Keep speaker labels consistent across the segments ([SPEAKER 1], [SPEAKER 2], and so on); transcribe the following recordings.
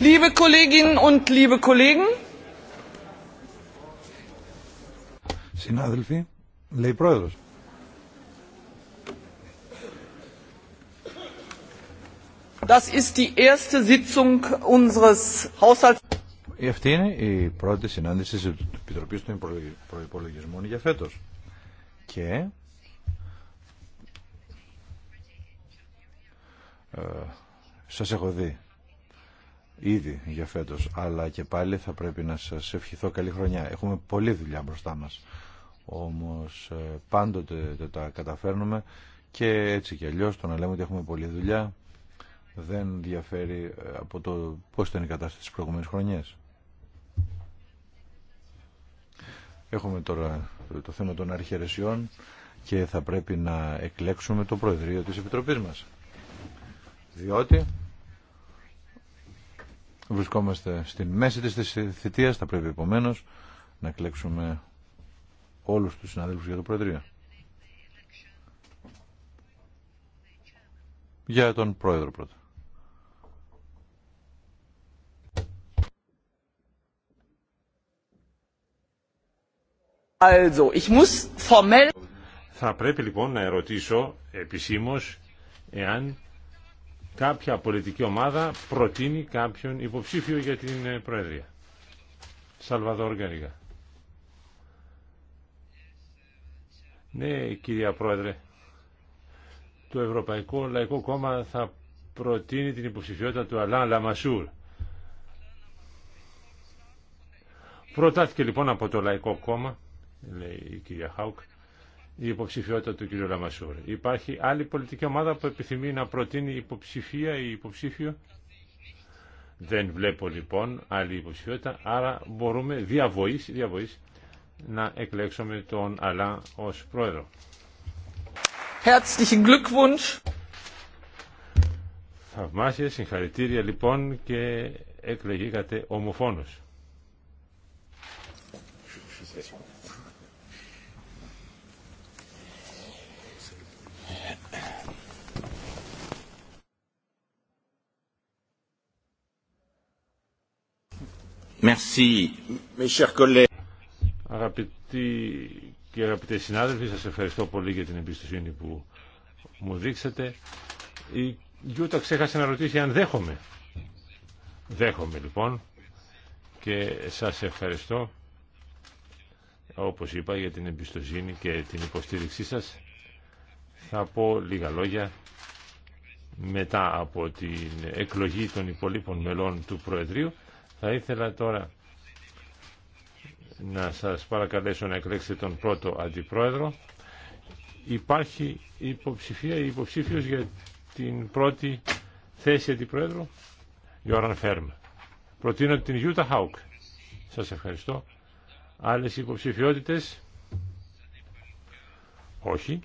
[SPEAKER 1] Liebe Kolleginnen und liebe Kollegen. Συνάδελφοι, λέει πρόεδρος. Das ist die erste Sitzung unseres Haushalts. Αυτή είναι η πρώτη συνάντηση της Επιτροπής των Προϋπολογισμών για φέτος. Και ε, σας έχω δει ήδη για φέτος, αλλά και πάλι θα πρέπει να σας ευχηθώ καλή χρονιά. Έχουμε πολλή δουλειά μπροστά μας, όμως ε, πάντοτε τα καταφέρνουμε και έτσι και αλλιώς το να λέμε ότι έχουμε πολλή δουλειά δεν διαφέρει ε, από το πώς ήταν η κατάσταση τις προηγούμενες χρονιές. Έχουμε τώρα το θέμα των αρχαιρεσιών και θα πρέπει να εκλέξουμε το Προεδρείο της Επιτροπής μας. Διότι Βρισκόμαστε στη μέση της θητείας, θα πρέπει επομένω να κλέξουμε όλους τους συναδέλφους για το Προεδρείο. Για τον Πρόεδρο πρώτα. Also, ich muss formell...
[SPEAKER 2] Θα πρέπει λοιπόν να ερωτήσω επισήμως εάν κάποια πολιτική ομάδα προτείνει κάποιον υποψήφιο για την ε, Προεδρία. Σαλβαδόρ Γκαρίγα. Ναι, κυρία Πρόεδρε, το Ευρωπαϊκό Λαϊκό Κόμμα θα προτείνει την υποψηφιότητα του Αλάν Λαμασούρ. Προτάθηκε λοιπόν από το Λαϊκό Κόμμα, λέει η κυρία Χάουκ, η υποψηφιότητα του κ. Λαμασούρη. Υπάρχει άλλη πολιτική ομάδα που επιθυμεί να προτείνει υποψηφία ή υποψήφιο. Δεν βλέπω λοιπόν άλλη υποψηφιότητα, άρα μπορούμε διαβοής, διαβοής να εκλέξουμε τον Αλά ως πρόεδρο.
[SPEAKER 1] Herzlichen Glückwunsch.
[SPEAKER 2] Θαυμάσια, συγχαρητήρια λοιπόν και εκλεγήκατε ομοφόνος. Merci, Αγαπητοί και αγαπητοί συνάδελφοι, σας ευχαριστώ πολύ για την εμπιστοσύνη που μου δείξατε. Η Γιούτα ξέχασε να ρωτήσει αν δέχομαι. Δέχομαι λοιπόν και σας ευχαριστώ όπως είπα για την εμπιστοσύνη και την υποστήριξή σας. Θα πω λίγα λόγια μετά από την εκλογή των υπολείπων μελών του Προεδρείου θα ήθελα τώρα να σας παρακαλέσω να εκλέξετε τον πρώτο αντιπρόεδρο. Υπάρχει υποψηφία, υποψήφιος για την πρώτη θέση αντιπρόεδρου, Γιώραν Φέρμ. Προτείνω την Γιούτα Χάουκ. Σας ευχαριστώ. Άλλες υποψηφιότητες. Όχι.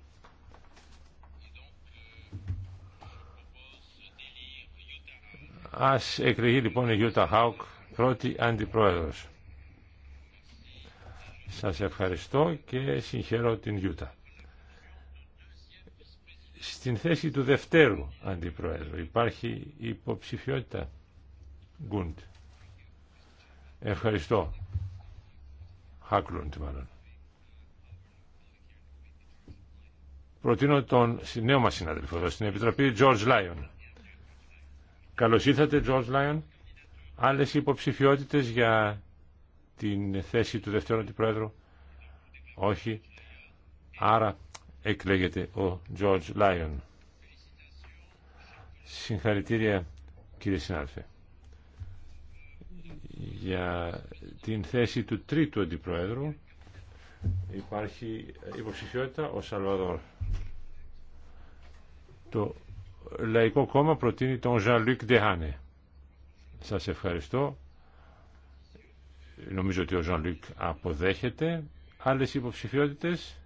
[SPEAKER 2] Ας εκλεγεί λοιπόν η Γιούτα Χάουκ πρώτη αντιπρόεδρος. Σας ευχαριστώ και συγχαίρω την Γιούτα. Στην θέση του δευτέρου αντιπρόεδρου υπάρχει υποψηφιότητα. Γκούντ. Ευχαριστώ. Χάκλουντ μάλλον. Προτείνω τον νέο μας συναδελφό εδώ στην Επιτροπή, George Lyon. Καλώς ήρθατε, George Lyon. Άλλες υποψηφιότητες για την θέση του δευτέρου αντιπρόεδρου. Όχι. Άρα εκλέγεται ο George Lyon. Συγχαρητήρια κύριε συνάδελφε για την θέση του τρίτου αντιπρόεδρου υπάρχει υποψηφιότητα ο Σαλβαδόρ. Το Λαϊκό Κόμμα προτείνει τον Jean-Luc Dehane. Σας ευχαριστώ. Νομίζω ότι ο Ζαν Λουκ αποδέχεται. Άλλες υποψηφιότητες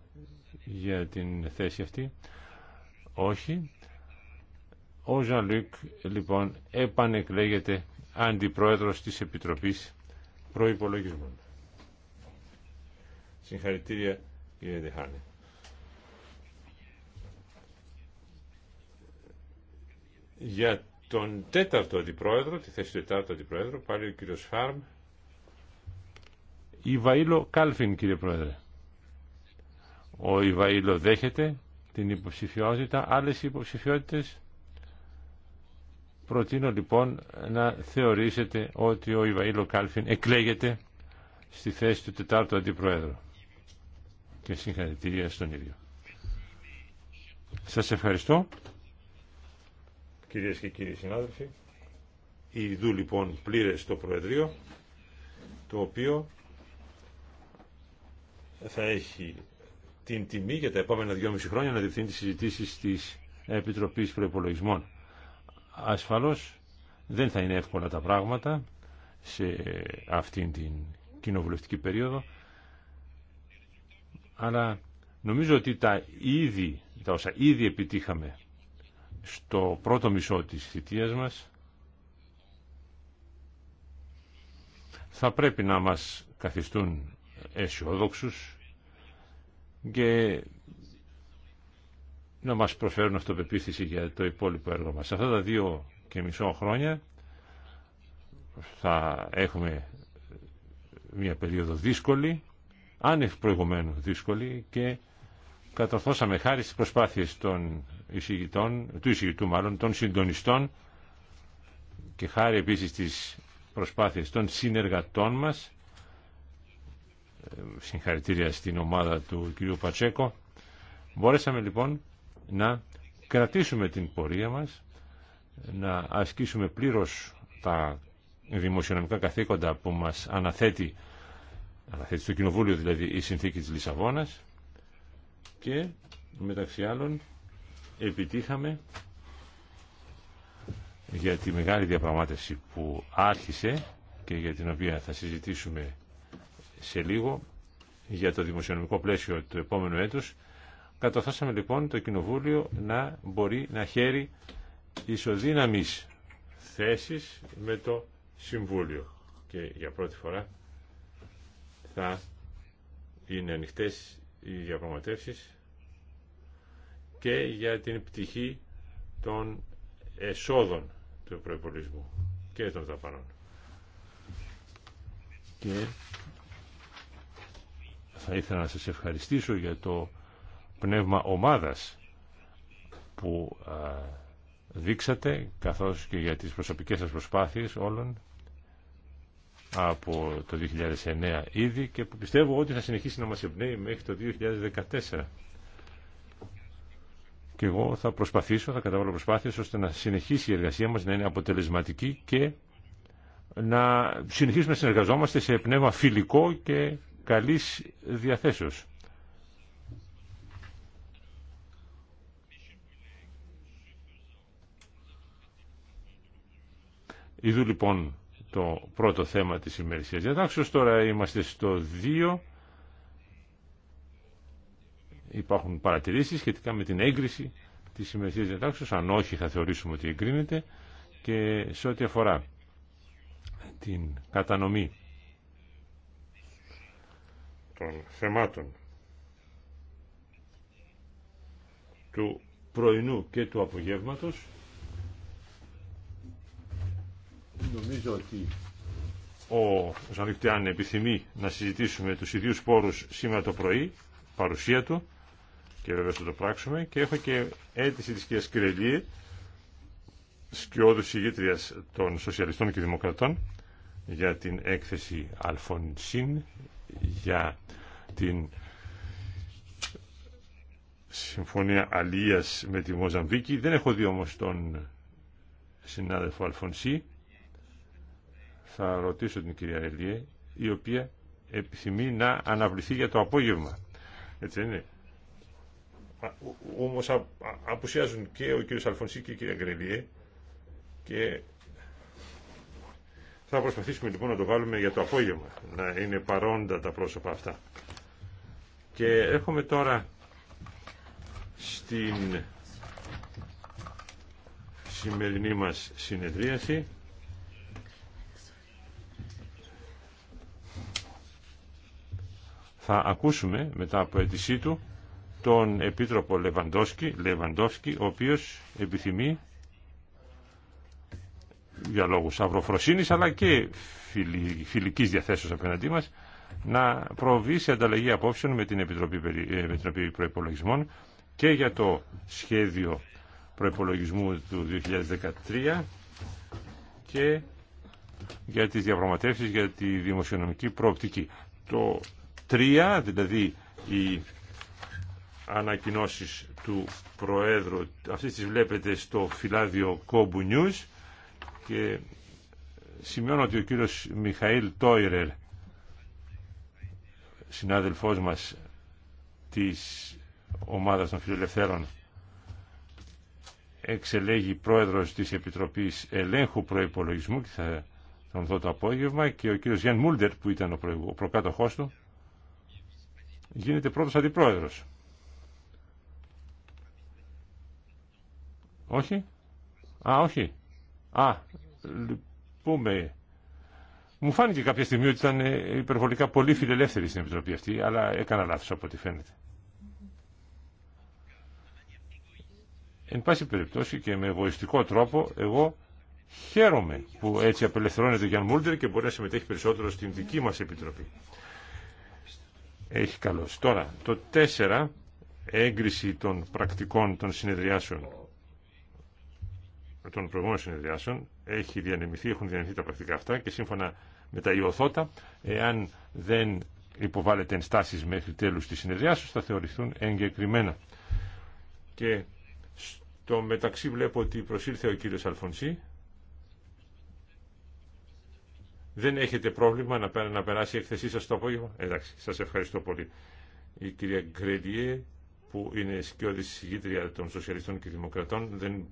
[SPEAKER 2] για την θέση αυτή. Όχι. Ο Ζαν Λουκ λοιπόν επανεκλέγεται αντιπρόεδρος της Επιτροπής Προϋπολογισμών. Συγχαρητήρια κύριε Δεχάνη. Για τον τέταρτο αντιπρόεδρο, τη θέση του τετάρτου αντιπρόεδρου, πάλι ο κύριος Φάρμ, Ιβαήλο Κάλφιν, κύριε Πρόεδρε. Ο Ιβαήλο δέχεται την υποψηφιότητα, άλλες υποψηφιότητες. Προτείνω λοιπόν να θεωρήσετε ότι ο Ιβαήλο Κάλφιν εκλέγεται στη θέση του τετάρτου αντιπροέδρου. Και συγχαρητήρια στον ίδιο. Σας ευχαριστώ. Κυρίες και κύριοι συνάδελφοι, η Ιδού λοιπόν πλήρε στο Προεδρείο, το οποίο θα έχει την τιμή για τα επόμενα δυόμιση χρόνια να διευθύνει τις συζητήσεις της Επιτροπής Προπολογισμών. Ασφαλώς δεν θα είναι εύκολα τα πράγματα σε αυτήν την κοινοβουλευτική περίοδο, αλλά νομίζω ότι τα, ήδη, τα όσα ήδη επιτύχαμε στο πρώτο μισό της θητείας μας θα πρέπει να μας καθιστούν αισιόδοξου και να μας προφέρουν αυτοπεποίθηση για το υπόλοιπο έργο μας. Σε αυτά τα δύο και μισό χρόνια θα έχουμε μια περίοδο δύσκολη, άνευ προηγουμένου δύσκολη και κατορθώσαμε χάρη στις προσπάθειες των εισηγητών, του εισηγητού μάλλον, των συντονιστών και χάρη επίσης της προσπάθειες των συνεργατών μας ε, συγχαρητήρια στην ομάδα του κ. Πατσέκο μπόρεσαμε λοιπόν να κρατήσουμε την πορεία μας να ασκήσουμε πλήρως τα δημοσιονομικά καθήκοντα που μας αναθέτει αναθέτει στο Κοινοβούλιο δηλαδή η συνθήκη της Λισαβόνας και μεταξύ άλλων επιτύχαμε για τη μεγάλη διαπραγμάτευση που άρχισε και για την οποία θα συζητήσουμε σε λίγο για το δημοσιονομικό πλαίσιο του επόμενου έτους κατορθώσαμε λοιπόν το Κοινοβούλιο να μπορεί να χαίρει ισοδύναμης θέσεις με το Συμβούλιο και για πρώτη φορά θα είναι ανοιχτές οι διαπραγματεύσεις και για την πτυχή των εσόδων του προϋπολογισμού και των δαπανών. Και θα ήθελα να σας ευχαριστήσω για το πνεύμα ομάδας που δείξατε καθώς και για τις προσωπικές σας προσπάθειες όλων από το 2009 ήδη και που πιστεύω ότι θα συνεχίσει να μας εμπνέει μέχρι το 2014 και εγώ θα προσπαθήσω, θα καταβάλω προσπάθειες ώστε να συνεχίσει η εργασία μας να είναι αποτελεσματική και να συνεχίσουμε να συνεργαζόμαστε σε πνεύμα φιλικό και καλής διαθέσεως. Είδου λοιπόν το πρώτο θέμα της ημερησίας διατάξεως. Τώρα είμαστε στο 2 Υπάρχουν παρατηρήσεις σχετικά με την έγκριση τη σημερινής διατάξεω. Αν όχι θα θεωρήσουμε ότι εγκρίνεται και σε ό,τι αφορά την κατανομή των θεμάτων του πρωινού και του απογεύματος νομίζω ότι ο Ζανδικτιάν επιθυμεί να συζητήσουμε τους ιδίους πόρους σήμερα το πρωί, παρουσία του και βέβαια θα το πράξουμε και έχω και αίτηση της κυρίας Κυρελή σκιώδου ηγήτριας των Σοσιαλιστών και Δημοκρατών για την έκθεση Αλφονσίν για την Συμφωνία Αλίας με τη Μοζαμβίκη. Δεν έχω δει όμως τον συνάδελφο Αλφονσί. Θα ρωτήσω την κυρία Ελίε, η οποία επιθυμεί να αναβληθεί για το απόγευμα. Έτσι είναι. Όμως απουσιάζουν και ο κύριος Αλφονσί και η κυρία Γκρελίε και θα προσπαθήσουμε λοιπόν να το βάλουμε για το απόγευμα, να είναι παρόντα τα πρόσωπα αυτά. Και έρχομαι τώρα στην σημερινή μας συνεδρίαση. Θα ακούσουμε μετά από αίτησή του τον Επίτροπο Λεβαντόσκι, Λεβαντόσκι ο οποίος επιθυμεί για λόγους αυροφροσύνης αλλά και φιλικής διαθέσεως απέναντί μας να προβεί σε ανταλλαγή απόψεων με την Επιτροπή, ε, Επιτροπή Προϋπολογισμών και για το σχέδιο προϋπολογισμού του 2013 και για τις διαπραγματεύσεις για τη δημοσιονομική προοπτική. Το 3, δηλαδή η ανακοινώσεις του Προέδρου. Αυτές τις βλέπετε στο φυλάδιο Κόμπου News και σημειώνω ότι ο κύριος Μιχαήλ Τόιρερ, συνάδελφός μας της ομάδας των φιλελευθέρων, εξελέγει πρόεδρος της Επιτροπής Ελέγχου Προϋπολογισμού και θα τον δω το απόγευμα και ο κύριος Γιάν Μούλτερ που ήταν ο προκάτοχός του γίνεται πρώτος αντιπρόεδρος. Όχι. Α, όχι. Α, λυπούμε. Μου φάνηκε κάποια στιγμή ότι ήταν ε, υπερβολικά πολύ φιλελεύθερη στην Επιτροπή αυτή, αλλά έκανα λάθος από ό,τι φαίνεται. Εν πάση περιπτώσει και με εγωιστικό τρόπο, εγώ χαίρομαι που έτσι απελευθερώνεται ο Γιάνν Μούλτερ και μπορεί να συμμετέχει περισσότερο στην δική μας Επιτροπή. Έχει καλώς. Τώρα, το 4, έγκριση των πρακτικών των συνεδριάσεων των προηγούμενων συνεδριάσεων. Έχει διανεμηθεί, έχουν διανεμηθεί τα πρακτικά αυτά και σύμφωνα με τα Ιωθώτα, εάν δεν υποβάλλεται ενστάσεις μέχρι τέλους της συνεδριάσεως, θα θεωρηθούν εγκεκριμένα. Και στο μεταξύ βλέπω ότι προσήλθε ο κύριος Αλφονσί. Δεν έχετε πρόβλημα να περάσει η εκθεσή σας το απόγευμα. Εντάξει, σας ευχαριστώ πολύ. Η κυρία Γκρελιέ που είναι σκιώδη συγκίτρια των Σοσιαλιστών και Δημοκρατών, δεν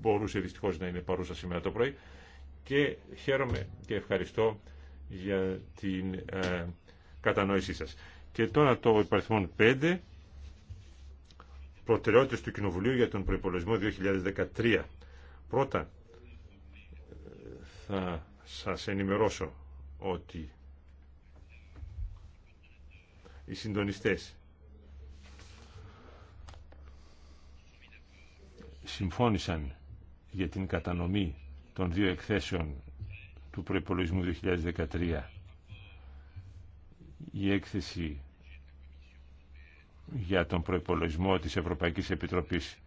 [SPEAKER 2] μπορούσε δυστυχώς να είναι παρούσα σήμερα το πρωί και χαίρομαι και ευχαριστώ για την ε, κατανόησή σας. Και τώρα το υπαριθμό 5, προτεραιότητες του Κοινοβουλίου για τον προϋπολογισμό 2013. Πρώτα θα σας ενημερώσω ότι οι συντονιστές συμφώνησαν για την κατανομή των δύο εκθέσεων του προϋπολογισμού 2013 η έκθεση για τον προϋπολογισμό της Ευρωπαϊκής Επιτροπής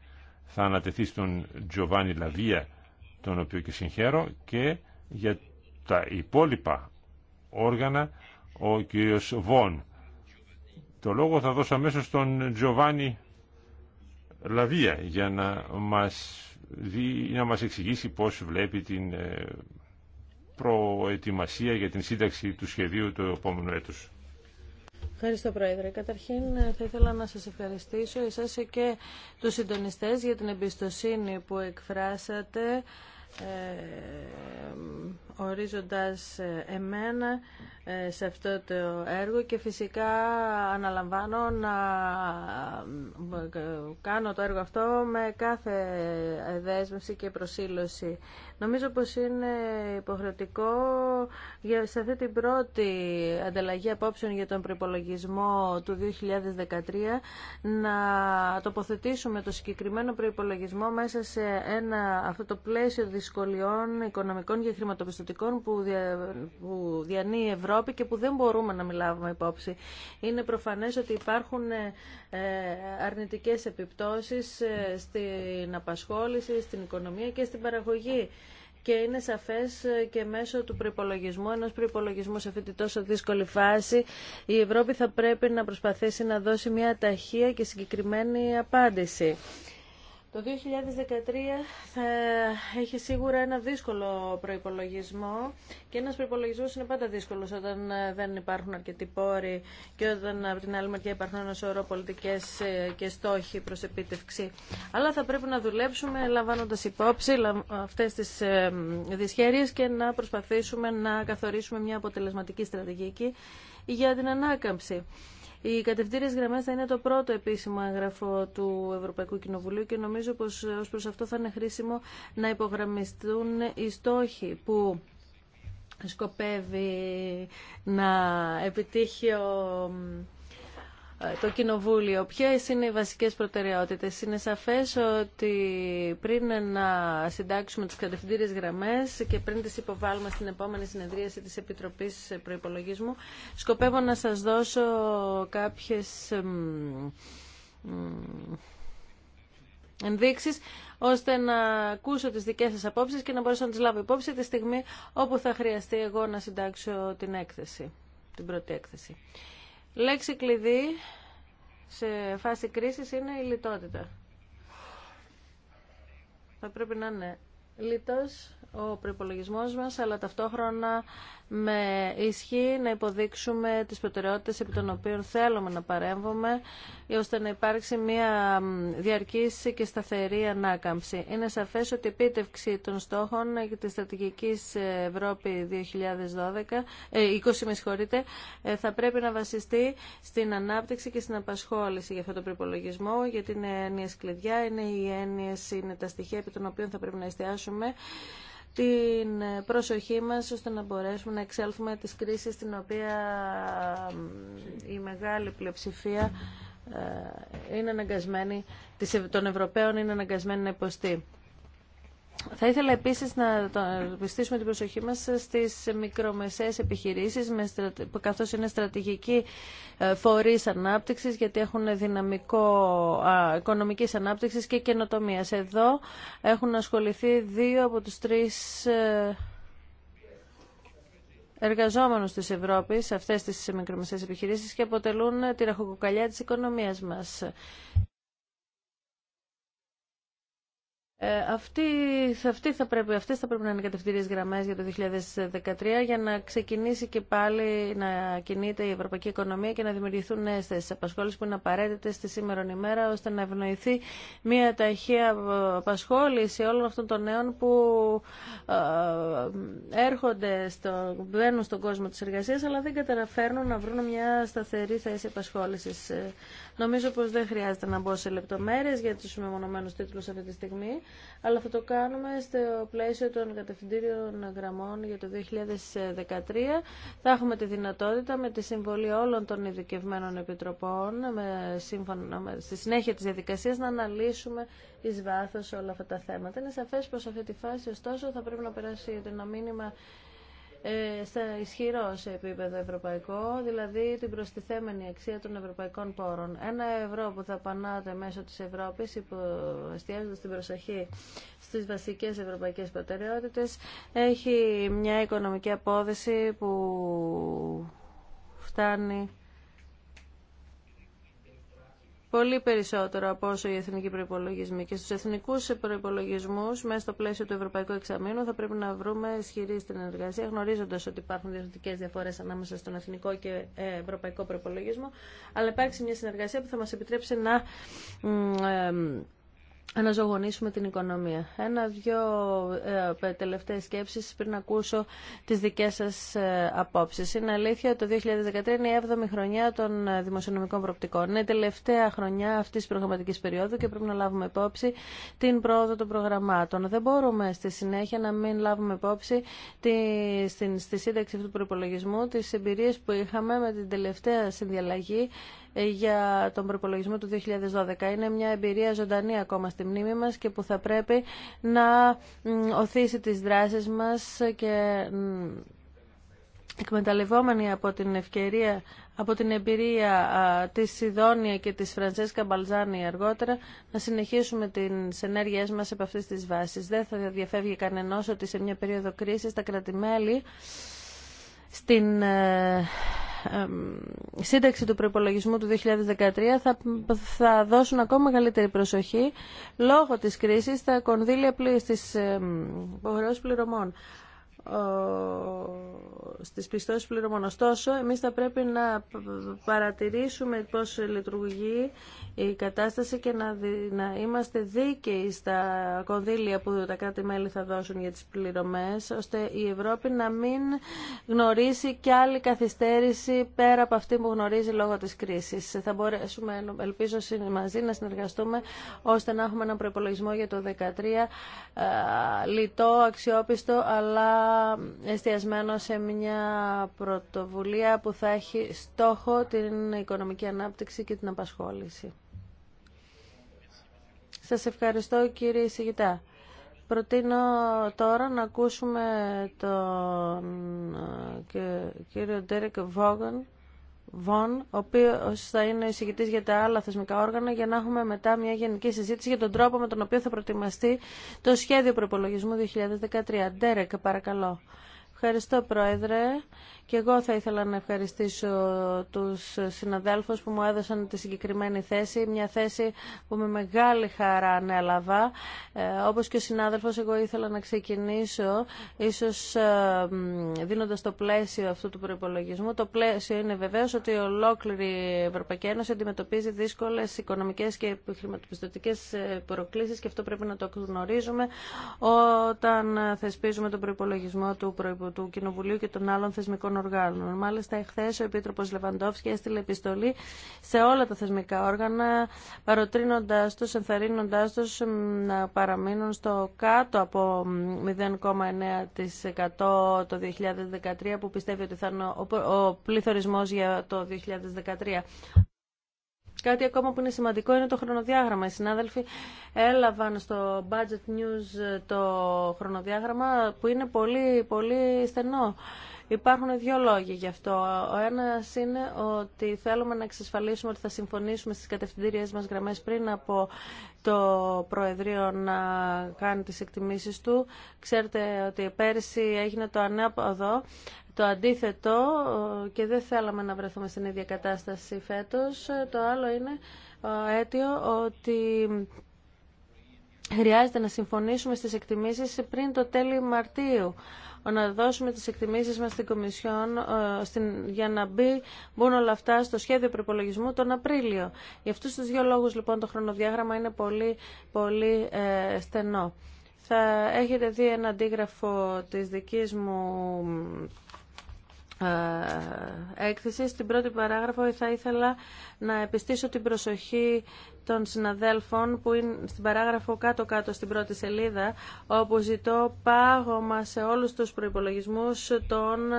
[SPEAKER 2] θα ανατεθεί στον Τζοβάνι Λαβία τον οποίο και συγχαίρω και για τα υπόλοιπα όργανα ο κύριος Βον το λόγο θα δώσω αμέσως στον Τζοβάνι Λαβία για να μας δει, να μας εξηγήσει πώς βλέπει την ε, προετοιμασία για την σύνταξη του σχεδίου του επόμενου έτους.
[SPEAKER 3] Ευχαριστώ Πρόεδρε. Καταρχήν ε, θα ήθελα να σας ευχαριστήσω εσάς και τους συντονιστές για την εμπιστοσύνη που εκφράσατε ε, ορίζοντας ε, εμένα ε, σε αυτό το έργο και φυσικά αναλαμβάνω να κάνω το έργο αυτό με κάθε δέσμευση και προσήλωση. Νομίζω πως είναι υποχρεωτικό για, σε αυτή την πρώτη ανταλλαγή απόψεων για τον προϋπολογισμό του 2013 να τοποθετήσουμε το συγκεκριμένο προϋπολογισμό μέσα σε ένα, αυτό το πλαίσιο δυσκολιών οικονομικών και χρηματοπιστωτικών που, δια, που διανύει η Ευρώπη και που δεν μπορούμε να μιλάμε υπόψη. Είναι προφανές ότι υπάρχουν ε, αρνητικές επιπτώσεις ε, στην απασχόληση, στην οικονομία και στην παραγωγή και είναι σαφές ε, και μέσω του προπολογισμού, ενός προπολογισμού σε αυτή τη τόσο δύσκολη φάση, η Ευρώπη θα πρέπει να προσπαθήσει να δώσει μια ταχεία και συγκεκριμένη απάντηση. Το 2013 θα έχει σίγουρα ένα δύσκολο προϋπολογισμό και ένας προϋπολογισμός είναι πάντα δύσκολος όταν ε, δεν υπάρχουν αρκετοί πόροι και όταν ε, από την άλλη μεριά υπάρχουν ένα σωρό πολιτικές ε, και στόχοι προς επίτευξη. Αλλά θα πρέπει να δουλέψουμε λαμβάνοντας υπόψη αυτές τις δυσχέρειες και να προσπαθήσουμε να καθορίσουμε μια αποτελεσματική στρατηγική για την ανάκαμψη. Οι κατευθύνε γραμμέ θα είναι το πρώτο επίσημο έγγραφο του Ευρωπαϊκού Κοινοβουλίου και νομίζω πω ω προ αυτό θα είναι χρήσιμο να υπογραμμιστούν οι στόχοι που σκοπεύει να επιτύχει ο το Κοινοβούλιο. Ποιες είναι οι βασικές προτεραιότητες. Είναι σαφέ ότι πριν να συντάξουμε τι κατευθυντήριε γραμμές και πριν τι υποβάλουμε στην επόμενη συνεδρίαση της Επιτροπής προπολογισμού, σκοπεύω να σας δώσω κάποιες ενδείξεις ώστε να ακούσω τις δικές σας απόψεις και να μπορέσω να τις λάβω υπόψη τη στιγμή όπου θα χρειαστεί εγώ να συντάξω την έκθεση, την πρώτη έκθεση. Λέξη κλειδί σε φάση κρίσης είναι η λιτότητα. Θα πρέπει να είναι λιτός ο προπολογισμό μας, αλλά ταυτόχρονα με ισχύ να υποδείξουμε τις προτεραιότητες επί των οποίων θέλουμε να παρέμβουμε, ώστε να υπάρξει μια διαρκή και σταθερή ανάκαμψη. Είναι σαφές ότι η επίτευξη των στόχων τη της στρατηγικής Ευρώπη 2012, ε, 20 ε, θα πρέπει να βασιστεί στην ανάπτυξη και στην απασχόληση για αυτό το προπολογισμό, γιατί είναι έννοιε κλειδιά, είναι οι έννοιες, είναι τα στοιχεία επί των οποίων θα πρέπει να εστιάσουμε την προσοχή μας ώστε να μπορέσουμε να εξέλθουμε τις κρίσεις στην οποία η μεγάλη πλειοψηφία ε, είναι των Ευρωπαίων είναι αναγκασμένη να υποστεί. Θα ήθελα επίσης να πιστήσουμε την προσοχή μας στις μικρομεσαίες επιχειρήσεις καθώς είναι στρατηγική ε, φορείς ανάπτυξης γιατί έχουν δυναμικό οικονομικής ανάπτυξης και καινοτομίας. Εδώ έχουν ασχοληθεί δύο από τους τρεις ε, εργαζόμενους της Ευρώπης αυτές τις μικρομεσαίες επιχειρήσεις και αποτελούν τη ραχοκοκαλιά της οικονομίας μας. Ε, αυτή, αυτή θα πρέπει, αυτές θα πρέπει να είναι οι κατευθυντήριες γραμμές για το 2013 για να ξεκινήσει και πάλι να κινείται η ευρωπαϊκή οικονομία και να δημιουργηθούν νέες θέσεις απασχόλησης που είναι απαραίτητε στη σήμερα ημέρα ώστε να ευνοηθεί μια ταχεία απασχόληση όλων αυτών των νέων που ε, έρχονται, στο, μπαίνουν στον κόσμο της εργασίας αλλά δεν καταφέρνουν να βρουν μια σταθερή θέση απασχόλησης. Νομίζω πως δεν χρειάζεται να μπω σε λεπτομέρειες για τους μεμονωμένους τίτλους αυτή τη στιγμή, αλλά θα το κάνουμε στο πλαίσιο των κατευθυντήριων γραμμών για το 2013. Θα έχουμε τη δυνατότητα με τη συμβολή όλων των ειδικευμένων επιτροπών, με, σύμφωνα, με, στη συνέχεια της διαδικασίας, να αναλύσουμε εις βάθος όλα αυτά τα θέματα. Είναι σαφές πως σε αυτή τη φάση, ωστόσο, θα πρέπει να περάσει ένα μήνυμα ε, στα ισχυρό σε επίπεδο ευρωπαϊκό, δηλαδή την προστιθέμενη αξία των ευρωπαϊκών πόρων. Ένα ευρώ που θα πανάτε μέσω της Ευρώπης, εστιάζοντας την προσοχή στις βασικές ευρωπαϊκές προτεραιότητες, έχει μια οικονομική απόδοση που φτάνει πολύ περισσότερο από όσο οι εθνικοί προπολογισμοί. Και στου εθνικού προπολογισμού, μέσα στο πλαίσιο του Ευρωπαϊκού Εξαμήνου, θα πρέπει να βρούμε ισχυρή συνεργασία, γνωρίζοντα ότι υπάρχουν διαφορετικέ διαφορέ ανάμεσα στον εθνικό και ε, ευρωπαϊκό προπολογισμό. Αλλά υπάρξει μια συνεργασία που θα μα επιτρέψει να ε, αναζωογονήσουμε την οικονομία. Ένα-δυο ε, τελευταίες σκέψεις πριν ακούσω τις δικές σας ε, απόψεις. Είναι αλήθεια, το 2013 είναι η 7η χρονιά των ε, δημοσιονομικών προοπτικών. Είναι η τελευταία χρονιά αυτής της προγραμματικής περίοδου και πρέπει να λάβουμε υπόψη την πρόοδο των προγραμμάτων. Δεν μπορούμε στη συνέχεια να μην λάβουμε υπόψη τη, στην, στη σύνταξη αυτού του προπολογισμού τις εμπειρίες που είχαμε με την τελευταία συνδιαλλαγή ε, για τον προπολογισμό του 2012. Είναι μια εμπειρία ζωντανή ακόμα στη μνήμη μας και που θα πρέπει να οθήσει τις δράσεις μας και εκμεταλλευόμενοι από την ευκαιρία, από την εμπειρία της Σιδόνια και της Φραντσέσκα Μπαλζάνη αργότερα, να συνεχίσουμε τις ενέργειές μας από αυτές τις βάσεις. Δεν θα διαφεύγει κανενός ότι σε μια περίοδο κρίσης τα κρατημέλη στην ε, σύνταξη του προπολογισμού του 2013 θα, θα δώσουν ακόμα μεγαλύτερη προσοχή λόγω της κρίσης στα κονδύλια στις υποχρεώσεις πληρωμών στις πιστώσεις πληρωμών. Ωστόσο, εμείς θα πρέπει να παρατηρήσουμε πώς λειτουργεί η κατάσταση και να, να είμαστε δίκαιοι στα κονδύλια που τα κράτη-μέλη θα δώσουν για τις πληρωμές, ώστε η Ευρώπη να μην γνωρίσει κι άλλη καθυστέρηση πέρα από αυτή που γνωρίζει λόγω της κρίσης. Θα μπορέσουμε, ελπίζω, μαζί να συνεργαστούμε ώστε να έχουμε έναν προπολογισμό για το 2013 λιτό, αξιόπιστο, αλλά εστιασμένο σε μια πρωτοβουλία που θα έχει στόχο την οικονομική ανάπτυξη και την απασχόληση. Σας ευχαριστώ κύριε Σιγητά. Προτείνω τώρα να ακούσουμε τον ε, κύριο Ντέρεκ Βόγαν Βον, ο οποίο θα είναι εισηγητή για τα άλλα θεσμικά όργανα, για να έχουμε μετά μια γενική συζήτηση για τον τρόπο με τον οποίο θα προετοιμαστεί το σχέδιο προπολογισμού 2013. Ντέρεκ, παρακαλώ. Ευχαριστώ, Πρόεδρε, και εγώ θα ήθελα να ευχαριστήσω τους συναδέλφους που μου έδωσαν τη συγκεκριμένη θέση, μια θέση που με μεγάλη χαρά ανέλαβα. Ε, όπως και ο συνάδελφος, εγώ ήθελα να ξεκινήσω, ίσως ε, δίνοντας το πλαίσιο αυτού του προϋπολογισμού. Το πλαίσιο είναι βεβαίως ότι η ολόκληρη Ευρωπαϊκή Ένωση αντιμετωπίζει δύσκολες οικονομικές και χρηματοπιστωτικές ε, προκλήσεις και αυτό πρέπει να το γνωρίζουμε όταν ε, θεσπίζουμε τον προπολογισμό του, του Κοινοβουλίου και των άλλων θεσμικών θεσμικών οργάνων. Μάλιστα, εχθέ ο Επίτροπο Λεβαντόφσκι έστειλε επιστολή σε όλα τα θεσμικά όργανα, παροτρύνοντά του, ενθαρρύνοντά του να παραμείνουν στο κάτω από 0,9% το 2013, που πιστεύει ότι θα είναι ο πληθωρισμό για το 2013. Κάτι ακόμα που είναι σημαντικό είναι το χρονοδιάγραμμα. Οι συνάδελφοι έλαβαν στο Budget News το χρονοδιάγραμμα που είναι πολύ στενό. Υπάρχουν δύο λόγοι γι' αυτό. Ο ένας είναι ότι θέλουμε να εξασφαλίσουμε ότι θα συμφωνήσουμε στις κατευθυντήριες μας γραμμέ πριν από το Προεδρείο να κάνει τις εκτιμήσεις του. Ξέρετε ότι πέρσι έγινε το ανάποδο το αντίθετο και δεν θέλαμε να βρεθούμε στην ίδια κατάσταση φέτος. Το άλλο είναι ε, αίτιο ότι χρειάζεται να συμφωνήσουμε στις εκτιμήσεις πριν το τέλη Μαρτίου να δώσουμε τις εκτιμήσεις μας στην Κομισιόν ε, για να μπει, μπουν όλα αυτά στο σχέδιο προπολογισμού τον Απρίλιο. Για αυτούς τους δύο λόγους λοιπόν το χρονοδιάγραμμα είναι πολύ, πολύ ε, στενό. Θα έχετε δει ένα αντίγραφο της δικής μου ε, έκθεση. Στην πρώτη παράγραφο θα ήθελα να επιστήσω την προσοχή των συναδέλφων που είναι στην παράγραφο κάτω-κάτω στην πρώτη σελίδα όπου ζητώ πάγωμα σε όλους τους προϋπολογισμούς των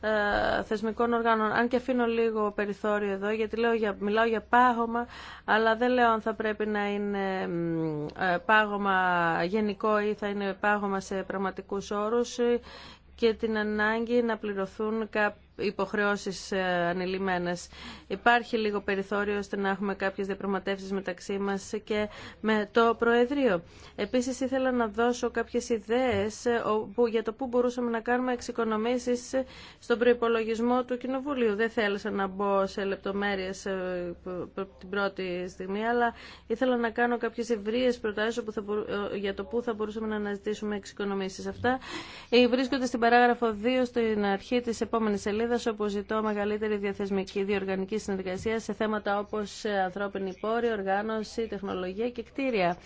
[SPEAKER 3] ε, θεσμικών οργάνων. Αν και αφήνω λίγο περιθώριο εδώ γιατί λέω για, μιλάω για πάγωμα αλλά δεν λέω αν θα πρέπει να είναι ε, πάγωμα γενικό ή θα είναι πάγωμα σε πραγματικούς όρους και την ανάγκη να πληρωθούν κάποιοι υποχρεώσεις ε, ανελημμένες. Υπάρχει λίγο περιθώριο ώστε να έχουμε κάποιες διαπραγματεύσεις μεταξύ μας και με το Προεδρείο. Επίσης ήθελα να δώσω κάποιες ιδέες ε, για το πού μπορούσαμε να κάνουμε εξοικονομήσεις στον προϋπολογισμό του Κοινοβουλίου. Δεν θέλησα να μπω σε λεπτομέρειες ε, την πρώτη στιγμή, αλλά ήθελα να κάνω κάποιες ευρείες προτάσεις για το πού θα μπορούσαμε να αναζητήσουμε εξοικονομήσεις. Αυτά βρίσκονται στην παράγραφο 2 στην αρχή της επόμενης σελίδα. Ελπίδα, όπου ζητώ μεγαλύτερη διαθεσμική διοργανική συνεργασία σε θέματα όπω ε, ανθρώπινη πόρη, οργάνωση, τεχνολογία και κτίρια.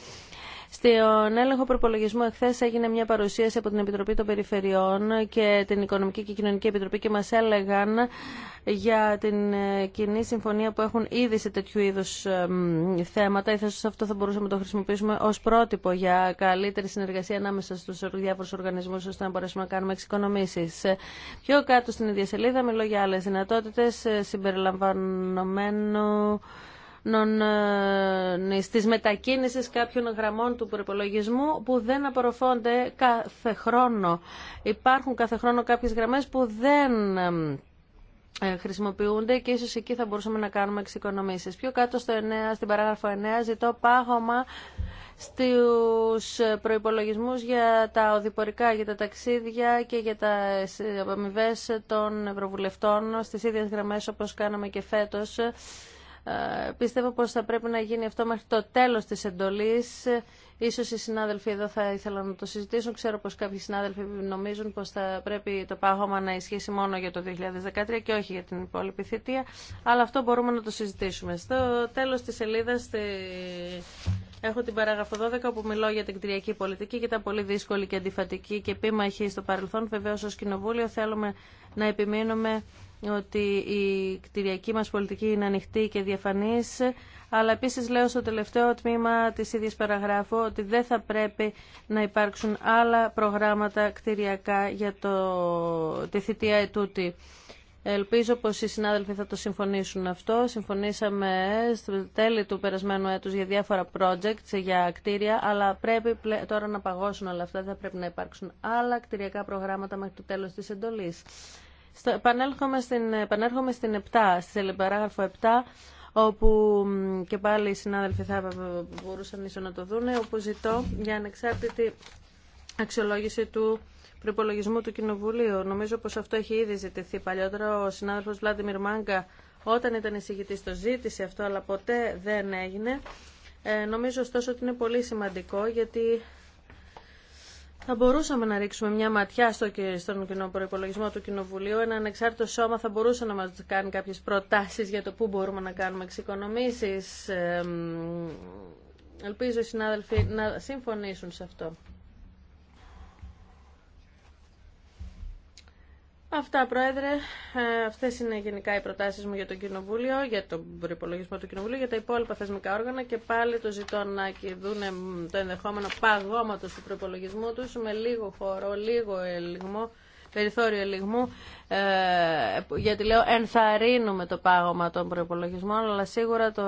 [SPEAKER 3] Στον έλεγχο προπολογισμού εχθέ έγινε μια παρουσίαση από την Επιτροπή των Περιφερειών και την Οικονομική και Κοινωνική Επιτροπή και μα έλεγαν για την ε, κοινή συμφωνία που έχουν ήδη σε τέτοιου είδου ε, θέματα. Ίσως αυτό θα μπορούσαμε να το χρησιμοποιήσουμε ω πρότυπο για καλύτερη συνεργασία ανάμεσα στου διάφορου οργανισμού ώστε να μπορέσουμε να κάνουμε εξοικονομήσει. Ε, πιο κάτω στην ίδια σελίδα μιλώ για άλλε δυνατότητε συμπεριλαμβανομένου στις ε, μετακίνησης κάποιων γραμμών του προπολογισμού που δεν απορροφώνται κάθε χρόνο. Υπάρχουν κάθε χρόνο κάποιες γραμμές που δεν ε, χρησιμοποιούνται και ίσως εκεί θα μπορούσαμε να κάνουμε εξοικονομήσεις. Πιο κάτω στο 9, στην παράγραφο 9 ζητώ πάγωμα στους προϋπολογισμούς για τα οδηπορικά, για τα ταξίδια και για τα αμοιβέ των ευρωβουλευτών στις ίδιες γραμμές όπως κάναμε και φέτος ε, πιστεύω πως θα πρέπει να γίνει αυτό μέχρι το τέλος της εντολής. Ίσως οι συνάδελφοι εδώ θα ήθελαν να το συζητήσουν. Ξέρω πως κάποιοι συνάδελφοι νομίζουν πως θα πρέπει το πάγωμα να ισχύσει μόνο για το 2013 και όχι για την υπόλοιπη θητεία. Αλλά αυτό μπορούμε να το συζητήσουμε. Στο τέλος της σελίδας έχω την παράγραφο 12 που μιλώ για την κτηριακή πολιτική και τα πολύ δύσκολη και αντιφατική και επίμαχη στο παρελθόν. Βεβαίως ως Κοινοβούλιο θέλουμε να επιμείνουμε ότι η κτηριακή μας πολιτική είναι ανοιχτή και διαφανής, αλλά επίσης λέω στο τελευταίο τμήμα της ίδιας παραγράφου ότι δεν θα πρέπει να υπάρξουν άλλα προγράμματα κτηριακά για το, τη θητεία ετούτη. Ελπίζω πως οι συνάδελφοι θα το συμφωνήσουν αυτό. Συμφωνήσαμε στο τέλη του περασμένου έτους για διάφορα projects, για κτίρια, αλλά πρέπει τώρα να παγώσουν όλα αυτά. Δεν θα πρέπει να υπάρξουν άλλα κτηριακά προγράμματα μέχρι το τέλος της εντολής. Στο, επανέρχομαι, στην, επανέρχομαι στην 7, στη παράγραφο 7, όπου και πάλι οι συνάδελφοι θα μπορούσαν ίσως να το δούνε, όπου ζητώ για ανεξάρτητη αξιολόγηση του προπολογισμού του Κοινοβουλίου. Νομίζω πως αυτό έχει ήδη ζητηθεί παλιότερα. Ο συνάδελφος Βλάντιμιρ Μάγκα όταν ήταν εισηγητή το ζήτησε αυτό, αλλά ποτέ δεν έγινε. Ε, νομίζω ωστόσο ότι είναι πολύ σημαντικό γιατί θα μπορούσαμε να ρίξουμε μια ματιά στο, στον κοινό προπολογισμό του Κοινοβουλίου. Ένα ανεξάρτητο σώμα θα μπορούσε να μα κάνει κάποιε προτάσει για το πού μπορούμε να κάνουμε εξοικονομήσεις. Ελπίζω οι συνάδελφοι να συμφωνήσουν σε αυτό. Αυτά, Πρόεδρε. Ε, Αυτέ είναι γενικά οι προτάσει μου για το Κοινοβούλιο, για τον προπολογισμό του Κοινοβουλίου, για τα υπόλοιπα θεσμικά όργανα και πάλι το ζητώ να δούνε το ενδεχόμενο παγώματο του προπολογισμού του με λίγο χώρο, λίγο ελιγμό, περιθώριο ελιγμού. Ε, γιατί λέω ενθαρρύνουμε το πάγωμα των προπολογισμών, αλλά σίγουρα το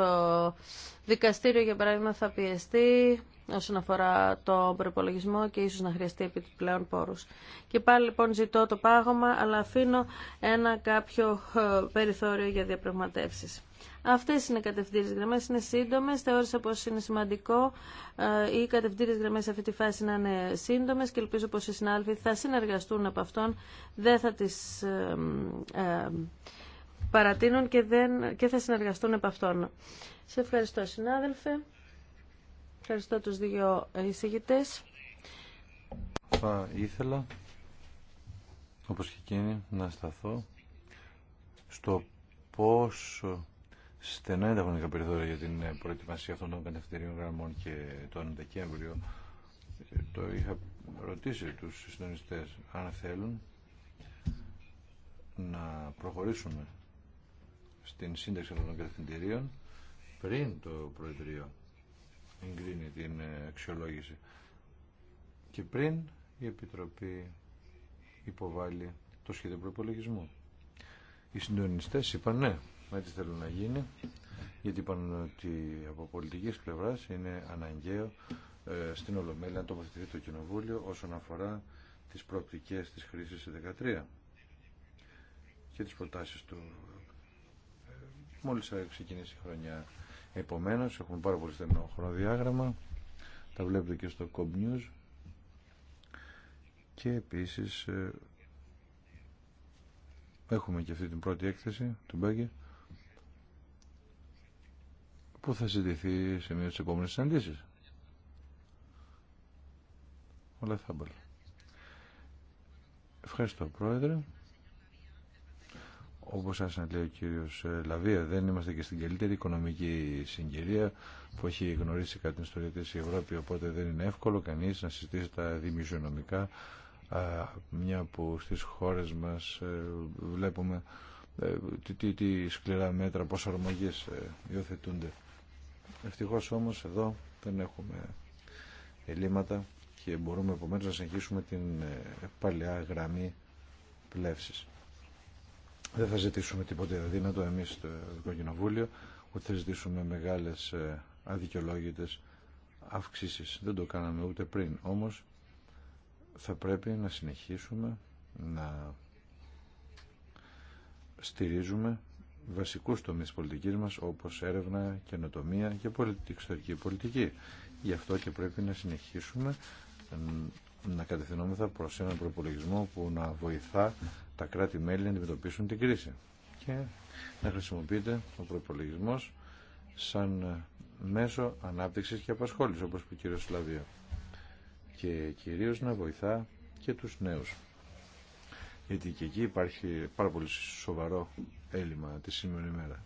[SPEAKER 3] δικαστήριο, για παράδειγμα, θα πιεστεί όσον αφορά το προπολογισμό και ίσως να χρειαστεί επιπλέον πόρους. Και πάλι λοιπόν ζητώ το πάγωμα, αλλά αφήνω ένα κάποιο περιθώριο για διαπραγματεύσεις. Αυτέ είναι οι κατευθυντήριε γραμμέ, είναι σύντομε. Θεώρησα πω είναι σημαντικό ε, οι κατευθυντήριε γραμμέ σε αυτή τη φάση να είναι σύντομε και ελπίζω πω οι συνάδελφοι θα συνεργαστούν από αυτόν. Δεν θα τι ε, ε, παρατείνουν και, δεν, και θα συνεργαστούν από αυτόν. Σε ευχαριστώ συνάδελφε. Ευχαριστώ τους δύο εισηγητές.
[SPEAKER 1] Θα ήθελα, όπως και εκείνη, να σταθώ στο πόσο στενά είναι τα χρονικά περιθώρια για την προετοιμασία αυτών των κατευθυντήριων γραμμών και τον Δεκέμβριο το είχα ρωτήσει τους συντονιστές αν θέλουν να προχωρήσουμε στην σύνταξη των κατευθυντηρίων πριν το Προεδρείο εγκρίνει την ε, αξιολόγηση. Και πριν η Επιτροπή υποβάλλει το σχέδιο προπολογισμού. Οι συντονιστέ είπαν ναι, έτσι θέλουν να γίνει, γιατί είπαν ότι από πολιτική πλευρά είναι αναγκαίο ε, στην Ολομέλεια να τοποθετηθεί το Κοινοβούλιο όσον αφορά τι προοπτικέ τη χρήση 13 και τι προτάσει του. Ε, μόλις ξεκινήσει η χρονιά Επομένως, έχουμε πάρα πολύ στενό χρονοδιάγραμμα. Τα βλέπετε και στο COB News. Και επίσης ε, έχουμε και αυτή την πρώτη έκθεση του Μπέγκε που θα συζητηθεί σε μία της επόμενης επόμενες Όλα θα Ευχαριστώ Πρόεδρε όπως σας λέει ο κύριος ε, Λαβία, δεν είμαστε και στην καλύτερη οικονομική συγκυρία που έχει γνωρίσει κατά την ιστορία της Ευρώπη, οπότε δεν είναι εύκολο κανείς να συζητήσει τα δημιουργικά μια που στις χώρες μας ε, βλέπουμε ε, τι, τι, τι σκληρά μέτρα, πόσα αρμογές υιοθετούνται. Ευτυχώς όμως εδώ δεν έχουμε ελλείμματα και μπορούμε επομένως να συνεχίσουμε την παλαιά γραμμή πλεύσης δεν θα ζητήσουμε τίποτε αδύνατο εμεί στο Ευρωκοινοβούλιο Κοινοβούλιο, ούτε θα ζητήσουμε μεγάλες ε, αδικαιολόγητε αυξήσει. Δεν το κάναμε ούτε πριν. Όμως θα πρέπει να συνεχίσουμε να στηρίζουμε βασικούς τομείς πολιτικής μας όπως έρευνα, καινοτομία και πολιτική, εξωτερική πολιτική. Γι' αυτό και πρέπει να συνεχίσουμε να κατευθυνόμεθα προς έναν προπολογισμό που να βοηθά τα κράτη-μέλη να αντιμετωπίσουν την κρίση και να χρησιμοποιείται ο προπολογισμό σαν μέσο ανάπτυξης και απασχόληση όπως είπε ο κ. και κυρίως να βοηθά και τους νέους γιατί και εκεί υπάρχει πάρα πολύ σοβαρό έλλειμμα τη σήμερα ημέρα.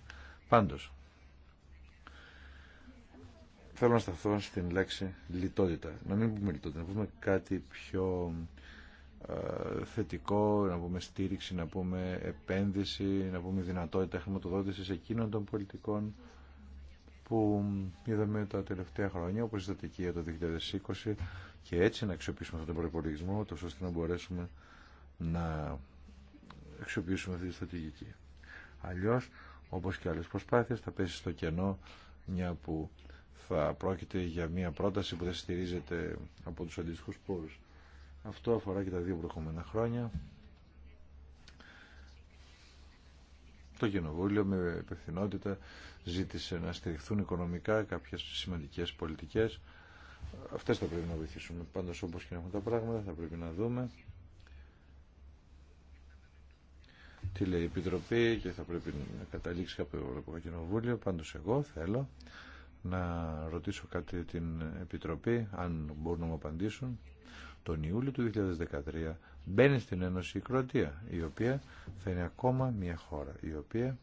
[SPEAKER 1] Πάντως, Θέλω να σταθώ στην λέξη λιτότητα. Να μην πούμε λιτότητα, να πούμε κάτι πιο ε, θετικό, να πούμε στήριξη, να πούμε επένδυση, να πούμε δυνατότητα χρηματοδότησης εκείνων των πολιτικών που είδαμε τα τελευταία χρόνια, όπως η στατική το 2020 και έτσι να αξιοποιήσουμε αυτόν τον προπολογισμό, ώστε να μπορέσουμε να αξιοποιήσουμε αυτή τη στρατηγική. Αλλιώς, όπως και άλλες προσπάθειες, θα πέσει στο κενό μια που θα πρόκειται για μια πρόταση που δεν στηρίζεται από τους αντίστοιχους πόρους. Αυτό αφορά και τα δύο προηγούμενα χρόνια. Το Κοινοβούλιο με υπευθυνότητα ζήτησε να στηριχθούν οικονομικά κάποιες σημαντικές πολιτικές. Αυτές θα πρέπει να βοηθήσουμε. Πάντως όπως και να έχουν τα πράγματα θα πρέπει να δούμε τι λέει η Επιτροπή και θα πρέπει να καταλήξει κάποιο Ευρωπαϊκό Κοινοβούλιο. Πάντως εγώ θέλω να ρωτήσω κάτι την Επιτροπή, αν μπορούν να μου απαντήσουν. Τον Ιούλιο του 2013 μπαίνει στην Ένωση η Κροατία, η οποία θα είναι ακόμα μια χώρα, η οποία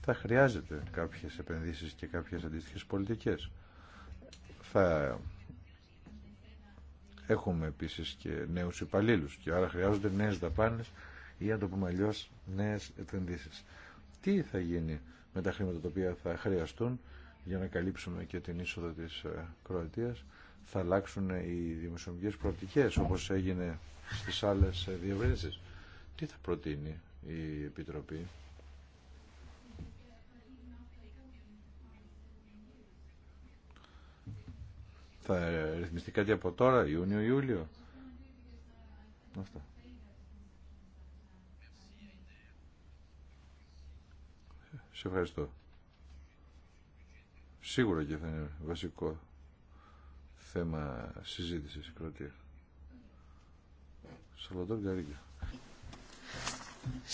[SPEAKER 1] θα χρειάζεται κάποιες επενδύσεις και κάποιες αντίστοιχες πολιτικές. Θα έχουμε επίσης και νέους υπαλλήλους και άρα χρειάζονται νέες δαπάνες ή αν το πούμε αλλιώς νέες επενδύσεις. Τι θα γίνει με τα χρήματα τα οποία θα χρειαστούν για να καλύψουμε και την είσοδο της ε, Κροατίας θα αλλάξουν οι δημοσιονομικές προοπτικές όπως έγινε στις άλλες ε, διευρύνσεις. Τι θα προτείνει η Επιτροπή. Θα ε, ρυθμιστεί κάτι από τώρα, Ιούνιο-Ιούλιο. Σε ευχαριστώ. Σίγουρα και θα είναι βασικό θέμα συζήτηση η κρατία. Σαλβατόρ Γκαρίκα.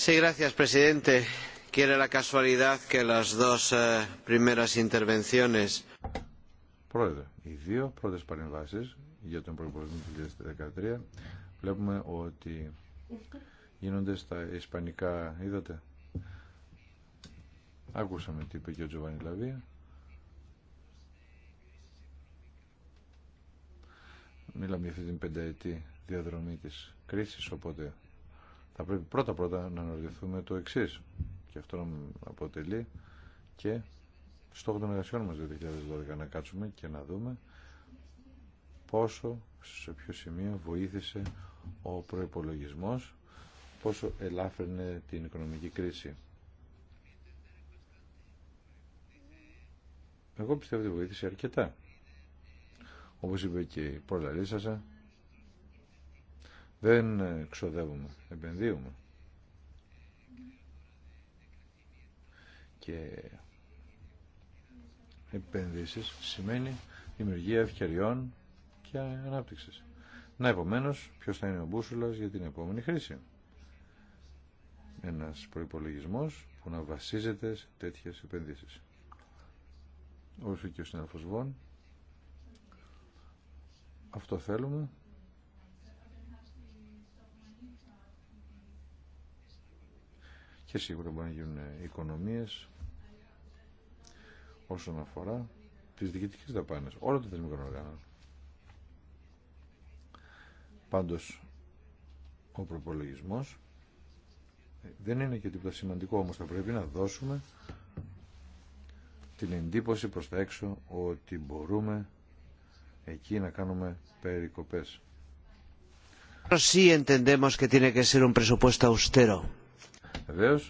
[SPEAKER 1] Sí, gracias, presidente. Eh, Πρόεδρε, οι δύο πρώτε παρεμβάσει για τον προπολογισμό του 2013 βλέπουμε ότι γίνονται στα ισπανικά. Είδατε, άκουσαμε τι είπε και ο Τζοβάνι Λαβία Μίλαμε για αυτή την πενταετή διαδρομή της κρίσης, οπότε θα πρέπει πρώτα-πρώτα να αναρωτηθούμε το εξή. Και αυτό αποτελεί και στόχο των εργασιών μας το 2012 να κάτσουμε και να δούμε πόσο, σε ποιο σημείο βοήθησε ο προϋπολογισμός, πόσο ελάφρυνε την οικονομική κρίση. Εγώ πιστεύω ότι βοήθησε αρκετά. Όπως είπε και η προλαλήσασα, δεν ξοδεύουμε, επενδύουμε. Και επενδύσεις σημαίνει δημιουργία ευκαιριών και ανάπτυξης. Να επομένως, ποιος θα είναι ο μπούσουλας για την επόμενη χρήση. Ένας προϋπολογισμός που να βασίζεται σε τέτοιες επενδύσεις. Όσο και ο συνάδελφος αυτό θέλουμε. Και σίγουρα μπορεί να γίνουν οικονομίες όσον αφορά τις διοικητικές δαπάνες όλων των θεσμικών οργάνων. Πάντως, ο προπολογισμός δεν είναι και τίποτα σημαντικό, όμως θα πρέπει να δώσουμε την εντύπωση προς τα έξω ότι μπορούμε εκεί να κάνουμε περικοπές. Βεβαίω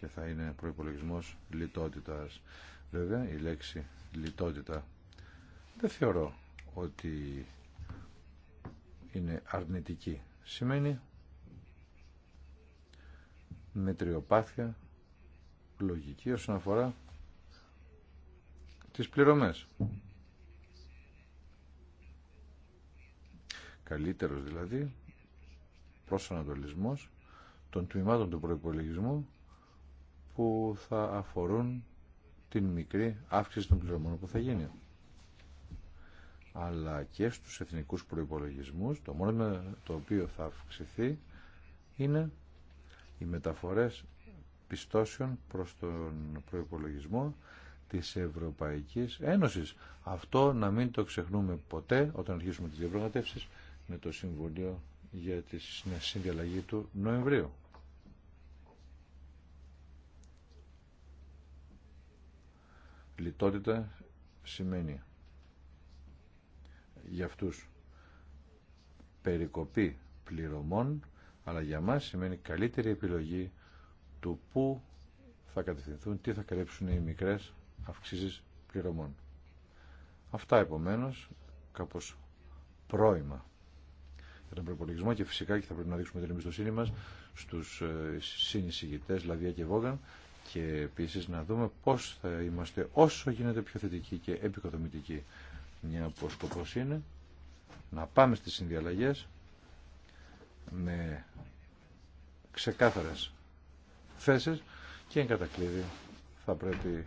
[SPEAKER 1] και θα είναι προπολογισμό λιτότητα. Βέβαια η λέξη λιτότητα δεν θεωρώ ότι είναι αρνητική. Σημαίνει μετριοπάθεια, λογική όσον αφορά τις πληρωμές. καλύτερος δηλαδή προσανατολισμός των τμήματων του προϋπολογισμού που θα αφορούν την μικρή αύξηση των πληρωμών που θα γίνει. Αλλά και στους εθνικούς προϋπολογισμούς το μόνο το οποίο θα αυξηθεί είναι οι μεταφορές πιστώσεων προς τον προϋπολογισμό της Ευρωπαϊκής Ένωσης. Αυτό να μην το ξεχνούμε ποτέ όταν αρχίσουμε τις διαπραγματεύσεις με το Συμβουλίο για τη συνδιαλλαγή του Νοεμβρίου. Λιτότητα σημαίνει για αυτούς περικοπή πληρωμών, αλλά για μας σημαίνει καλύτερη επιλογή του πού θα κατευθυνθούν, τι θα καλύψουν οι μικρές αυξήσεις πληρωμών. Αυτά επομένως κάπως πρόημα τον προπολογισμό και φυσικά και θα πρέπει να δείξουμε την εμπιστοσύνη μας στους ε, συνεισηγητέ Λαβία και Βόγκαν και επίση να δούμε πώς θα είμαστε όσο γίνεται πιο θετικοί και επικοδομητικοί. Μια από σκοπό είναι να πάμε στις συνδιαλλαγές με ξεκάθαρες θέσει και εν κατακλείδη θα πρέπει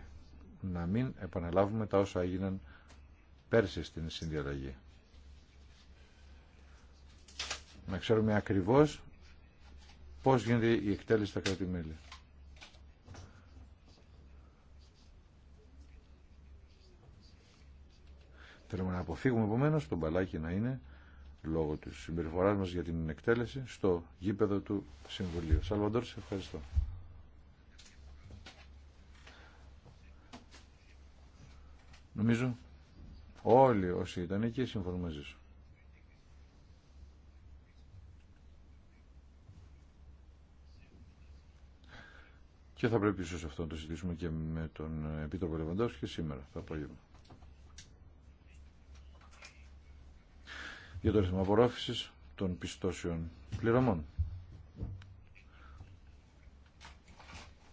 [SPEAKER 1] να μην επαναλάβουμε τα όσα έγιναν πέρσι στην συνδιαλλαγή να ξέρουμε ακριβώς πώς γίνεται η εκτέλεση στα κράτη-μέλη. Θέλουμε να αποφύγουμε επομένω τον μπαλάκι να είναι λόγω τη συμπεριφορά μα για την εκτέλεση στο γήπεδο του Συμβουλίου. Σαλβαντόρ, σε ευχαριστώ. Νομίζω όλοι όσοι ήταν εκεί συμφωνούν μαζί σου. Και θα πρέπει ίσω αυτό να το συζητήσουμε και με τον Επίτροπο Λεβαντός και σήμερα το απόγευμα. Για το ρυθμό απορρόφηση των πιστώσεων πληρωμών.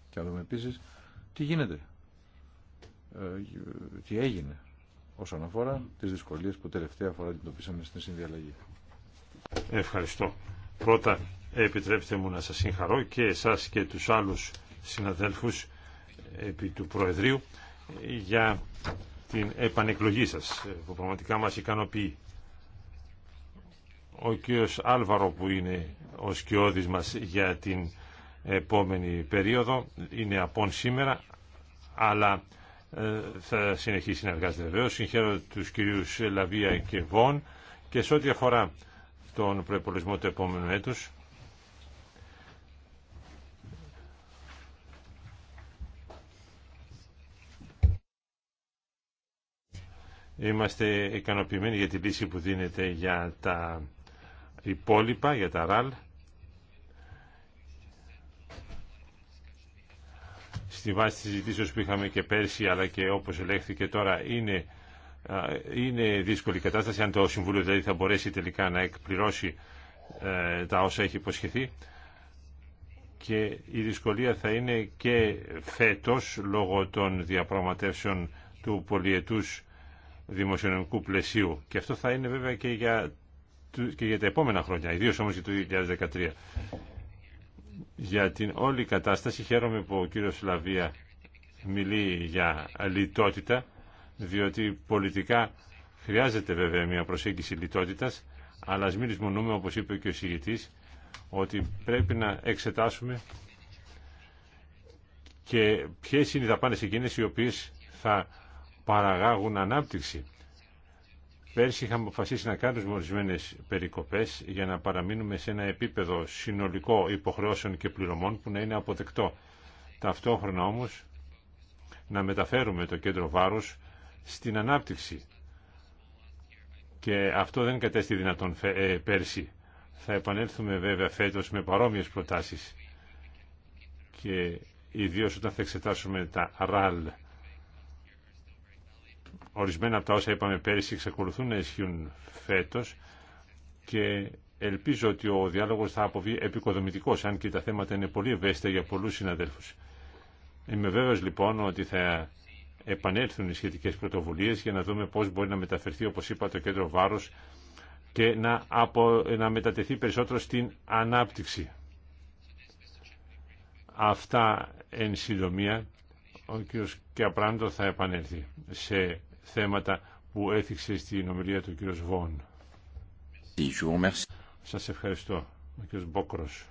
[SPEAKER 1] Και να δούμε επίση τι γίνεται, ε, τι έγινε όσον αφορά τις δυσκολίες που τελευταία φορά αντιμετωπίσαμε στην συνδιαλλαγή.
[SPEAKER 2] Ευχαριστώ. Πρώτα επιτρέψτε μου να σας συγχαρώ και εσάς και τους άλλους συναδέλφους επί του Προεδρείου για την επανεκλογή σας που πραγματικά μας ικανοποιεί. Ο κύριος Άλβαρο που είναι ο σκιώδης μας για την επόμενη περίοδο είναι απόν σήμερα αλλά ε, θα συνεχίσει να εργάζεται βεβαίως. Συγχαίρω τους κυρίους Λαβία και Βόν και σε ό,τι αφορά τον προπολογισμό του επόμενου έτους Είμαστε ικανοποιημένοι για τη λύση που δίνεται για τα υπόλοιπα, για τα ραλ. Στη βάση της συζητήσεως που είχαμε και πέρσι, αλλά και όπως ελέγχθηκε τώρα, είναι, είναι δύσκολη η κατάσταση, αν το Συμβούλιο δηλαδή θα μπορέσει τελικά να εκπληρώσει ε, τα όσα έχει υποσχεθεί. Και η δυσκολία θα είναι και φέτος, λόγω των διαπραγματεύσεων του πολιετούς δημοσιονομικού πλαισίου. Και αυτό θα είναι βέβαια και για, και για τα επόμενα χρόνια, ιδίω όμω για το 2013. Για την όλη κατάσταση χαίρομαι που ο κύριος Λαβία μιλεί για λιτότητα, διότι πολιτικά χρειάζεται βέβαια μια προσέγγιση λιτότητας, αλλά ας μην λησμονούμε, όπως είπε και ο συγητή, ότι πρέπει να εξετάσουμε και ποιες είναι οι δαπάνες εκείνες οι οποίες θα παραγάγουν ανάπτυξη. Πέρσι είχαμε αποφασίσει να κάνουμε ορισμένε περικοπέ για να παραμείνουμε σε ένα επίπεδο συνολικό υποχρεώσεων και πληρωμών που να είναι αποδεκτό. Ταυτόχρονα όμω να μεταφέρουμε το κέντρο βάρου στην ανάπτυξη. Και αυτό δεν κατέστη δυνατόν ε, πέρσι. Θα επανέλθουμε βέβαια φέτο με παρόμοιε προτάσει. και ιδίω όταν θα εξετάσουμε τα RAL Ορισμένα από τα όσα είπαμε πέρυσι εξακολουθούν να ισχύουν φέτος και ελπίζω ότι ο διάλογος θα αποβεί επικοδομητικός, αν και τα θέματα είναι πολύ ευαίσθητα για πολλούς συναδέλφους. Είμαι βέβαιος λοιπόν ότι θα επανέλθουν οι σχετικές πρωτοβουλίες για να δούμε πώς μπορεί να μεταφερθεί, όπως είπα, το κέντρο βάρους και να, να μετατεθεί περισσότερο στην ανάπτυξη. Αυτά εν συντομία ο κ. Καπράντο θα επανέλθει σε θέματα που έθιξε στην ομιλία του κ. Βόν. Σας ευχαριστώ. Ο κ. Μπόκρος.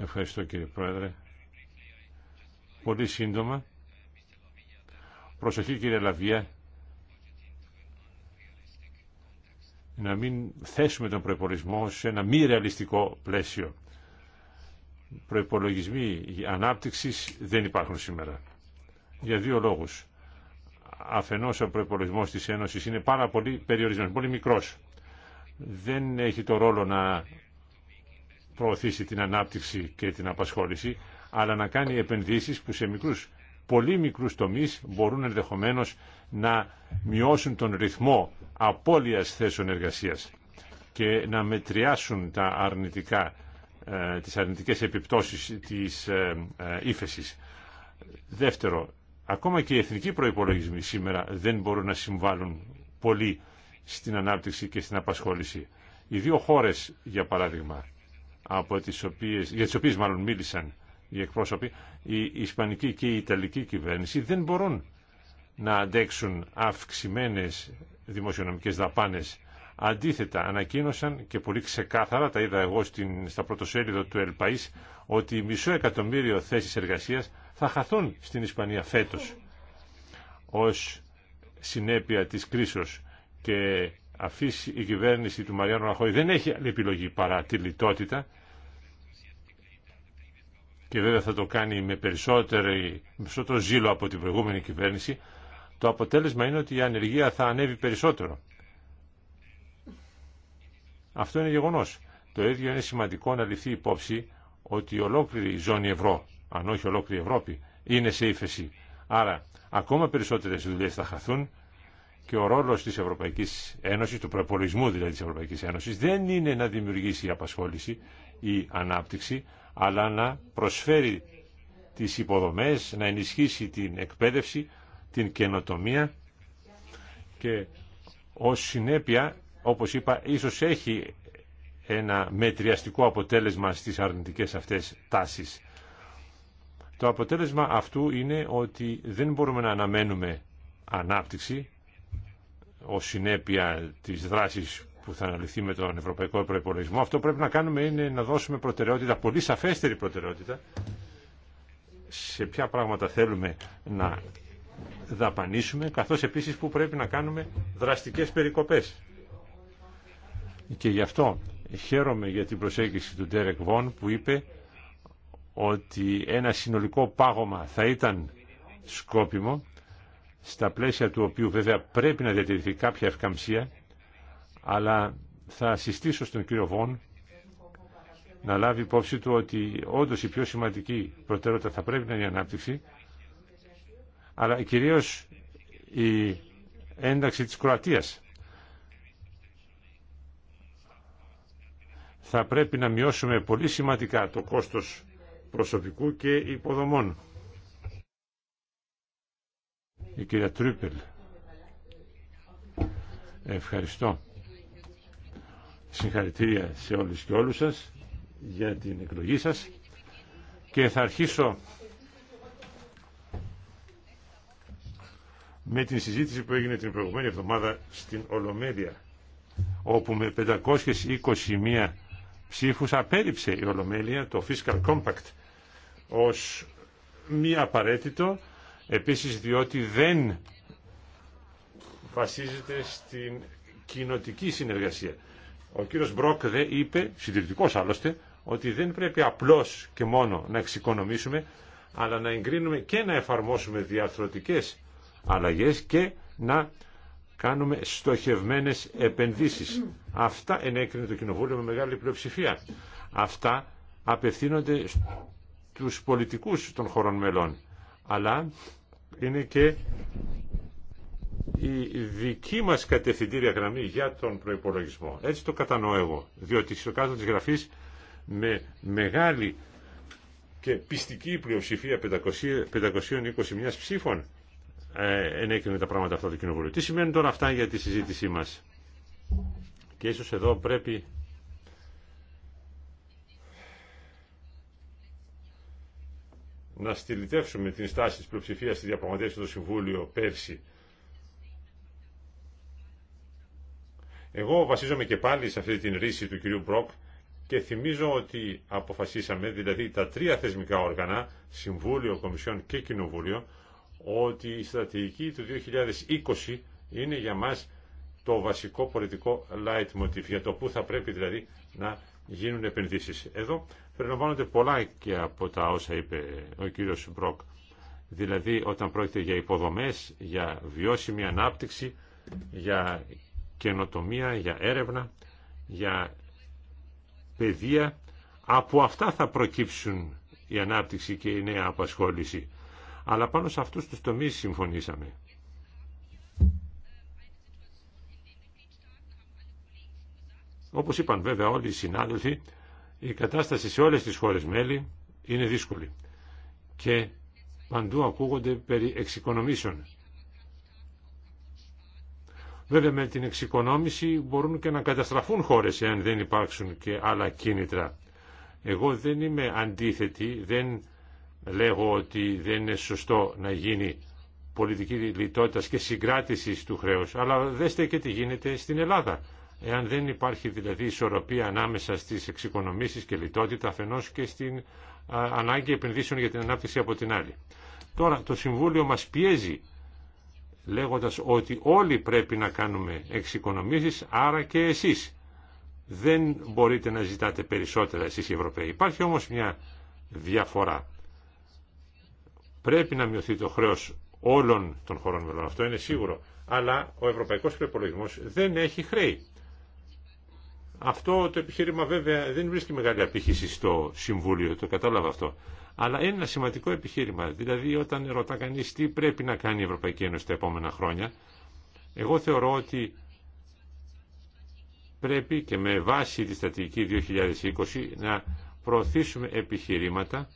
[SPEAKER 2] Ευχαριστώ κύριε Πρόεδρε. Πολύ σύντομα. Προσοχή κύριε Λαβία. Να μην θέσουμε τον προπολογισμό σε ένα μη ρεαλιστικό πλαίσιο προϋπολογισμοί ανάπτυξης δεν υπάρχουν σήμερα. Για δύο λόγους. Αφενός ο προϋπολογισμός της Ένωσης είναι πάρα πολύ περιορισμένος, πολύ μικρός. Δεν έχει το ρόλο να προωθήσει την ανάπτυξη και την απασχόληση, αλλά να κάνει επενδύσεις που σε μικρούς, πολύ μικρούς τομείς μπορούν ενδεχομένως να μειώσουν τον ρυθμό απώλειας θέσεων εργασίας και να μετριάσουν τα αρνητικά ε, τις αρνητικές επιπτώσεις της ε, ε, ύφεσης. Δεύτερο, ακόμα και οι εθνικοί προϋπολογισμοί σήμερα δεν μπορούν να συμβάλλουν πολύ στην ανάπτυξη και στην απασχόληση. Οι δύο χώρες, για παράδειγμα, από τις οποίες, για τις οποίες μάλλον μίλησαν οι εκπρόσωποι, η Ισπανική και η Ιταλική κυβέρνηση δεν μπορούν να αντέξουν αυξημένες δημοσιονομικές δαπάνες Αντίθετα, ανακοίνωσαν και πολύ ξεκάθαρα, τα είδα εγώ στην, στα πρωτοσέλιδο του El ότι μισό εκατομμύριο θέσεις εργασίας θα χαθούν στην Ισπανία φέτος ως συνέπεια της κρίσεως και αφήσει η κυβέρνηση του Μαριάνου Ραχώη δεν έχει άλλη επιλογή παρά τη λιτότητα και βέβαια θα το κάνει με περισσότερο ζήλο από την προηγούμενη κυβέρνηση, το αποτέλεσμα είναι ότι η ανεργία θα ανέβει περισσότερο. Αυτό είναι γεγονός. Το ίδιο είναι σημαντικό να ληφθεί υπόψη ότι η ολόκληρη ζώνη ευρώ, αν όχι ολόκληρη Ευρώπη, είναι σε ύφεση. Άρα, ακόμα περισσότερες δουλειέ θα χαθούν και ο ρόλο της Ευρωπαϊκής Ένωσης, του προπολογισμού δηλαδή της Ευρωπαϊκής Ένωσης, δεν είναι να δημιουργήσει απασχόληση ή ανάπτυξη, αλλά να προσφέρει τι υποδομέ να ενισχύσει την εκπαίδευση, την καινοτομία και ω συνέπεια όπως είπα, ίσως έχει ένα μετριαστικό αποτέλεσμα στις αρνητικές αυτές τάσεις. Το αποτέλεσμα αυτού είναι ότι δεν μπορούμε να αναμένουμε ανάπτυξη ως συνέπεια της δράσης που θα αναλυθεί με τον Ευρωπαϊκό Προπολογισμό. Αυτό που πρέπει να κάνουμε είναι να δώσουμε προτεραιότητα, πολύ σαφέστερη προτεραιότητα, σε ποια πράγματα θέλουμε να δαπανίσουμε, καθώς επίσης που πρέπει να κάνουμε δραστικές περικοπές. Και γι' αυτό χαίρομαι για την προσέγγιση του Ντέρεκ Βον που είπε ότι ένα συνολικό πάγωμα θα ήταν σκόπιμο στα πλαίσια του οποίου βέβαια πρέπει να διατηρηθεί κάποια ευκαμψία αλλά θα συστήσω στον κύριο Βον να λάβει υπόψη του ότι όντω η πιο σημαντική προτεραιότητα θα πρέπει να είναι η ανάπτυξη αλλά κυρίως η ένταξη της Κροατίας θα πρέπει να μειώσουμε πολύ σημαντικά το κόστος προσωπικού και υποδομών. Η κυρία Τρίπελ. Ευχαριστώ. Συγχαρητήρια σε όλους και όλους σας για την εκλογή σας και θα αρχίσω με την συζήτηση που έγινε την προηγουμένη εβδομάδα στην Ολομέλεια όπου με 521 ψήφους απέριψε η Ολομέλεια το Fiscal Compact ως μη απαραίτητο, επίσης διότι δεν βασίζεται στην κοινοτική συνεργασία. Ο κύριος Μπρόκ δεν είπε, συντηρητικός άλλωστε, ότι δεν πρέπει απλώς και μόνο να εξοικονομήσουμε, αλλά να εγκρίνουμε και να εφαρμόσουμε διαρθρωτικές αλλαγές και να κάνουμε στοχευμένες επενδύσεις. Αυτά ενέκρινε το Κοινοβούλιο με μεγάλη πλειοψηφία. Αυτά απευθύνονται στους πολιτικούς των χωρών μελών. Αλλά είναι και η δική μας κατευθυντήρια γραμμή για τον προϋπολογισμό. Έτσι το κατανοώ εγώ, διότι στο κάτω της γραφής με μεγάλη και πιστική πλειοψηφία 521 ψήφων ε, ενέκρινε τα πράγματα αυτά το Κοινοβούλιο. Τι σημαίνουν τώρα αυτά για τη συζήτησή μας. Και ίσως εδώ πρέπει να στυλιτεύσουμε την στάση της πλειοψηφίας στη διαπραγματεύση του Συμβούλιο πέρσι. Εγώ βασίζομαι και πάλι σε αυτή την ρίση του κυρίου Μπροκ και θυμίζω ότι αποφασίσαμε, δηλαδή τα τρία θεσμικά όργανα, Συμβούλιο, Κομισιόν και Κοινοβούλιο, ότι η στρατηγική του 2020 είναι για μας το βασικό πολιτικό light motif για το που θα πρέπει δηλαδή να γίνουν επενδύσεις. Εδώ περιλαμβάνονται πολλά και από τα όσα είπε ο κύριος Μπροκ. Δηλαδή όταν πρόκειται για υποδομές, για βιώσιμη ανάπτυξη, για καινοτομία, για έρευνα, για παιδεία. Από αυτά θα προκύψουν η ανάπτυξη και η νέα απασχόληση. Αλλά πάνω σε αυτούς τους τομείς συμφωνήσαμε. Όπως είπαν βέβαια όλοι οι συνάδελφοι, η κατάσταση σε όλες τις χώρες μέλη είναι δύσκολη και παντού ακούγονται περί εξοικονομήσεων. Βέβαια με την εξοικονόμηση μπορούν και να καταστραφούν χώρες εάν δεν υπάρξουν και άλλα κίνητρα. Εγώ δεν είμαι αντίθετη, δεν λέγω ότι δεν είναι σωστό να γίνει πολιτική λιτότητα και συγκράτηση του χρέους, αλλά δέστε και τι γίνεται στην Ελλάδα. Εάν δεν υπάρχει δηλαδή ισορροπία ανάμεσα στις εξοικονομήσεις και λιτότητα αφενός και στην ανάγκη επενδύσεων για την ανάπτυξη από την άλλη. Τώρα το Συμβούλιο μας πιέζει λέγοντας ότι όλοι πρέπει να κάνουμε εξοικονομήσεις, άρα και εσείς. Δεν μπορείτε να ζητάτε περισσότερα εσείς οι Ευρωπαίοι. Υπάρχει όμως μια διαφορά. Πρέπει να μειωθεί το χρέο όλων των χωρών μελών, αυτό είναι σίγουρο. Αλλά ο Ευρωπαϊκό προπολογισμό δεν έχει χρέη. Αυτό το επιχείρημα βέβαια δεν βρίσκει μεγάλη απήχηση στο Συμβούλιο, το κατάλαβα αυτό. Αλλά είναι ένα σημαντικό επιχείρημα. Δηλαδή όταν ρωτά κανεί τι πρέπει να κάνει η Ευρωπαϊκή Ένωση τα επόμενα χρόνια, εγώ θεωρώ ότι πρέπει και με βάση τη στατική 2020 να προωθήσουμε επιχειρήματα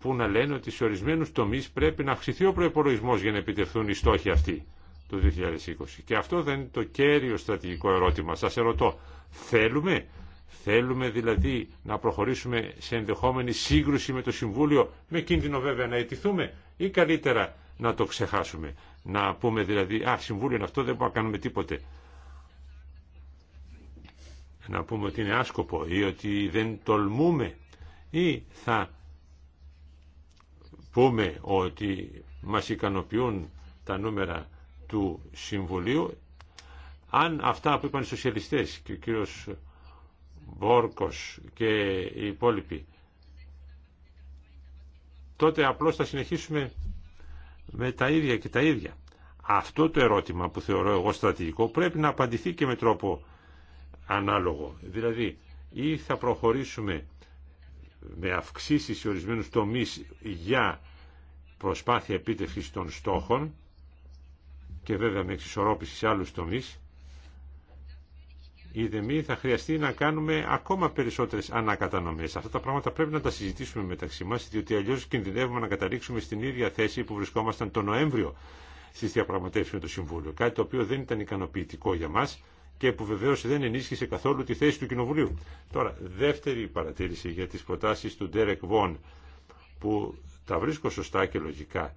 [SPEAKER 2] που να λένε ότι σε ορισμένου τομεί πρέπει να αυξηθεί ο προπολογισμό για να επιτευχθούν οι στόχοι αυτοί το 2020. Και αυτό δεν είναι το κέριο στρατηγικό ερώτημα. Σα ερωτώ, θέλουμε, θέλουμε δηλαδή να προχωρήσουμε σε ενδεχόμενη σύγκρουση με το Συμβούλιο, με κίνδυνο βέβαια να αιτηθούμε, ή καλύτερα να το ξεχάσουμε. Να πούμε δηλαδή, Α, Συμβούλιο είναι αυτό, δεν μπορούμε να κάνουμε τίποτε. Να πούμε ότι είναι άσκοπο ή ότι δεν τολμούμε ή θα πούμε ότι μας ικανοποιούν τα νούμερα του Συμβουλίου, αν αυτά που είπαν οι σοσιαλιστές και ο κύριος Μπόρκος και οι υπόλοιποι, τότε απλώς θα συνεχίσουμε με τα ίδια και τα ίδια. Αυτό το ερώτημα που θεωρώ εγώ στρατηγικό πρέπει να απαντηθεί και με τρόπο ανάλογο. Δηλαδή, ή θα προχωρήσουμε με αυξήσεις σε ορισμένους τομείς για προσπάθεια επίτευξης των στόχων και βέβαια με εξισορρόπηση σε άλλους τομείς, η ΔΕΜΗ θα χρειαστεί να κάνουμε ακόμα περισσότερες ανακατανομές. Αυτά τα πράγματα πρέπει να τα συζητήσουμε μεταξύ μας, διότι αλλιώς κινδυνεύουμε να καταλήξουμε στην ίδια θέση που βρισκόμασταν τον Νοέμβριο στις διαπραγματεύσεις με το Συμβούλιο. Κάτι το οποίο δεν ήταν ικανοποιητικό για μας και που βεβαίω δεν ενίσχυσε καθόλου τη θέση του Κοινοβουλίου. Τώρα, δεύτερη παρατήρηση για τι προτάσει του Ντέρεκ Βον, που τα βρίσκω σωστά και λογικά.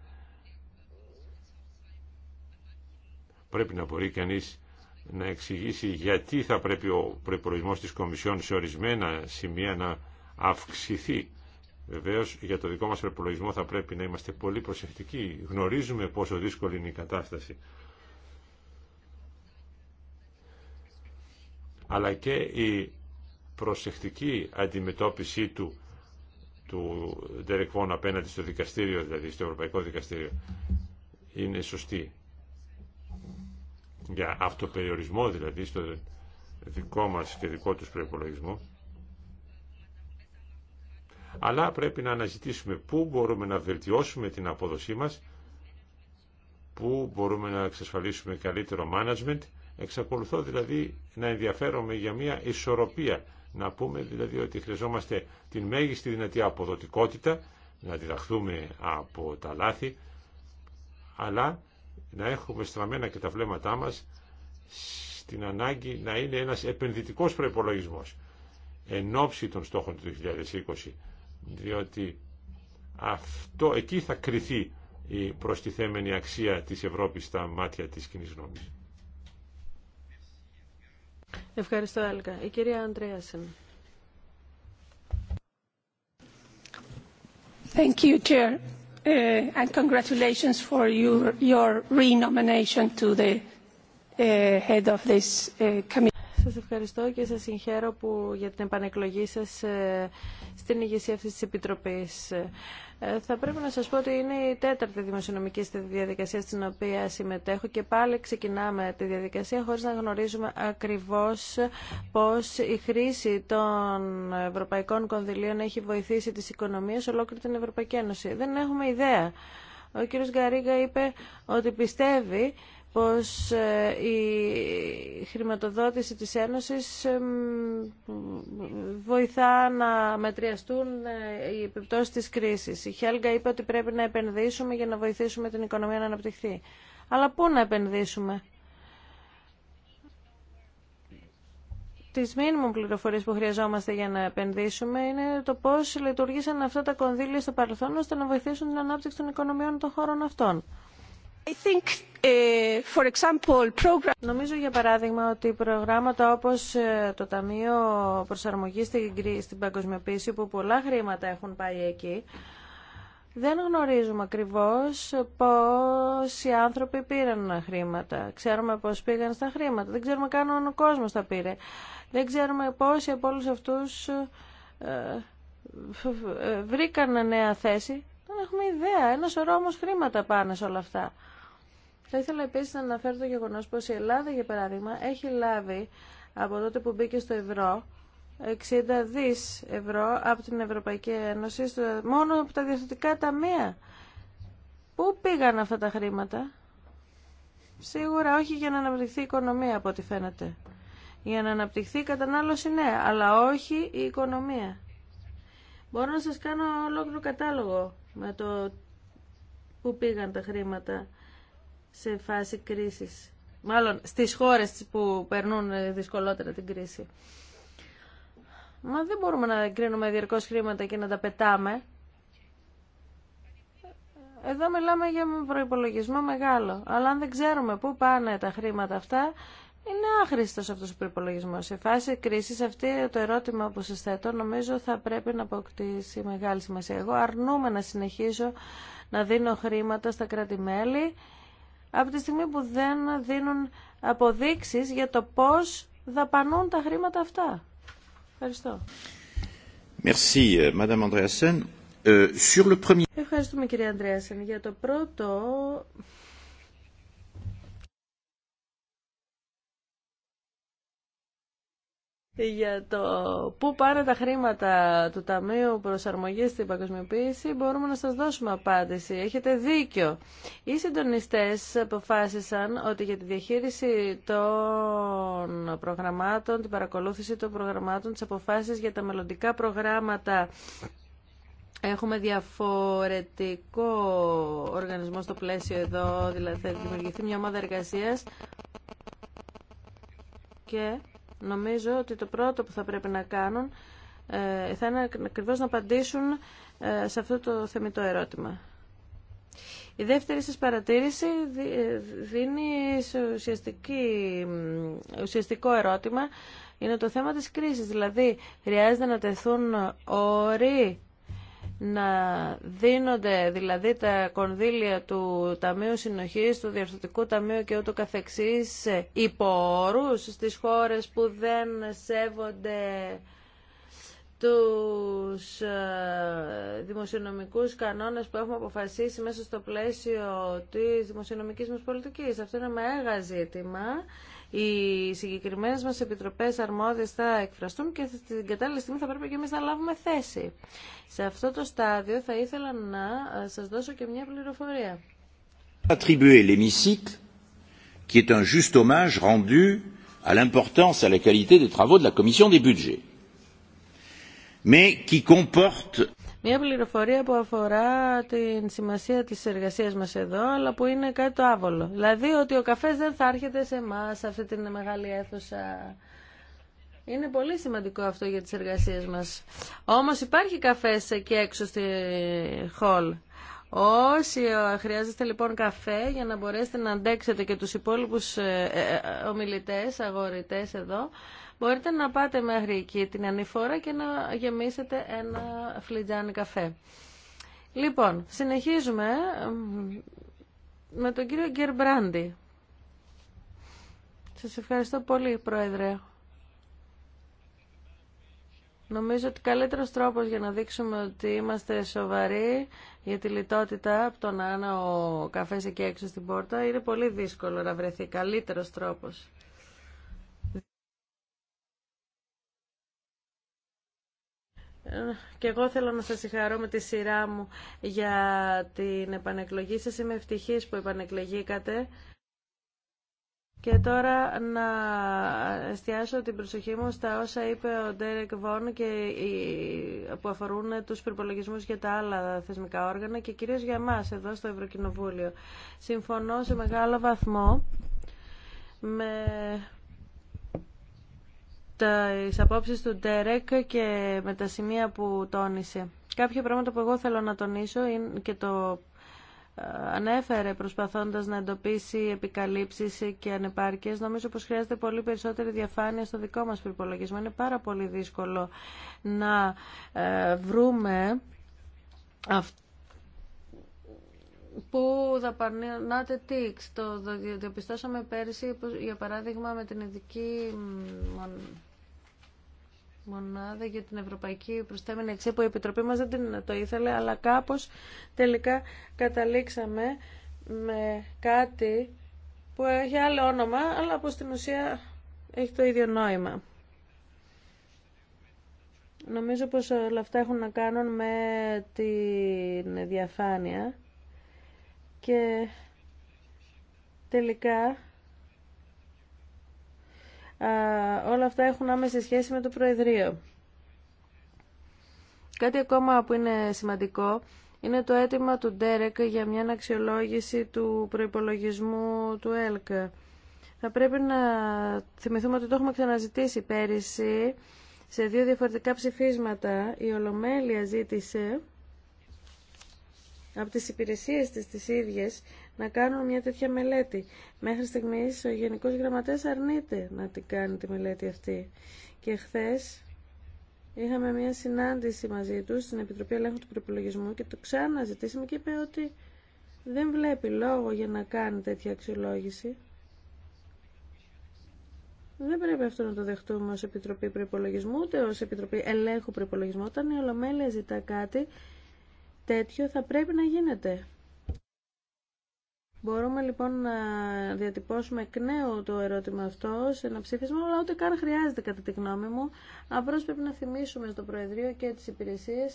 [SPEAKER 2] Πρέπει να μπορεί κανεί να εξηγήσει γιατί θα πρέπει ο προπολογισμό τη Κομισιόν σε ορισμένα σημεία να αυξηθεί. Βεβαίω για το δικό μα προπολογισμό θα πρέπει να είμαστε πολύ προσεκτικοί. Γνωρίζουμε πόσο δύσκολη είναι η κατάσταση. αλλά και η προσεκτική αντιμετώπιση του του Derek απέναντι στο δικαστήριο, δηλαδή στο Ευρωπαϊκό Δικαστήριο, είναι σωστή. Για αυτοπεριορισμό δηλαδή στο δικό μας και δικό τους προϋπολογισμό. Αλλά πρέπει να αναζητήσουμε πού μπορούμε να βελτιώσουμε την απόδοσή μας, πού μπορούμε να εξασφαλίσουμε καλύτερο management Εξακολουθώ δηλαδή να ενδιαφέρομαι για μια ισορροπία. Να πούμε δηλαδή ότι χρειαζόμαστε την μέγιστη δυνατή αποδοτικότητα, να διδαχθούμε από τα λάθη, αλλά να έχουμε στραμμένα και τα βλέμματά μας στην ανάγκη να είναι ένας επενδυτικός προϋπολογισμός εν ώψη των στόχων του 2020 διότι αυτό εκεί θα κριθεί η προστιθέμενη αξία της Ευρώπης στα μάτια της κοινής γνώμης.
[SPEAKER 3] Ευχαριστώ, Άλκα. Η κυρία Αντρέασεν. Thank you, Chair, and congratulations for your, your renomination to the head of this committee. Σας ευχαριστώ και σας συγχαίρω που για την επανεκλογή σας στην ηγεσία αυτής της Επιτροπής. Ε, θα πρέπει να σας πω ότι είναι η τέταρτη δημοσιονομική διαδικασία στην οποία συμμετέχω και πάλι ξεκινάμε τη διαδικασία χωρίς να γνωρίζουμε ακριβώς πώς η χρήση των ευρωπαϊκών κονδυλίων έχει βοηθήσει τις οικονομίες ολόκληρη την Ευρωπαϊκή Ένωση. Δεν έχουμε ιδέα. Ο κύριος Γκαρίγα είπε ότι πιστεύει πως ε, η χρηματοδότηση της Ένωσης βοηθά να μετριαστούν ε, οι επιπτώσεις της κρίσης. Η Χέλγκα είπε ότι πρέπει να επενδύσουμε για να βοηθήσουμε την οικονομία να αναπτυχθεί. Αλλά πού να επενδύσουμε. τις μήνυμου πληροφορίες που χρειαζόμαστε για να επενδύσουμε είναι το πώς λειτουργήσαν αυτά τα κονδύλια στο παρελθόν ώστε να βοηθήσουν την ανάπτυξη των οικονομιών των χώρων αυτών. Uh, Νομίζω για παράδειγμα ότι προγράμματα όπως ε, το Ταμείο Προσαρμογής στην Παγκοσμιοποίηση που πολλά χρήματα έχουν πάει εκεί δεν γνωρίζουμε ακριβώς οι άνθρωποι πήραν χρήματα. Ξέρουμε πώς πήγαν στα χρήματα. Δεν ξέρουμε καν αν ο κόσμος τα πήρε. Δεν ξέρουμε πόσοι από όλους αυτούς ε, ε, βρήκαν νέα θέση. Δεν έχουμε ιδέα. Ένα σωρό όμως χρήματα πάνε σε όλα αυτά. Θα ήθελα επίση να αναφέρω το γεγονό πω η Ελλάδα, για παράδειγμα, έχει λάβει από τότε που μπήκε στο ευρώ 60 δι ευρώ από την Ευρωπαϊκή Ένωση μόνο από τα διαθετικά ταμεία. Πού πήγαν αυτά τα χρήματα? Σίγουρα όχι για να αναπτυχθεί η οικονομία από ό,τι φαίνεται. Για να αναπτυχθεί η κατανάλωση ναι, αλλά όχι η οικονομία. Μπορώ να σας κάνω ολόκληρο κατάλογο με το πού πήγαν τα χρήματα σε φάση κρίσης. Μάλλον στις χώρες που περνούν δυσκολότερα την κρίση. Μα δεν μπορούμε να κρίνουμε διαρκώς χρήματα και να τα πετάμε. Εδώ μιλάμε για προϋπολογισμό μεγάλο. Αλλά αν δεν ξέρουμε πού πάνε τα χρήματα αυτά, είναι άχρηστο αυτός ο προπολογισμό. Σε φάση κρίσης, αυτη το ερώτημα που σα θέτω νομίζω θα πρέπει να αποκτήσει μεγάλη σημασία. Εγώ αρνούμε να συνεχίσω να δίνω χρήματα στα κρατη από τη στιγμή που δεν δίνουν αποδείξεις για το πώς δαπανούν τα χρήματα αυτά. Ευχαριστώ.
[SPEAKER 1] Merci, euh, Madame euh, Sur le premier...
[SPEAKER 3] Ευχαριστούμε κυρία Αντρέασεν για το πρώτο για το πού πάνε τα χρήματα του Ταμείου Προσαρμογής στην Παγκοσμιοποίηση μπορούμε να σας δώσουμε απάντηση. Έχετε δίκιο. Οι συντονιστές αποφάσισαν ότι για τη διαχείριση των προγραμμάτων, την παρακολούθηση των προγραμμάτων, τις αποφάσεις για τα μελλοντικά προγράμματα Έχουμε διαφορετικό οργανισμό στο πλαίσιο εδώ, δηλαδή θα δημιουργηθεί μια ομάδα εργασίας και Νομίζω ότι το πρώτο που θα πρέπει να κάνουν ε, θα είναι ακριβώς να απαντήσουν ε, σε αυτό το θεμητό ερώτημα. Η δεύτερη σας παρατήρηση ε, δίνει ουσιαστικό ερώτημα. Είναι το θέμα της κρίσης. Δηλαδή, χρειάζεται να τεθούν όροι να δίνονται δηλαδή τα κονδύλια του Ταμείου Συνοχής, του Διορθωτικού Ταμείου και ούτω καθεξής υπό όρους στις χώρες που δεν σέβονται τους ε, δημοσιονομικούς κανόνες που έχουμε αποφασίσει μέσα στο πλαίσιο της δημοσιονομικής μας πολιτικής. Αυτό είναι ένα μεγάλο ζήτημα οι συγκεκριμένε μα επιτροπέ αρμόδιε θα εκφραστούν και την κατάλληλη στιγμή θα πρέπει και εμεί να λάβουμε θέση. Σε αυτό το στάδιο θα ήθελα να ε, σα δώσω και μια πληροφορία.
[SPEAKER 1] Attribuer l'hémicycle, qui est un juste hommage rendu à l'importance et à la qualité des travaux de la Commission des budgets,
[SPEAKER 2] mais qui comporte
[SPEAKER 3] μια πληροφορία που αφορά την σημασία της εργασίας μας εδώ, αλλά που είναι κάτι το άβολο. Δηλαδή ότι ο καφές δεν θα έρχεται σε εμά σε αυτή την μεγάλη αίθουσα. Είναι πολύ σημαντικό αυτό για τις εργασίες μας. Όμως υπάρχει καφές εκεί έξω στη χολ. Όσοι ε, χρειάζεστε λοιπόν καφέ για να μπορέσετε να αντέξετε και τους υπόλοιπους ε, ε, ομιλητές, αγορητές εδώ, μπορείτε να πάτε μέχρι εκεί την ανηφόρα και να γεμίσετε ένα φλιτζάνι καφέ. Λοιπόν, συνεχίζουμε με τον κύριο Γκερμπράντι. Σας ευχαριστώ πολύ, Πρόεδρε. Νομίζω ότι καλύτερος τρόπος για να δείξουμε ότι είμαστε σοβαροί για τη λιτότητα από τον να ο καφές εκεί έξω στην πόρτα είναι πολύ δύσκολο να βρεθεί καλύτερος τρόπος. Και εγώ θέλω να σας συγχαρώ με τη σειρά μου για την επανεκλογή σας. Είμαι ευτυχής που επανεκλεγήκατε. Και τώρα να εστιάσω την προσοχή μου στα όσα είπε ο Ντέρεκ Βόν και που αφορούν τους προπολογισμού για τα άλλα θεσμικά όργανα και κυρίως για μας εδώ στο Ευρωκοινοβούλιο. Συμφωνώ σε μεγάλο βαθμό με τις απόψεις του Ντέρεκ και με τα σημεία που τόνισε. Κάποια πράγματα που εγώ θέλω να τονίσω και το ε, ανέφερε προσπαθώντας να εντοπίσει επικαλύψεις και ανεπάρκειες. Νομίζω πως χρειάζεται πολύ περισσότερη διαφάνεια στο δικό μας προπολογισμό. Είναι πάρα πολύ δύσκολο να ε, βρούμε που δαπανάτε τι. Το διαπιστώσαμε πέρσι, για παράδειγμα, με την ειδική μονάδα για την ευρωπαϊκή προστέμενη αξία που η Επιτροπή μας δεν την το ήθελε, αλλά κάπως τελικά καταλήξαμε με κάτι που έχει άλλο όνομα, αλλά που στην ουσία έχει το ίδιο νόημα. Νομίζω πως όλα αυτά έχουν να κάνουν με την διαφάνεια και τελικά όλα αυτά έχουν άμεση σχέση με το Προεδρείο. Κάτι ακόμα που είναι σημαντικό είναι το αίτημα του Ντέρεκ για μια αναξιολόγηση του προϋπολογισμού του ΕΛΚ. Θα πρέπει να θυμηθούμε ότι το έχουμε ξαναζητήσει πέρυσι σε δύο διαφορετικά ψηφίσματα. Η Ολομέλεια ζήτησε από τις υπηρεσίες της τις ίδιες να κάνουμε μια τέτοια μελέτη. Μέχρι στιγμή ο γενικό Γραμματέας αρνείται να την κάνει τη μελέτη αυτή. Και χθε είχαμε μια συνάντηση μαζί του στην Επιτροπή Ελέγχου του Προπολογισμού και το ξαναζητήσαμε και είπε ότι δεν βλέπει λόγο για να κάνει τέτοια αξιολόγηση. Δεν πρέπει αυτό να το δεχτούμε ως Επιτροπή Προπολογισμού ούτε ως Επιτροπή Ελέγχου Προπολογισμού. Όταν η Ολομέλεια ζητά κάτι τέτοιο θα πρέπει να γίνεται. Μπορούμε λοιπόν να διατυπώσουμε εκ νέου το ερώτημα αυτό σε ένα ψήφισμα, αλλά ούτε καν χρειάζεται κατά τη γνώμη μου. Απλώ πρέπει να θυμίσουμε στο Προεδρείο και τι υπηρεσίε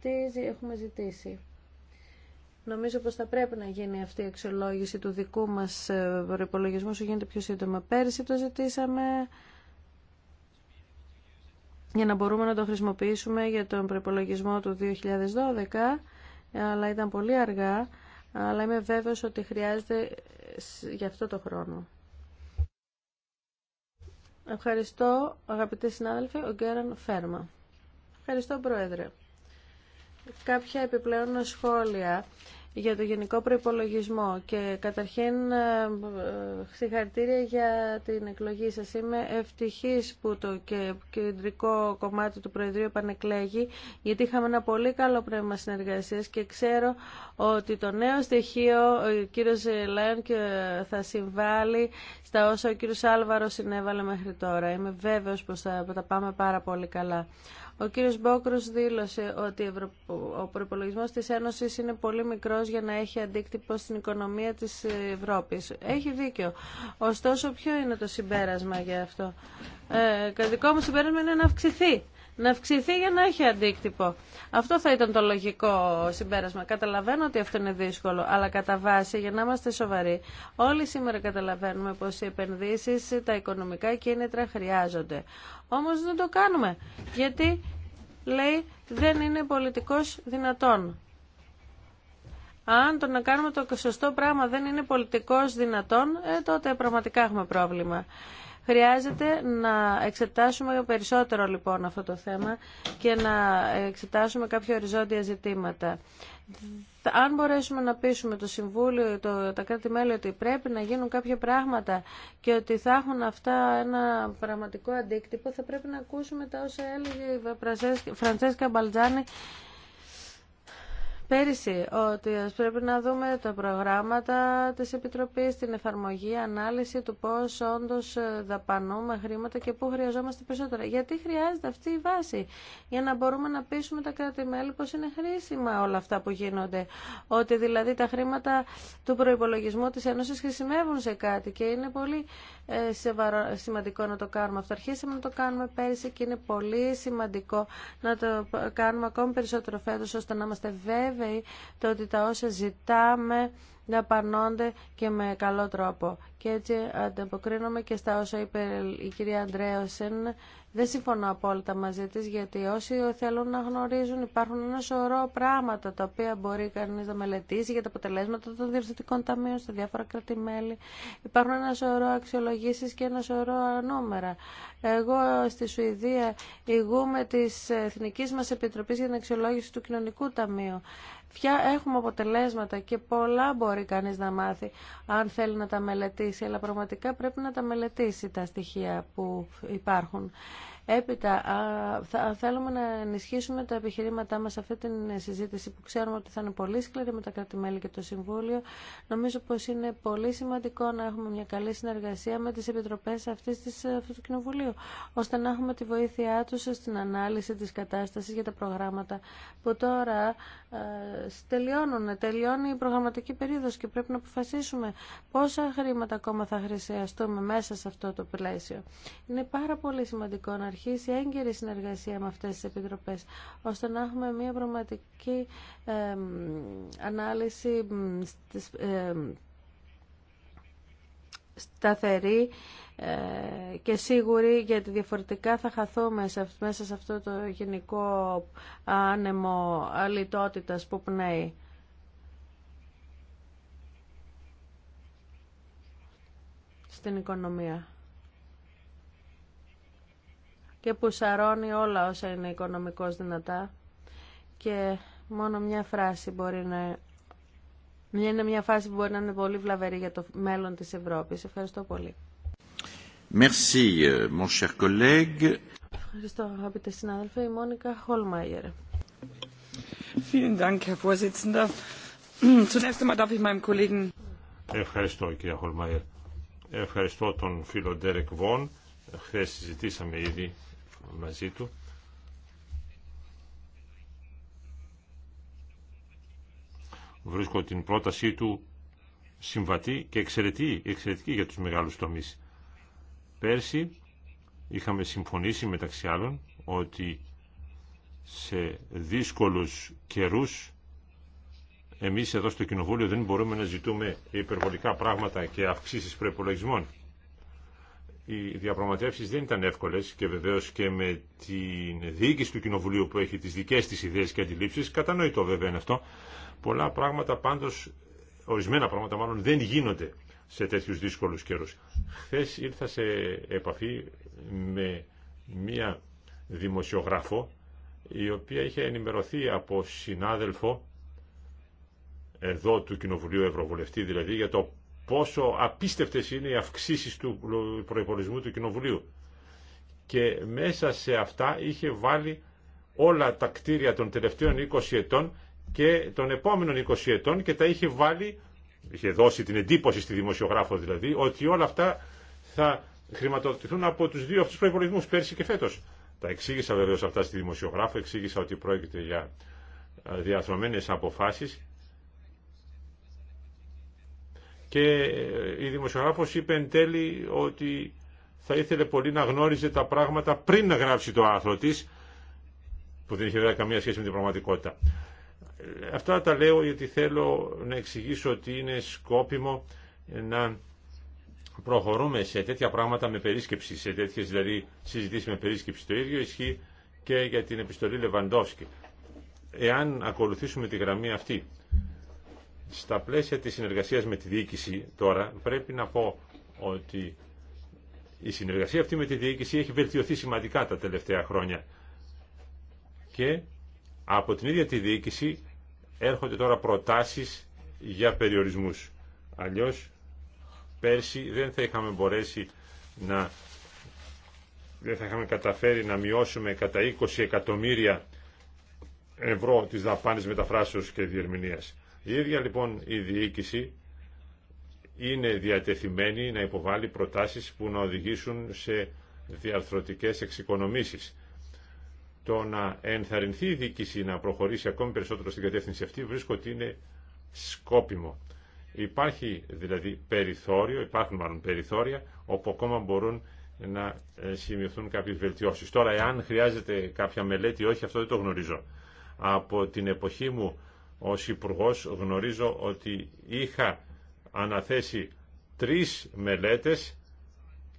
[SPEAKER 3] τι έχουμε ζητήσει. Νομίζω πως θα πρέπει να γίνει αυτή η αξιολόγηση του δικού μας ε, προπολογισμού όσο γίνεται πιο σύντομα. Πέρσι το ζητήσαμε για να μπορούμε να το χρησιμοποιήσουμε για τον προπολογισμό του 2012, αλλά ήταν πολύ αργά αλλά είμαι βέβαιος ότι χρειάζεται για αυτό το χρόνο. Ευχαριστώ αγαπητέ συνάδελφοι, ο Γκέραν Φέρμα. Ευχαριστώ Πρόεδρε. Κάποια επιπλέον σχόλια για το Γενικό Προϋπολογισμό και καταρχήν ε, ε, συγχαρητήρια για την εκλογή σας. Είμαι ευτυχής που το κεντρικό κομμάτι του Προεδρείου επανεκλέγει γιατί είχαμε ένα πολύ καλό πνεύμα συνεργασίας και ξέρω ότι το νέο στοιχείο ο κύριος Λέων θα συμβάλλει στα όσα ο κύριος Άλβαρος συνέβαλε μέχρι τώρα. Είμαι βέβαιος πως θα τα πάμε πάρα πολύ καλά. Ο κύριος Μπόκρος δήλωσε ότι ο προπολογισμό της Ένωσης είναι πολύ μικρός για να έχει αντίκτυπο στην οικονομία της Ευρώπης. Έχει δίκιο. Ωστόσο, ποιο είναι το συμπέρασμα για αυτό. Ε, το δικό μου συμπέρασμα είναι να αυξηθεί να αυξηθεί για να έχει αντίκτυπο. Αυτό θα ήταν το λογικό συμπέρασμα. Καταλαβαίνω ότι αυτό είναι δύσκολο, αλλά κατά βάση, για να είμαστε σοβαροί, όλοι σήμερα καταλαβαίνουμε πως οι επενδύσεις, τα οικονομικά κίνητρα χρειάζονται. Όμως δεν το κάνουμε, γιατί λέει δεν είναι πολιτικός δυνατόν. Αν το να κάνουμε το σωστό πράγμα δεν είναι πολιτικός δυνατόν, ε, τότε πραγματικά έχουμε πρόβλημα. Χρειάζεται να εξετάσουμε περισσότερο λοιπόν αυτό το θέμα και να εξετάσουμε κάποια οριζόντια ζητήματα. Αν μπορέσουμε να πείσουμε το Συμβούλιο, το, τα κράτη-μέλη ότι πρέπει να γίνουν κάποια πράγματα και ότι θα έχουν αυτά ένα πραγματικό αντίκτυπο, θα πρέπει να ακούσουμε τα όσα έλεγε η Φραντσέσκα Μπαλτζάνη πέρυσι ότι πρέπει να δούμε τα προγράμματα της Επιτροπής, την εφαρμογή, ανάλυση του πώς όντως ε, δαπανούμε χρήματα και πού χρειαζόμαστε περισσότερα. Γιατί χρειάζεται αυτή η βάση για να μπορούμε να πείσουμε τα κράτη-μέλη πώς είναι χρήσιμα όλα αυτά που γίνονται. Ότι δηλαδή τα χρήματα του προϋπολογισμού της Ένωσης χρησιμεύουν σε κάτι και είναι πολύ ε, σημαντικό να το κάνουμε αυτό. Αρχίσαμε να το κάνουμε πέρυσι και είναι πολύ σημαντικό να το ε, κάνουμε ακόμη περισσότερο φέτος ώστε να είμαστε βέβαιοι βέβαιοι το ότι τα όσα ζητάμε να πανώνται και με καλό τρόπο. Και έτσι ανταποκρίνομαι και στα όσα είπε η κυρία Αντρέωσεν. Δεν συμφωνώ απόλυτα μαζί της, γιατί όσοι θέλουν να γνωρίζουν υπάρχουν ένα σωρό πράγματα τα οποία μπορεί κανείς να μελετήσει για τα αποτελέσματα των διευθυντικών ταμείων στα διάφορα κράτη-μέλη. Υπάρχουν ένα σωρό αξιολογήσεις και ένα σωρό νούμερα. Εγώ στη Σουηδία ηγούμε της Εθνικής μας Επιτροπής για την Αξιολόγηση του Κοινωνικού Ταμείου. Ποια έχουμε αποτελέσματα και πολλά μπορεί κανείς να μάθει αν θέλει να τα μελετήσει, αλλά πραγματικά πρέπει να τα μελετήσει τα στοιχεία που υπάρχουν. Έπειτα, θα θέλουμε να ενισχύσουμε τα επιχειρήματά μας σε αυτή την συζήτηση που ξέρουμε ότι θα είναι πολύ σκληρή με τα κρατη και το Συμβούλιο. Νομίζω πως είναι πολύ σημαντικό να έχουμε μια καλή συνεργασία με τις επιτροπές αυτής της, αυτού του Κοινοβουλίου, ώστε να έχουμε τη βοήθειά τους στην ανάλυση της κατάστασης για τα προγράμματα που τώρα ε, τελειώνουν. Τελειώνει η προγραμματική περίοδος και πρέπει να αποφασίσουμε πόσα χρήματα ακόμα θα χρειαστούμε μέσα σε αυτό το πλαίσιο. Είναι πάρα πολύ σημαντικό να αρχίσει έγκαιρη συνεργασία με αυτές τις επιτροπές, ώστε να έχουμε μια πραγματική ανάλυση σταθερή ε, και σίγουρη γιατί διαφορετικά θα χαθούμε μέσα σε αυτό το γενικό άνεμο αλητότητας που πνέει. στην οικονομία και που σαρώνει όλα όσα είναι οικονομικώς δυνατά και μόνο μια φράση μπορεί να είναι μια φάση που μπορεί να είναι πολύ βλαβερή για το μέλλον της Ευρώπης. Ευχαριστώ πολύ.
[SPEAKER 1] Merci, euh, mon cher
[SPEAKER 3] Ευχαριστώ, αγαπητέ συνάδελφε. Η Μόνικα Χολμάγερ.
[SPEAKER 2] Ευχαριστώ, κύριε Χολμάγερ. Ευχαριστώ τον φίλο Ντέρεκ Βον. Χθε συζητήσαμε ήδη μαζί του. Βρίσκω την πρότασή του συμβατή και εξαιρετική, εξαιρετική για τους μεγάλους τομείς. Πέρσι είχαμε συμφωνήσει μεταξύ άλλων ότι σε δύσκολους καιρούς εμείς εδώ στο Κοινοβούλιο δεν μπορούμε να ζητούμε υπερβολικά πράγματα και αυξήσεις προπολογισμών. Οι διαπραγματεύσεις δεν ήταν εύκολες και βεβαίως και με την διοίκηση του Κοινοβουλίου που έχει τις δικές της ιδέες και αντιλήψεις, κατανοητό βέβαια είναι αυτό, πολλά πράγματα πάντως, ορισμένα πράγματα μάλλον δεν γίνονται σε τέτοιους δύσκολους καιρούς. Χθε ήρθα σε επαφή με μία δημοσιογράφο η οποία είχε ενημερωθεί από συνάδελφο εδώ του Κοινοβουλίου Ευρωβουλευτή δηλαδή για το πόσο απίστευτες είναι οι αυξήσεις του προϋπολογισμού του Κοινοβουλίου. Και μέσα σε αυτά είχε βάλει όλα τα κτίρια των τελευταίων 20 ετών και των επόμενων 20 ετών και τα είχε βάλει, είχε δώσει την εντύπωση στη δημοσιογράφο δηλαδή, ότι όλα αυτά θα χρηματοδοτηθούν από τους δύο αυτούς προϋπολογισμούς, πέρσι και φέτος. Τα εξήγησα βεβαίω αυτά στη δημοσιογράφο, εξήγησα ότι πρόκειται για ε, διαθρωμένες αποφάσεις και ε, η δημοσιογράφος είπε εν τέλει ότι θα ήθελε πολύ να γνώριζε τα πράγματα πριν να γράψει το άρθρο της, που δεν είχε βέβαια καμία σχέση με την πραγματικότητα. Ε, αυτά τα λέω γιατί θέλω να εξηγήσω ότι είναι σκόπιμο ε, να προχωρούμε σε τέτοια πράγματα με περίσκεψη, σε τέτοιες δηλαδή συζητήσεις με περίσκεψη. Το ίδιο ισχύει και για την επιστολή Λεβαντόφσκη. Εάν ακολουθήσουμε τη γραμμή αυτή στα πλαίσια της συνεργασίας με τη διοίκηση τώρα πρέπει να πω ότι η συνεργασία αυτή με τη διοίκηση έχει βελτιωθεί σημαντικά τα τελευταία χρόνια και από την ίδια τη διοίκηση έρχονται τώρα προτάσεις για περιορισμούς. Αλλιώς πέρσι δεν θα είχαμε μπορέσει να δεν θα είχαμε καταφέρει να μειώσουμε κατά 20 εκατομμύρια ευρώ τις δαπάνες μεταφράσεως και διερμηνίας. Η ίδια λοιπόν η διοίκηση είναι διατεθειμένη να υποβάλει προτάσεις που να οδηγήσουν σε διαρθρωτικές εξοικονομήσεις. Το να ενθαρρυνθεί η διοίκηση να προχωρήσει ακόμη περισσότερο στην κατεύθυνση αυτή βρίσκω ότι είναι σκόπιμο. Υπάρχει δηλαδή περιθώριο, υπάρχουν μάλλον περιθώρια όπου ακόμα μπορούν να ε, σημειωθούν κάποιες βελτιώσεις. Τώρα εάν χρειάζεται κάποια μελέτη όχι αυτό δεν το γνωρίζω. Από την εποχή μου ως υπουργό γνωρίζω ότι είχα αναθέσει τρεις μελέτες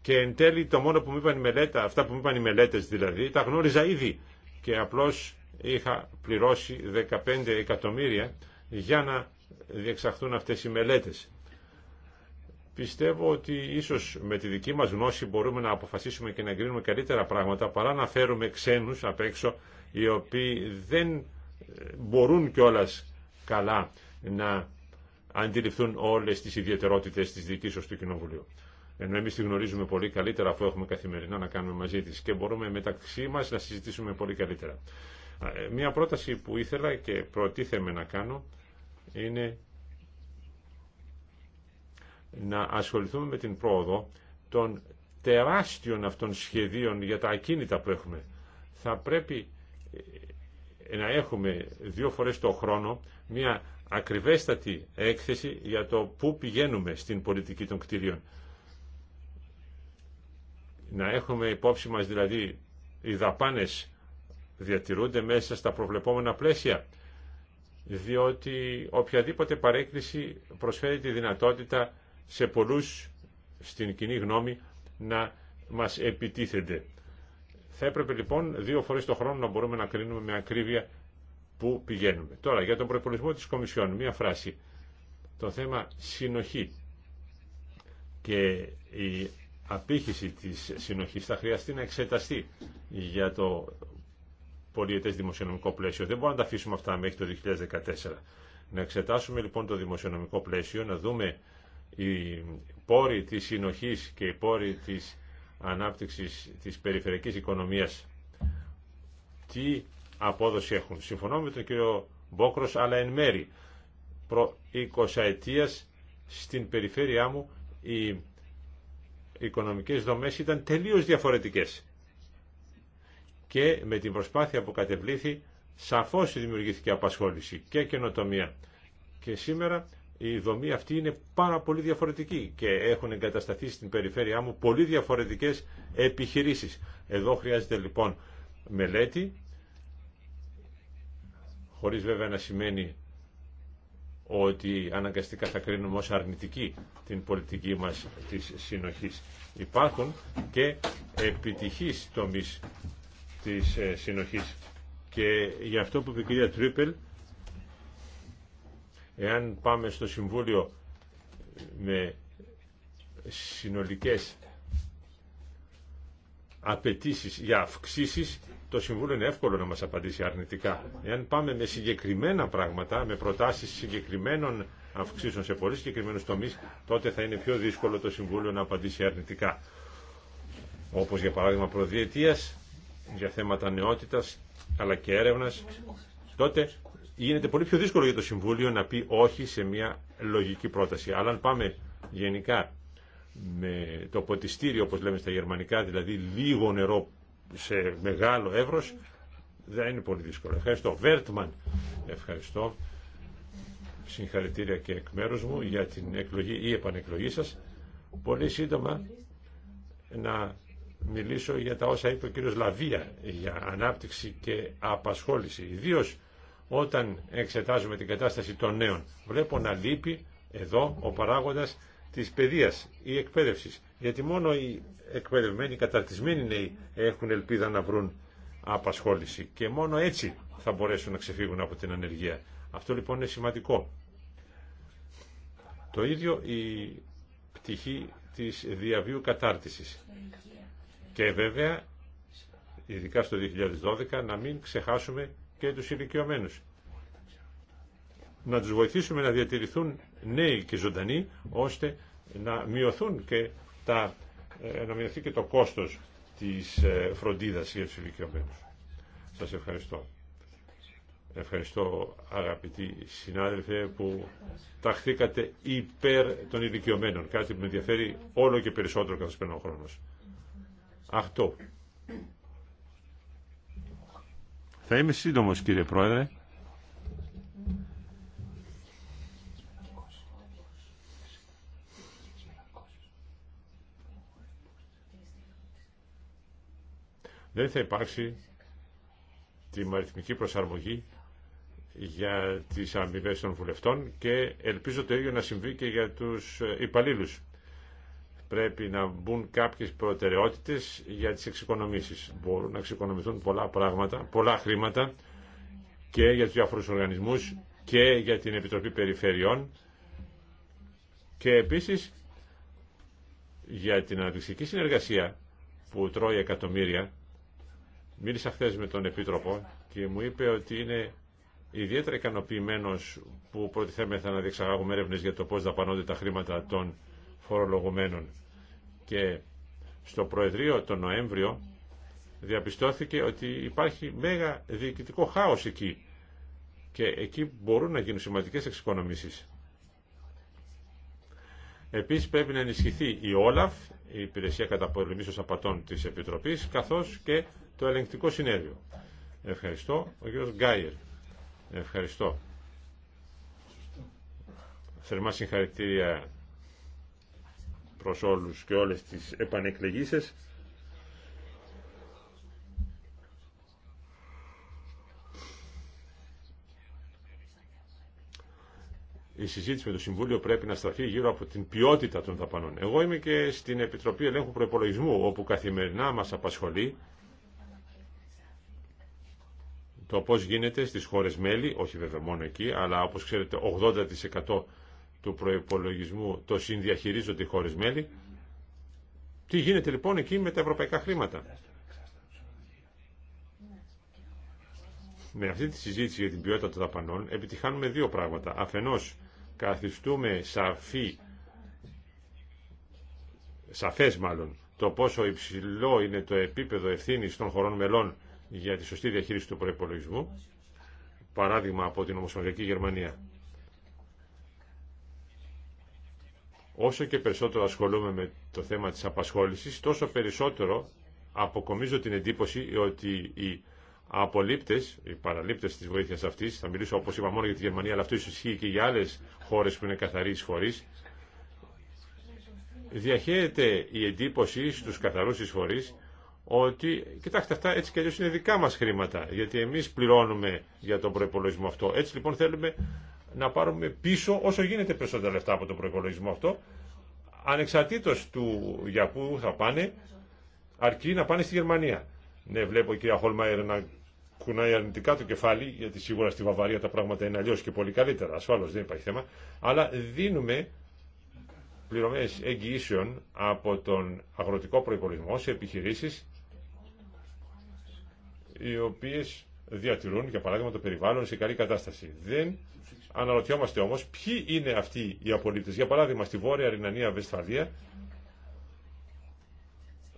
[SPEAKER 2] και εν τέλει το μόνο που μου είπαν οι μελέτα, αυτά που μου είπαν οι μελέτες δηλαδή, τα γνώριζα ήδη και απλώς είχα πληρώσει 15 εκατομμύρια για να διεξαχθούν αυτές οι μελέτες. Πιστεύω ότι ίσως με τη δική μας γνώση μπορούμε να αποφασίσουμε και να κρίνουμε καλύτερα πράγματα παρά να φέρουμε ξένους απ' έξω οι οποίοι δεν μπορούν κιόλας καλά να αντιληφθούν όλες τις ιδιαιτερότητες της διοικήσεως του Κοινοβουλίου. Ενώ εμείς τη γνωρίζουμε πολύ καλύτερα αφού έχουμε καθημερινά να κάνουμε μαζί της και μπορούμε μεταξύ μας να συζητήσουμε πολύ καλύτερα. Μία ε, πρόταση που ήθελα και προτίθεμαι να κάνω είναι να ασχοληθούμε με την πρόοδο των τεράστιων αυτών σχεδίων για τα ακίνητα που έχουμε. Θα πρέπει ε, να έχουμε δύο φορές το χρόνο μια ακριβέστατη έκθεση για το πού πηγαίνουμε στην πολιτική των κτίριων. Να έχουμε υπόψη μας δηλαδή οι δαπάνες διατηρούνται μέσα στα προβλεπόμενα πλαίσια διότι οποιαδήποτε παρέκκληση προσφέρει τη δυνατότητα σε πολλούς στην κοινή γνώμη να μας επιτίθενται. Θα έπρεπε λοιπόν δύο φορές το χρόνο να μπορούμε να κρίνουμε με ακρίβεια πού πηγαίνουμε. Τώρα για τον προπολογισμό της Κομισιόν, μία φράση. Το θέμα συνοχή και η απήχηση της συνοχή θα χρειαστεί να εξεταστεί για το πολιετέ δημοσιονομικό πλαίσιο. Δεν μπορούμε να τα αφήσουμε αυτά μέχρι το 2014. Να εξετάσουμε λοιπόν το δημοσιονομικό πλαίσιο, να δούμε οι πόροι της συνοχής και οι πόροι της ανάπτυξης της περιφερειακής οικονομίας τι απόδοση έχουν. Συμφωνώ με τον κύριο Μπόκρος, αλλά εν μέρη. Προ 20 στην περιφέρειά μου οι οικονομικές δομές ήταν τελείως διαφορετικές. Και με την προσπάθεια που κατεβλήθη σαφώς δημιουργήθηκε απασχόληση και καινοτομία. Και σήμερα η δομή αυτή είναι πάρα πολύ διαφορετική και έχουν εγκατασταθεί στην περιφέρειά μου πολύ διαφορετικές επιχειρήσεις. Εδώ χρειάζεται λοιπόν μελέτη, χωρίς βέβαια να σημαίνει ότι αναγκαστικά θα κρίνουμε ως αρνητική την πολιτική μας της συνοχής. Υπάρχουν και επιτυχείς τομείς της ε, συνοχής και για αυτό που είπε η κυρία Τρίπελ Εάν πάμε στο Συμβούλιο με συνολικές απαιτήσει για αυξήσει, το Συμβούλιο είναι εύκολο να μας απαντήσει αρνητικά. Εάν πάμε με συγκεκριμένα πράγματα, με προτάσεις συγκεκριμένων αυξήσεων σε πολύ συγκεκριμένους τομείς, τότε θα είναι πιο δύσκολο το Συμβούλιο να απαντήσει αρνητικά. Όπως για παράδειγμα προδιετία, για θέματα νεότητας, αλλά και έρευνα, τότε γίνεται πολύ πιο δύσκολο για το Συμβούλιο να πει όχι σε μια λογική πρόταση. Αλλά αν πάμε γενικά με το ποτιστήριο, όπως λέμε στα γερμανικά, δηλαδή λίγο νερό σε μεγάλο εύρος, δεν είναι πολύ δύσκολο. Ευχαριστώ. Βέρτμαν, ευχαριστώ. Συγχαρητήρια και εκ μέρους μου για την εκλογή ή επανεκλογή σας. Πολύ σύντομα να μιλήσω για τα όσα είπε ο κύριος Λαβία για ανάπτυξη και απασχόληση. Ιδίως όταν εξετάζουμε την κατάσταση των νέων, βλέπω να λείπει εδώ ο παράγοντας της παιδείας ή εκπαίδευσης. Γιατί μόνο οι εκπαιδευμένοι, οι καταρτισμένοι νέοι έχουν ελπίδα να βρουν απασχόληση και μόνο έτσι θα μπορέσουν να ξεφύγουν από την ανεργία. Αυτό λοιπόν είναι σημαντικό. Το ίδιο η πτυχή της διαβίου κατάρτισης. Και βέβαια, ειδικά στο 2012, να μην ξεχάσουμε και τους ηλικιωμένους. Να τους βοηθήσουμε να διατηρηθούν νέοι και ζωντανοί, ώστε να μειωθούν και τα, ε, να μειωθεί και το κόστος της ε, φροντίδας για τους ηλικιωμένους. Σας ευχαριστώ. Ευχαριστώ αγαπητοί συνάδελφε που ταχθήκατε υπέρ των ηλικιωμένων. Κάτι που με ενδιαφέρει όλο και περισσότερο καθώς περνά ο χρόνος. Αυτό. Θα είμαι σύντομος κύριε Πρόεδρε. Δεν θα υπάρξει τη μαριθμική προσαρμογή για τις αμοιβές των βουλευτών και ελπίζω το ίδιο να συμβεί και για τους υπαλλήλους πρέπει να μπουν κάποιες προτεραιότητες για τις εξοικονομήσεις. Μπορούν να εξοικονομηθούν πολλά πράγματα, πολλά χρήματα και για τους διάφορους οργανισμούς και για την Επιτροπή Περιφερειών και επίσης για την αναπτυξιακή συνεργασία που τρώει εκατομμύρια. Μίλησα χθε με τον Επίτροπο και μου είπε ότι είναι ιδιαίτερα ικανοποιημένο που προτιθέμεθα να διεξαγάγουμε έρευνε για το πώ δαπανώνται τα χρήματα των φορολογουμένων και στο Προεδρείο τον Νοέμβριο διαπιστώθηκε ότι υπάρχει μέγα διοικητικό χάος εκεί και εκεί μπορούν να γίνουν σημαντικές εξοικονομήσεις. Επίσης πρέπει να ενισχυθεί η Όλαφ, η Υπηρεσία Καταπολεμήσεως Απατών της Επιτροπής, καθώς και το Ελεγκτικό Συνέδριο. Ευχαριστώ. Ο κ. Γκάιερ. Ευχαριστώ. Θερμά συγχαρητήρια προς όλους και όλες τις επανεκλεγήσεις. η συζήτηση με το Συμβούλιο πρέπει να στραφεί γύρω από την ποιότητα των δαπανών. Εγώ είμαι και στην Επιτροπή Ελέγχου Προπολογισμού, όπου καθημερινά μας απασχολεί το πώς γίνεται στις χώρες μέλη, όχι βέβαια μόνο εκεί, αλλά όπως ξέρετε 80% του προπολογισμού το συνδιαχειρίζονται οι χώρε μέλη. Τι γίνεται λοιπόν εκεί με τα ευρωπαϊκά χρήματα. Με αυτή τη συζήτηση για την ποιότητα των δαπανών επιτυχάνουμε δύο πράγματα. Αφενός καθιστούμε σαφή, σαφές μάλλον, το πόσο υψηλό είναι το επίπεδο ευθύνη των χωρών μελών για τη σωστή διαχείριση του προϋπολογισμού, παράδειγμα από την Ομοσπονδιακή Γερμανία. Όσο και περισσότερο ασχολούμαι με το θέμα της απασχόλησης, τόσο περισσότερο αποκομίζω την εντύπωση ότι οι απολύπτες, οι παραλήπτες της βοήθειας αυτής, θα μιλήσω όπως είπα μόνο για τη Γερμανία, αλλά αυτό ισχύει και για άλλες χώρες που είναι καθαροί εισφορείς, διαχέεται η εντύπωση στους καθαρούς εισφορείς ότι, κοιτάξτε, αυτά έτσι και αλλιώς είναι δικά μας χρήματα, γιατί εμείς πληρώνουμε για τον προπολογισμό αυτό. Έτσι λοιπόν θέλουμε να πάρουμε πίσω όσο γίνεται περισσότερα λεφτά από τον προπολογισμό αυτό, ανεξαρτήτως του για πού θα πάνε, αρκεί να πάνε στη Γερμανία. Ναι, βλέπω η κυρία Χολμαϊρ να κουνάει αρνητικά το κεφάλι, γιατί σίγουρα στη Βαυαρία τα πράγματα είναι αλλιώ και πολύ καλύτερα. Ασφαλώ δεν υπάρχει θέμα. Αλλά δίνουμε πληρωμέ εγγυήσεων από τον αγροτικό προπολογισμό σε επιχειρήσει οι οποίε διατηρούν, για παράδειγμα, το περιβάλλον σε καλή κατάσταση. Δεν Αναρωτιόμαστε όμως ποιοι είναι αυτοί οι απολύτες. Για παράδειγμα στη Βόρεια Ρινανία Βεσφαλία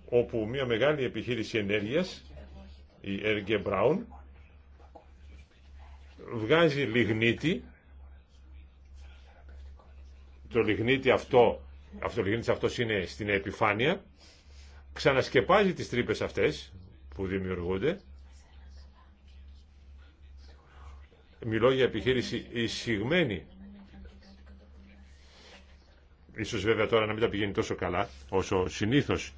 [SPEAKER 2] όπου μια μεγάλη επιχείρηση ενέργειας η Εργε Μπράουν βγάζει λιγνίτη το λιγνίτη αυτό αυτό λιγνίτη αυτό είναι στην επιφάνεια ξανασκεπάζει τις τρύπες αυτές που δημιουργούνται Μιλώ για επιχείρηση εισηγμένη. Ίσως βέβαια τώρα να μην τα πηγαίνει τόσο καλά όσο συνήθως.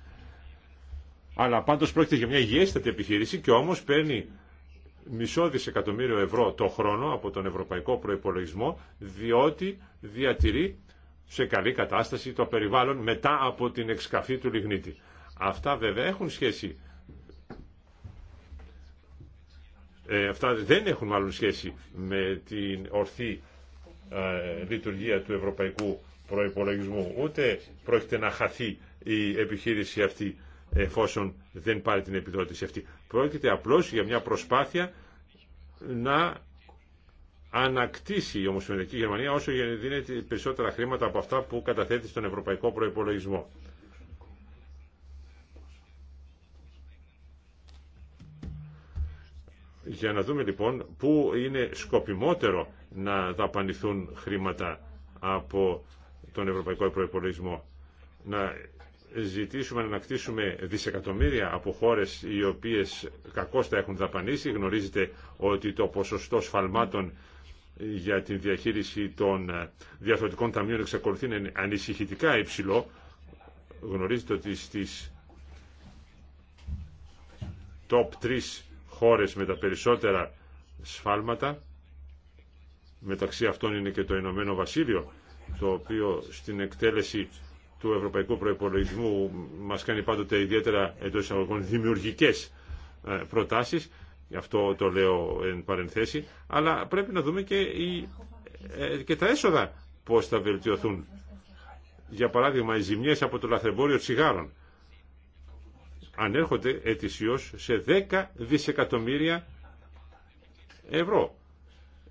[SPEAKER 2] Αλλά πάντως πρόκειται για μια υγιέστατη επιχείρηση και όμως παίρνει μισό δισεκατομμύριο ευρώ το χρόνο από τον ευρωπαϊκό προϋπολογισμό διότι διατηρεί σε καλή κατάσταση το περιβάλλον μετά από την εξκαφή του λιγνίτη. Αυτά βέβαια έχουν σχέση Ε, αυτά δεν έχουν μάλλον σχέση με την ορθή ε, λειτουργία του ευρωπαϊκού προϋπολογισμού. Ούτε πρόκειται να χαθεί η επιχείρηση αυτή εφόσον δεν πάρει την επιδότηση αυτή. Πρόκειται απλώς για μια προσπάθεια να ανακτήσει η Ομοσπονδιακή Γερμανία όσο δίνεται περισσότερα χρήματα από αυτά που καταθέτει στον ευρωπαϊκό προϋπολογισμό. Για να δούμε λοιπόν πού είναι σκοπιμότερο να δαπανηθούν χρήματα από τον ευρωπαϊκό προπολογισμό. Να ζητήσουμε να ανακτήσουμε δισεκατομμύρια από χώρες οι οποίες κακώς τα έχουν δαπανίσει. Γνωρίζετε ότι το ποσοστό σφαλμάτων για την διαχείριση των διαθροτικών ταμείων εξακολουθεί να είναι ανησυχητικά υψηλό. Γνωρίζετε ότι στις top 3 χώρες με τα περισσότερα σφάλματα, μεταξύ αυτών είναι και το Ηνωμένο Βασίλειο, το οποίο στην εκτέλεση του ευρωπαϊκού προϋπολογισμού μας κάνει πάντοτε ιδιαίτερα εντό εισαγωγών δημιουργικές ε, προτάσεις, γι' αυτό το λέω εν παρενθέσει, αλλά πρέπει να δούμε ε, και, τα έσοδα πώς θα βελτιωθούν. Για παράδειγμα, οι ζημιές από το λαθρεμπόριο τσιγάρων ανέρχονται ετησίως σε 10 δισεκατομμύρια ευρώ.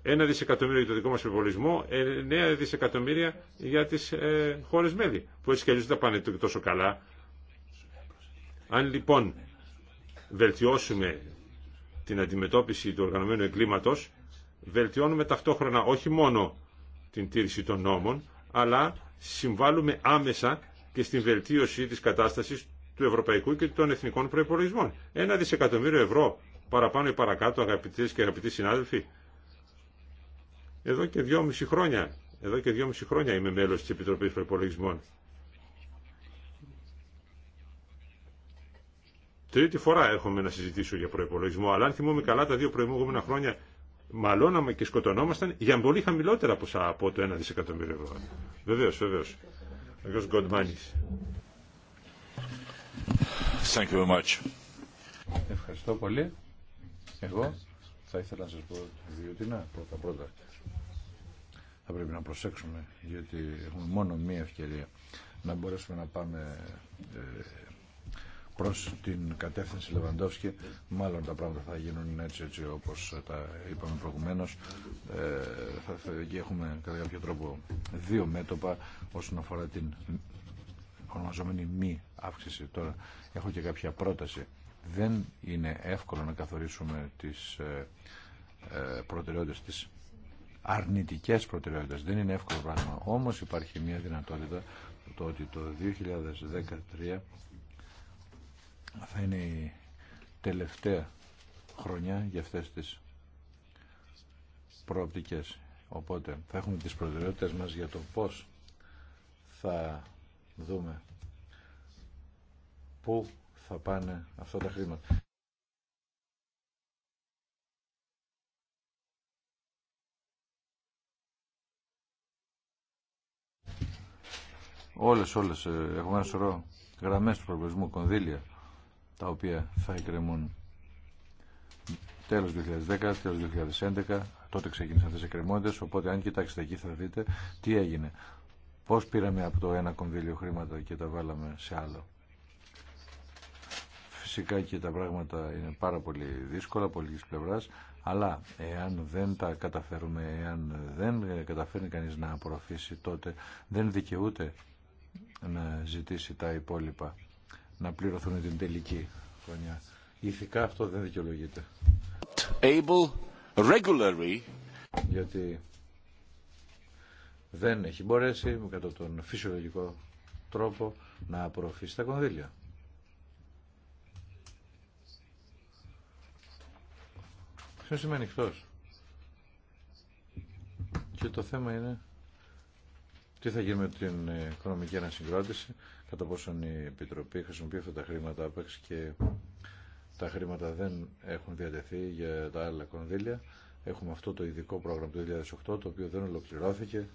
[SPEAKER 2] Ένα δισεκατομμύριο για το δικό μας εμβολισμό, 9 δισεκατομμύρια για τις ε, χώρες μέλη, που έτσι και τα πάνε τόσο καλά. Αν λοιπόν βελτιώσουμε την αντιμετώπιση του οργανωμένου εγκλήματος, βελτιώνουμε ταυτόχρονα όχι μόνο την τήρηση των νόμων, αλλά συμβάλλουμε άμεσα και στην βελτίωση της κατάστασης του ευρωπαϊκού και των εθνικών προπολογισμών. Ένα δισεκατομμύριο ευρώ παραπάνω ή παρακάτω αγαπητέ και αγαπητοί συνάδελφοι. Εδώ και δυόμιση χρόνια, εδώ και δυόμιση χρόνια είμαι μέλο τη επιτροπή Προπολογισμών. Τρίτη φορά έχουμε να συζητήσω για προπολογισμό, αλλά αν θυμόμαι καλά τα δύο προηγούμενα χρόνια μαλώναμε και σκοτωνόμασταν για πολύ χαμηλότερα ποσά από το 1 δισεκατομμύριο ευρώ. Βεβαίω, βεβαίω. Ο Thank you very much.
[SPEAKER 1] Ευχαριστώ πολύ. Εγώ θα ήθελα να σας πω διότι να πρώτα πρώτα θα πρέπει να προσέξουμε γιατί έχουμε μόνο μία ευκαιρία να μπορέσουμε να πάμε ε, προς την κατεύθυνση Λεβαντόφσκη μάλλον τα πράγματα θα γίνουν έτσι, έτσι όπως τα είπαμε προηγουμένως ε, θα, και έχουμε κατά κάποιο τρόπο δύο μέτωπα όσον αφορά την ονομαζόμενη μη αύξηση. Τώρα έχω και κάποια πρόταση. Δεν είναι εύκολο να καθορίσουμε τις ε, ε, προτεραιότητες, τις αρνητικές προτεραιότητες. Δεν είναι εύκολο πράγμα. Όμως υπάρχει μια δυνατότητα το ότι το 2013 θα είναι η τελευταία χρονιά για αυτές τις προοπτικές. Οπότε θα έχουμε τις προτεραιότητες μας για το πώς θα δούμε πού θα πάνε αυτά τα χρήματα. Όλες, όλες, ε, έχουμε ένα σωρό γραμμές του προβλησμού, κονδύλια, τα οποία θα εκκρεμούν τέλος 2010, τέλος 2011, τότε ξεκίνησαν αυτές οι εκκρεμότητες, οπότε αν κοιτάξετε εκεί θα δείτε τι έγινε. Πώς πήραμε από το ένα κονδύλιο χρήματα και τα βάλαμε σε άλλο. Φυσικά και τα πράγματα είναι πάρα πολύ δύσκολα από λίγης πλευράς, αλλά εάν δεν τα καταφέρουμε, εάν δεν καταφέρνει κανείς να απορροφήσει τότε, δεν δικαιούται να ζητήσει τα υπόλοιπα, να πληρωθούν την τελική χρονιά. Ηθικά αυτό δεν δικαιολογείται. Able, regularly. Γιατί δεν έχει μπορέσει κατά τον φυσιολογικό τρόπο να απορροφήσει τα κονδύλια. Ποιος είμαι ανοιχτό. Και το θέμα είναι τι θα γίνει με την οικονομική ανασυγκρότηση, κατά πόσον η Επιτροπή χρησιμοποιεί αυτά τα χρήματα άπαξ και τα χρήματα δεν έχουν διατεθεί για τα άλλα κονδύλια. Έχουμε αυτό το ειδικό πρόγραμμα του 2008, το οποίο δεν ολοκληρώθηκε.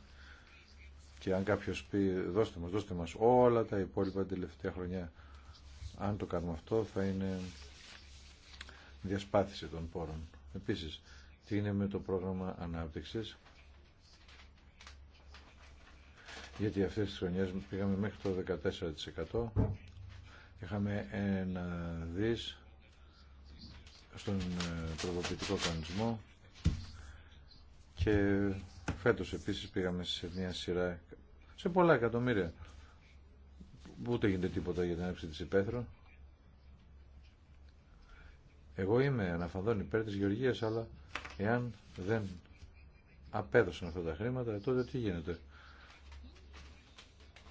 [SPEAKER 1] Και αν κάποιος πει, δώστε μας, δώστε μας όλα τα υπόλοιπα τελευταία χρονιά, αν το κάνουμε αυτό θα είναι διασπάθηση των πόρων. Επίσης, τι είναι με το πρόγραμμα ανάπτυξης, γιατί αυτές τις χρονιές πήγαμε μέχρι το 14%. Είχαμε ένα δις στον ε, τροποποιητικό κανονισμό και φέτος επίσης πήγαμε σε μια σειρά, σε πολλά εκατομμύρια, ούτε γίνεται τίποτα για την έψη της υπαίθρου. Εγώ είμαι αναφανδόν υπέρ της γεωργίας, αλλά εάν δεν απέδωσαν αυτά τα χρήματα, τότε τι γίνεται.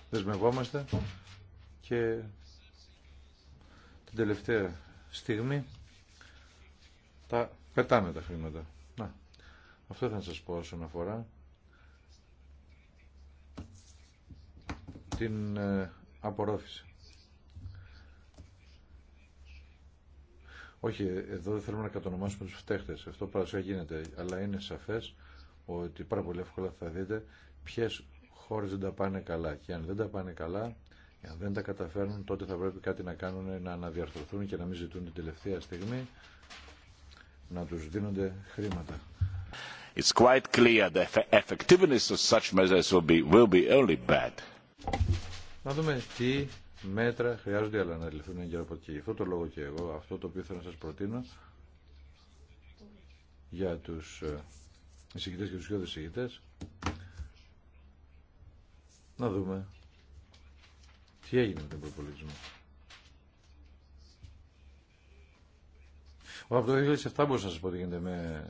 [SPEAKER 1] Δεσμευόμαστε και την τελευταία στιγμή τα πετάμε τα χρήματα. Να, αυτό θα σας πω όσον αφορά την ε, απορρόφηση. Όχι, εδώ δεν θέλουμε να κατονομάσουμε του φταίχτε. Αυτό πράγματι γίνεται. Αλλά είναι σαφές ότι πάρα πολύ εύκολα θα δείτε ποιε χώρε δεν τα πάνε καλά. Και αν δεν τα πάνε καλά, αν δεν τα καταφέρνουν, τότε θα πρέπει κάτι να κάνουν, να αναδιαρθρωθούν και να μην ζητούν την τελευταία στιγμή να του δίνονται χρήματα.
[SPEAKER 2] It's quite clear the effectiveness of such measures will be, will be only bad.
[SPEAKER 1] Να δούμε τι μέτρα χρειάζονται αλλά να ληφθούν και από εκεί. Αυτό το λόγο και εγώ, αυτό το οποίο θέλω να σας προτείνω για τους ε, εισηγητές και τους πιο εισηγητές να δούμε τι έγινε με τον προπολογισμό. Από το 2007 μπορούσα να σας πω ότι γίνεται με,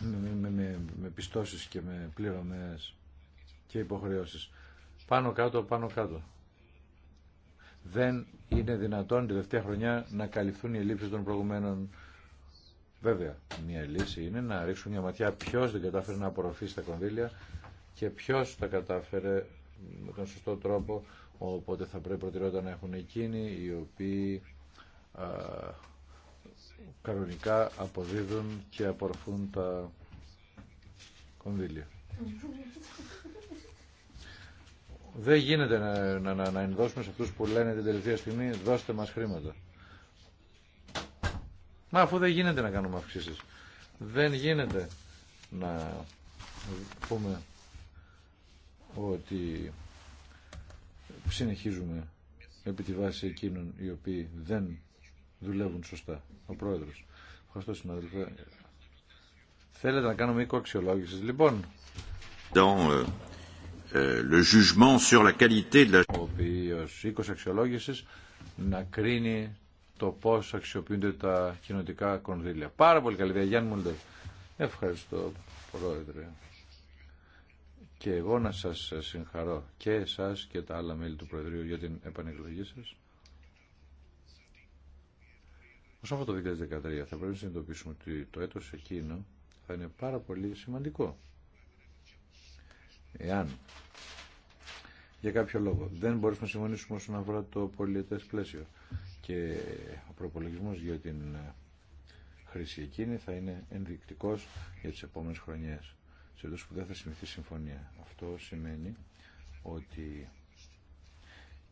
[SPEAKER 1] με, με, με πιστώσεις και με πληρωμές και υποχρεώσεις πάνω κάτω, πάνω κάτω. Δεν είναι δυνατόν τη τελευταία χρονιά να καλυφθούν οι ελλείψεις των προηγουμένων. Βέβαια, μια λύση είναι να ρίξουν μια ματιά ποιο δεν κατάφερε να απορροφήσει τα κονδύλια και ποιο τα κατάφερε με τον σωστό τρόπο. Οπότε θα πρέπει προτεραιότητα να έχουν εκείνοι οι οποίοι α, κανονικά αποδίδουν και απορροφούν τα κονδύλια. Δεν γίνεται να, να, να ενδώσουμε σε αυτούς που λένε την τελευταία στιγμή δώστε μας χρήματα. Μα αφού δεν γίνεται να κάνουμε αυξήσει. Δεν γίνεται να πούμε ότι συνεχίζουμε επί τη βάση εκείνων οι οποίοι δεν δουλεύουν σωστά. Ο πρόεδρος. Ευχαριστώ συναδελφέ. Θέλετε να κάνουμε οίκο αξιολόγηση Λοιπόν. Euh, ε, le jugement sur la qualité de la... ο οποίος οίκος αξιολόγησης να κρίνει το πώς αξιοποιούνται τα κοινωτικά κονδύλια. Πάρα πολύ καλή ιδέα. Γιάννη Μουλντέ. Ευχαριστώ, Πρόεδρε. Και εγώ να σας συγχαρώ και εσάς και τα άλλα μέλη του Προεδρείου για την επανεκλογή σας. Όσον αυτό το 2013 θα πρέπει να συνειδητοποιήσουμε ότι το έτος εκείνο θα είναι πάρα πολύ σημαντικό. Εάν για κάποιο λόγο δεν μπορούμε να συμφωνήσουμε όσον αφορά το πολιετές πλαίσιο και ο προπολογισμός για την χρήση εκείνη θα είναι ενδεικτικός για τις επόμενες χρονιές σε τόσο που δεν θα συμμεθεί συμφωνία. Αυτό σημαίνει ότι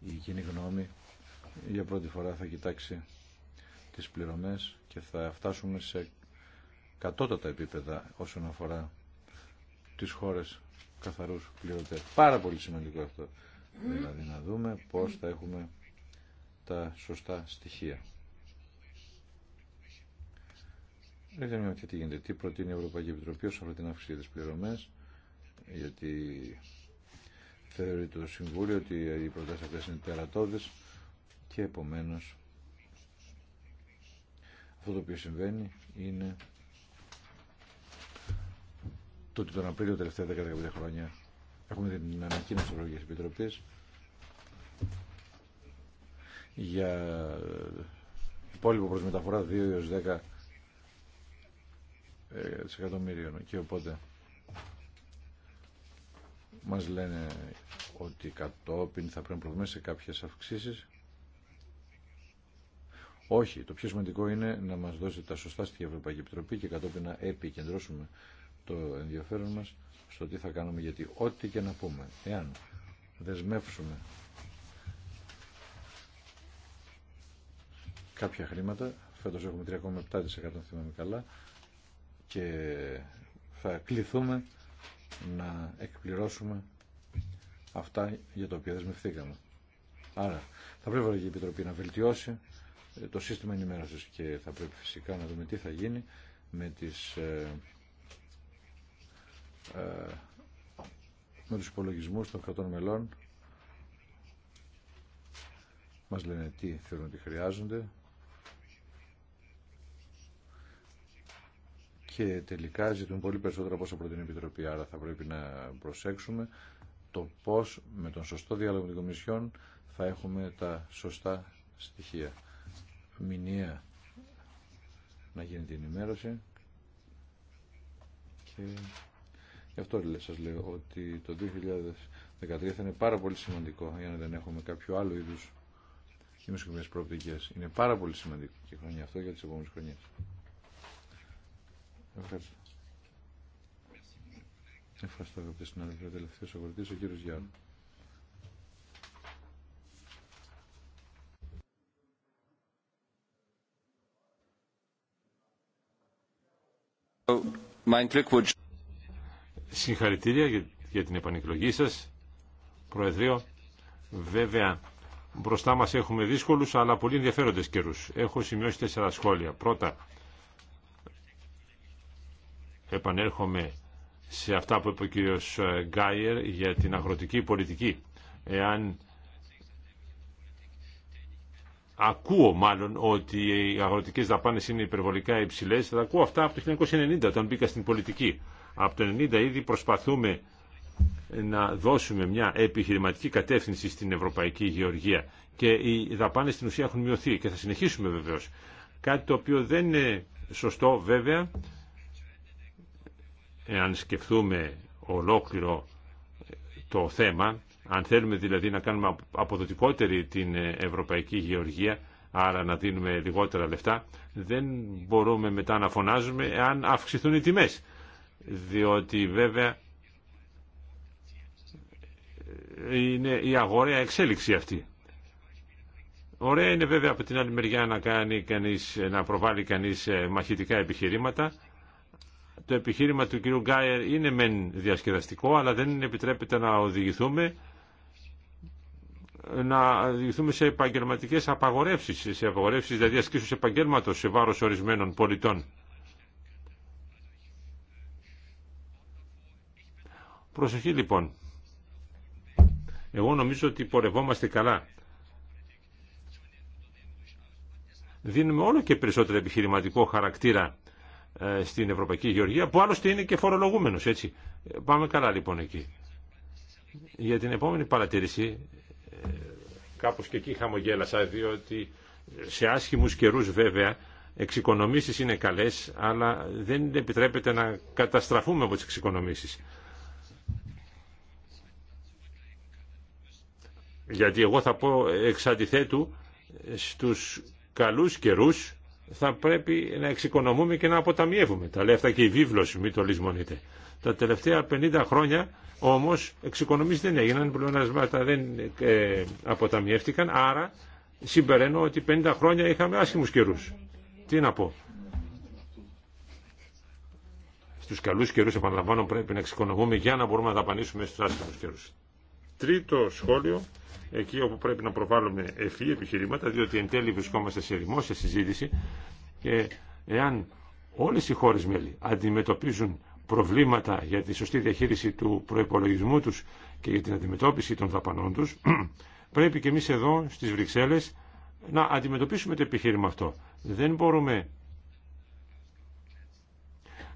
[SPEAKER 1] η κοινή γνώμη για πρώτη φορά θα κοιτάξει τις πληρωμές και θα φτάσουμε σε κατώτατα επίπεδα όσον αφορά τις χώρες καθαρούς πληρωτές. Πάρα πολύ σημαντικό αυτό. Δηλαδή να δούμε πώς θα έχουμε τα σωστά στοιχεία. Δεν ξέρω τι γίνεται, τι προτείνει η Ευρωπαϊκή Επιτροπή όσον αφορά την αύξηση της πληρωμές, γιατί θεωρεί το Συμβούλιο ότι οι προτάσεις αυτές είναι τερατώδες και επομένως αυτό το οποίο συμβαίνει είναι το ότι τον Απρίλιο τελευταία 10-15 χρόνια έχουμε την ανακοίνωση της Ευρωπαϊκής Επιτροπής για ε, υπόλοιπο προς μεταφορά 2 έως 10 15 χρονια εχουμε την ανακοινωση της ευρωπαικης επιτροπης για υπολοιπο προς μεταφορα 2 έω 10 δισεκατομμυριων και οπότε μας λένε ότι κατόπιν θα πρέπει να προβούμε σε κάποιες αυξήσεις όχι, το πιο σημαντικό είναι να μας δώσει τα σωστά στη Ευρωπαϊκή Επιτροπή και κατόπιν να επικεντρώσουμε το ενδιαφέρον μας στο τι θα κάνουμε γιατί ό,τι και να πούμε εάν δεσμεύσουμε κάποια χρήματα φέτος έχουμε 3,7% θυμάμαι καλά και θα κληθούμε να εκπληρώσουμε αυτά για τα οποία δεσμευθήκαμε. Άρα θα πρέπει η Επιτροπή να βελτιώσει ε, το σύστημα ενημέρωσης και θα πρέπει φυσικά να δούμε τι θα γίνει με τις ε, ε, με τους υπολογισμούς των κρατών μελών μας λένε τι θεωρούν ότι χρειάζονται και τελικά ζητούν πολύ περισσότερο από όσα προτείνει η Επιτροπή. Άρα θα πρέπει να προσέξουμε το πώς με τον σωστό διάλογο των Κομισιών θα έχουμε τα σωστά στοιχεία. μηνία να γίνεται η ενημέρωση και Γι' αυτό σας λέω ότι το 2013 θα είναι πάρα πολύ σημαντικό για να δεν έχουμε κάποιο άλλο είδους κοινωνικές προοπτικές. Είναι πάρα πολύ σημαντικό και χρόνια αυτό για τις επόμενες χρονιές. Ευχαριστώ. Ευχαριστώ αγαπητέ συνάδελφοι. Ο τελευταίο ο κύριο Γιάννη.
[SPEAKER 2] Συγχαρητήρια για την επανεκλογή σας, Προεδρείο. Βέβαια, μπροστά μας έχουμε δύσκολους, αλλά πολύ ενδιαφέροντες καιρούς. Έχω σημειώσει τέσσερα σχόλια. Πρώτα, επανέρχομαι σε αυτά που είπε ο κύριος ε, Γκάιερ για την αγροτική πολιτική. Εάν ακούω μάλλον ότι οι αγροτικές δαπάνες είναι υπερβολικά υψηλές, θα τα ακούω αυτά από το 1990 όταν μπήκα στην πολιτική. Από το 90 ήδη προσπαθούμε να δώσουμε μια επιχειρηματική κατεύθυνση στην Ευρωπαϊκή Γεωργία και οι δαπάνες στην ουσία έχουν μειωθεί και θα συνεχίσουμε βεβαίως. Κάτι το οποίο δεν είναι σωστό βέβαια εάν σκεφτούμε ολόκληρο το θέμα, αν θέλουμε δηλαδή να κάνουμε αποδοτικότερη την Ευρωπαϊκή Γεωργία, άρα να δίνουμε λιγότερα λεφτά, δεν μπορούμε μετά να φωνάζουμε εάν αυξηθούν οι τιμές διότι βέβαια είναι η αγοραία εξέλιξη αυτή. Ωραία είναι βέβαια από την άλλη μεριά να, κάνει κανείς, να προβάλλει κανείς ε, μαχητικά επιχειρήματα. Το επιχείρημα του κυρού Γκάιερ είναι μεν διασκεδαστικό, αλλά δεν επιτρέπεται να οδηγηθούμε να οδηγηθούμε σε επαγγελματικές απαγορεύσεις, σε απαγορεύσεις δηλαδή ασκήσεως επαγγέλματος σε βάρος ορισμένων πολιτών. Προσοχή λοιπόν. Εγώ νομίζω ότι πορευόμαστε καλά. Δίνουμε όλο και περισσότερο επιχειρηματικό χαρακτήρα ε, στην Ευρωπαϊκή Γεωργία, που άλλωστε είναι και φορολογούμενος, έτσι. Ε, πάμε καλά λοιπόν εκεί. Για την επόμενη παρατήρηση, ε, κάπως και εκεί χαμογέλασα, διότι σε άσχημους καιρούς βέβαια, εξοικονομήσεις είναι καλές, αλλά δεν επιτρέπεται να καταστραφούμε από τις εξοικονομήσεις. γιατί εγώ θα πω εξ αντιθέτου στους καλούς καιρούς θα πρέπει να εξοικονομούμε και να αποταμιεύουμε. Τα λέει αυτά και η βίβλος, μην το λησμονείτε. Τα τελευταία 50 χρόνια όμως εξοικονομήσεις δεν έγιναν, πλεονασμάτα δεν ε, αποταμιεύτηκαν, άρα συμπεραίνω ότι 50 χρόνια είχαμε άσχημους καιρούς. Τι να πω. Στους καλούς καιρούς, επαναλαμβάνω, πρέπει να εξοικονομούμε για να μπορούμε να δαπανίσουμε στους άσχημους καιρούς. Τρίτο σχόλιο εκεί όπου πρέπει να προβάλλουμε ευφύ επιχειρήματα, διότι εν τέλει βρισκόμαστε σε δημόσια συζήτηση και εάν όλες οι χώρες μέλη αντιμετωπίζουν προβλήματα για τη σωστή διαχείριση του προϋπολογισμού τους και για την αντιμετώπιση των δαπανών τους, πρέπει και εμείς εδώ στις Βρυξέλλες να αντιμετωπίσουμε το επιχείρημα αυτό. Δεν μπορούμε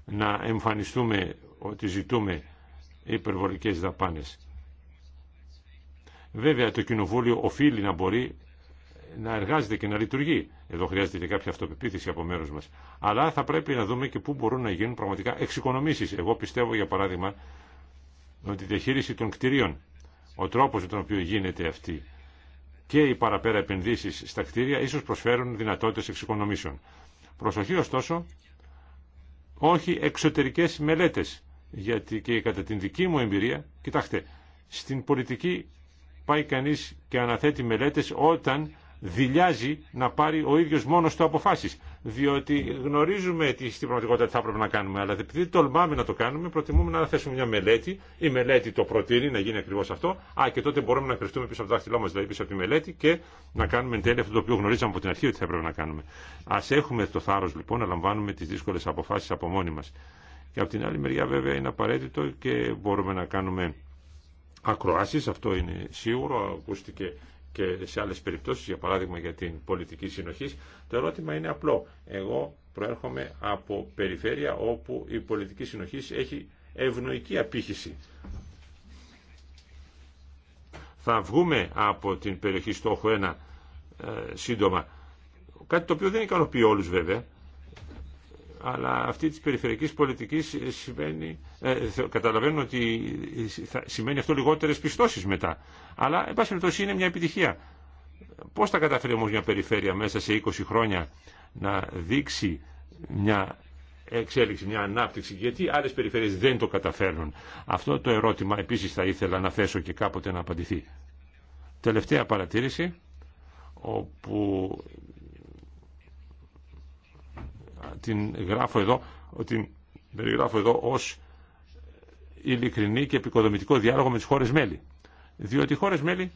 [SPEAKER 2] να εμφανιστούμε ότι ζητούμε υπερβολικές δαπάνες. Βέβαια το Κοινοβούλιο οφείλει να μπορεί να εργάζεται και να λειτουργεί. Εδώ χρειάζεται και κάποια αυτοπεποίθηση από μέρους μας. Αλλά θα πρέπει να δούμε και πού μπορούν να γίνουν πραγματικά εξοικονομήσεις. Εγώ πιστεύω για παράδειγμα ότι η διαχείριση των κτηρίων, ο τρόπος με τον οποίο γίνεται αυτή και οι παραπέρα επενδύσεις στα κτίρια ίσως προσφέρουν δυνατότητες εξοικονομήσεων. Προσοχή ωστόσο, όχι εξωτερικές μελέτες, γιατί και κατά την δική μου εμπειρία, κοιτάξτε, στην πολιτική πάει κανείς και αναθέτει μελέτες όταν δηλιάζει να πάρει ο ίδιος μόνος του αποφάσεις. Διότι γνωρίζουμε τι στην πραγματικότητα θα έπρεπε να κάνουμε, αλλά επειδή τολμάμε να το κάνουμε, προτιμούμε να θέσουμε μια μελέτη, η μελέτη το προτείνει να γίνει ακριβώς αυτό, α, και τότε μπορούμε να κρυφτούμε πίσω από το δάχτυλό μας, δηλαδή πίσω από τη μελέτη και να κάνουμε εν τέλει αυτό το οποίο γνωρίζαμε από την αρχή ότι θα έπρεπε να κάνουμε. Α έχουμε το θάρρο λοιπόν να λαμβάνουμε τις δύσκολε αποφάσεις από μόνοι μα. Και από την άλλη μεριά βέβαια είναι απαραίτητο και μπορούμε να κάνουμε ακροάσεις, αυτό είναι σίγουρο, ακούστηκε και σε άλλες περιπτώσεις, για παράδειγμα για την πολιτική συνοχή. Το ερώτημα είναι απλό. Εγώ προέρχομαι από περιφέρεια όπου η πολιτική συνοχή έχει ευνοϊκή απήχηση. Θα βγούμε από την περιοχή στόχου 1 ε, σύντομα, κάτι το οποίο δεν ικανοποιεί όλους βέβαια, αλλά αυτή της περιφερειακής πολιτικής σημαίνει, ε, καταλαβαίνουν ότι θα, σημαίνει αυτό λιγότερες πιστώσεις μετά. Αλλά, εν πάση περιπτώσει, είναι μια επιτυχία. Πώς θα καταφέρει όμως μια περιφέρεια μέσα σε 20 χρόνια να δείξει μια εξέλιξη, μια ανάπτυξη, γιατί άλλες περιφέρειες δεν το καταφέρνουν. Αυτό το ερώτημα επίσης θα ήθελα να θέσω και κάποτε να απαντηθεί. Τελευταία παρατήρηση, όπου την γράφω εδώ, την περιγράφω εδώ ως ειλικρινή και επικοδομητικό διάλογο με τις χώρες μέλη. Διότι οι χώρες μέλη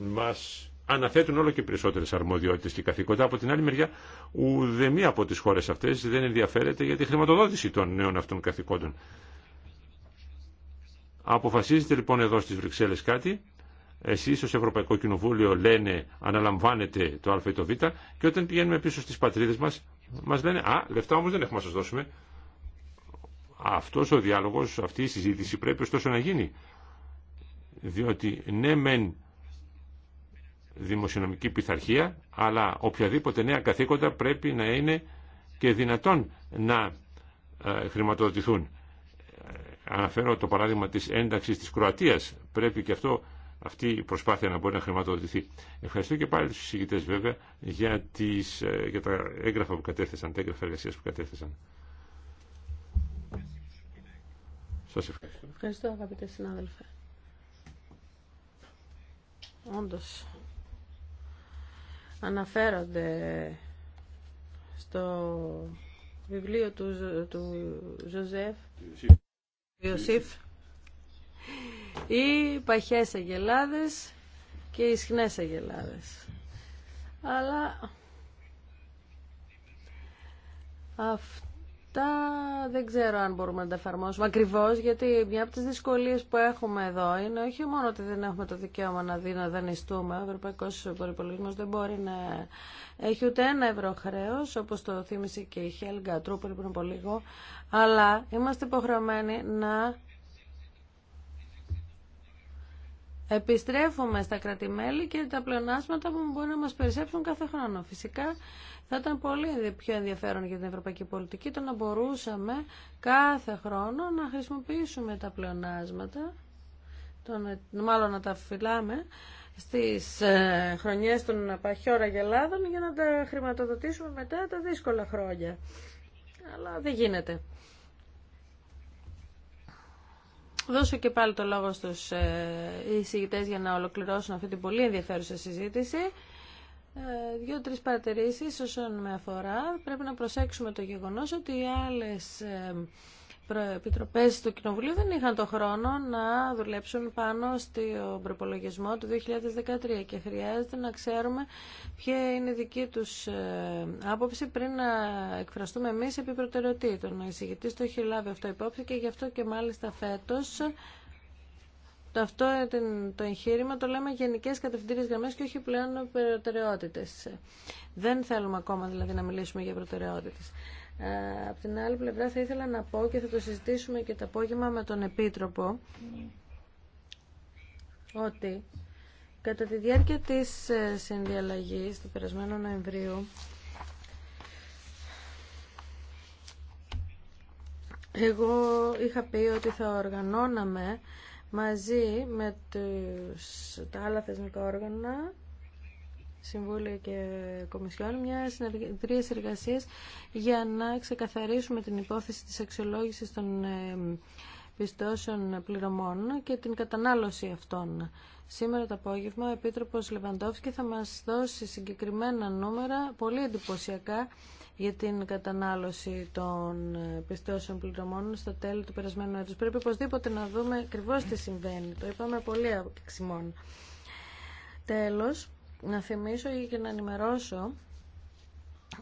[SPEAKER 2] μας αναθέτουν όλο και περισσότερες αρμοδιότητες και καθήκοντα. Από την άλλη μεριά, ουδεμία από τις χώρες αυτές δεν ενδιαφέρεται για τη χρηματοδότηση των νέων αυτών καθηκόντων. Αποφασίζεται λοιπόν εδώ στις Βρυξέλλες κάτι εσείς ως Ευρωπαϊκό Κοινοβούλιο λένε αναλαμβάνετε το α ή το β και όταν πηγαίνουμε πίσω στις πατρίδες μας μας λένε α, λεφτά όμως δεν έχουμε να σας δώσουμε. Αυτός ο διάλογος, αυτή η συζήτηση πρέπει ωστόσο να γίνει. Διότι ναι μεν δημοσιονομική πειθαρχία, αλλά οποιαδήποτε νέα καθήκοντα πρέπει να είναι και δυνατόν να ε, χρηματοδοτηθούν. Ε, αναφέρω το παράδειγμα της ένταξης της Κροατίας. Πρέπει και αυτό αυτή η προσπάθεια να μπορεί να χρηματοδοτηθεί. Ευχαριστώ και πάλι τους συζητητέ βέβαια για, τις, ε, για τα έγγραφα που κατέθεσαν, τα έγγραφα εργασίας που κατέθεσαν. Σας ευχαριστώ.
[SPEAKER 3] Ευχαριστώ αγαπητέ συνάδελφε. Όντως αναφέρονται στο βιβλίο του, του Ζωζεφ Ιωσήφ οι παχές αγελάδες και οι ισχνές αγελάδες. Αλλά αυτά δεν ξέρω αν μπορούμε να τα εφαρμόσουμε ακριβώς, γιατί μια από τις δυσκολίες που έχουμε εδώ είναι όχι μόνο ότι δεν έχουμε το δικαίωμα να δει να δανειστούμε, ο Ευρωπαϊκός υπολογισμός δεν μπορεί να έχει ούτε ένα ευρώ χρέο. όπως το θύμισε και η Χέλγκα Τρούπελ πριν από λίγο, αλλά είμαστε υποχρεωμένοι να επιστρέφουμε στα κρατημέλη και τα πλεονάσματα που μπορεί να μας περισσέψουν κάθε χρόνο. Φυσικά θα ήταν πολύ πιο ενδιαφέρον για την ευρωπαϊκή πολιτική το να μπορούσαμε κάθε χρόνο να χρησιμοποιήσουμε τα πλεονάσματα, τον, μάλλον να τα φυλάμε, στις ε, χρονιές των παχιόρα γελάδων για να τα χρηματοδοτήσουμε μετά τα δύσκολα χρόνια. Αλλά δεν γίνεται. δώσω και πάλι το λόγο στους ε, εισηγητές για να ολοκληρώσουν αυτή την πολύ ενδιαφέρουσα συζήτηση. Ε, δύο-τρεις παρατηρήσεις όσον με αφορά. Πρέπει να προσέξουμε το γεγονός ότι οι άλλες ε, επιτροπέ του Κοινοβουλίου δεν είχαν το χρόνο να δουλέψουν πάνω στο προπολογισμό του 2013 και χρειάζεται να ξέρουμε ποια είναι η δική του ε, άποψη πριν να εκφραστούμε εμεί επί προτεραιοτήτων. Ο εισηγητή το έχει λάβει αυτό υπόψη και γι' αυτό και μάλιστα φέτος αυτό ε, το εγχείρημα το λέμε γενικές κατευθυντήριες γραμμές και όχι πλέον προτεραιότητες. Δεν θέλουμε ακόμα δηλαδή να μιλήσουμε για προτεραιότητες. Ε, Από την άλλη πλευρά θα ήθελα να πω και θα το συζητήσουμε και το απόγευμα με τον Επίτροπο ότι κατά τη διάρκεια της ε, συνδιαλλαγής του περασμένου Νοεμβρίου εγώ είχα πει ότι θα οργανώναμε μαζί με τους, τα άλλα θεσμικά όργανα Συμβούλιο και Κομισιόν μια συνεδρία εργασία για να ξεκαθαρίσουμε την υπόθεση της αξιολόγησης των ε, πιστώσεων πληρωμών και την κατανάλωση αυτών. Σήμερα το απόγευμα ο Επίτροπος Λεβαντόφσκι θα μας δώσει συγκεκριμένα νούμερα, πολύ εντυπωσιακά, για την κατανάλωση των ε, πιστώσεων πληρωμών στο τέλος του περασμένου έτους. Πρέπει οπωσδήποτε να δούμε ακριβώ τι συμβαίνει. Το είπαμε πολύ αξιμών. Τέλος, να θυμίσω και να ενημερώσω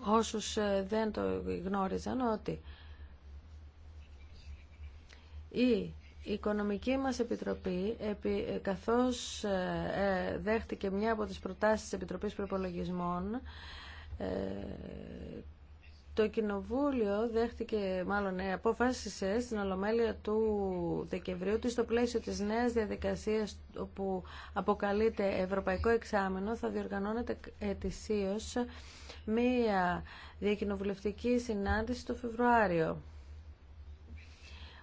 [SPEAKER 3] όσους ε, δεν το γνώριζαν ότι η οικονομική μας επιτροπή ε, καθώς ε, δέχτηκε μια από τις προτάσεις της Επιτροπής Προπολογισμών το Κοινοβούλιο δέχτηκε, μάλλον ε, αποφάσισε στην Ολομέλεια του Δεκεμβρίου ότι στο πλαίσιο της νέας διαδικασίας που αποκαλείται Ευρωπαϊκό Εξάμενο θα διοργανώνεται ετησίως μία διακοινοβουλευτική συνάντηση το Φεβρουάριο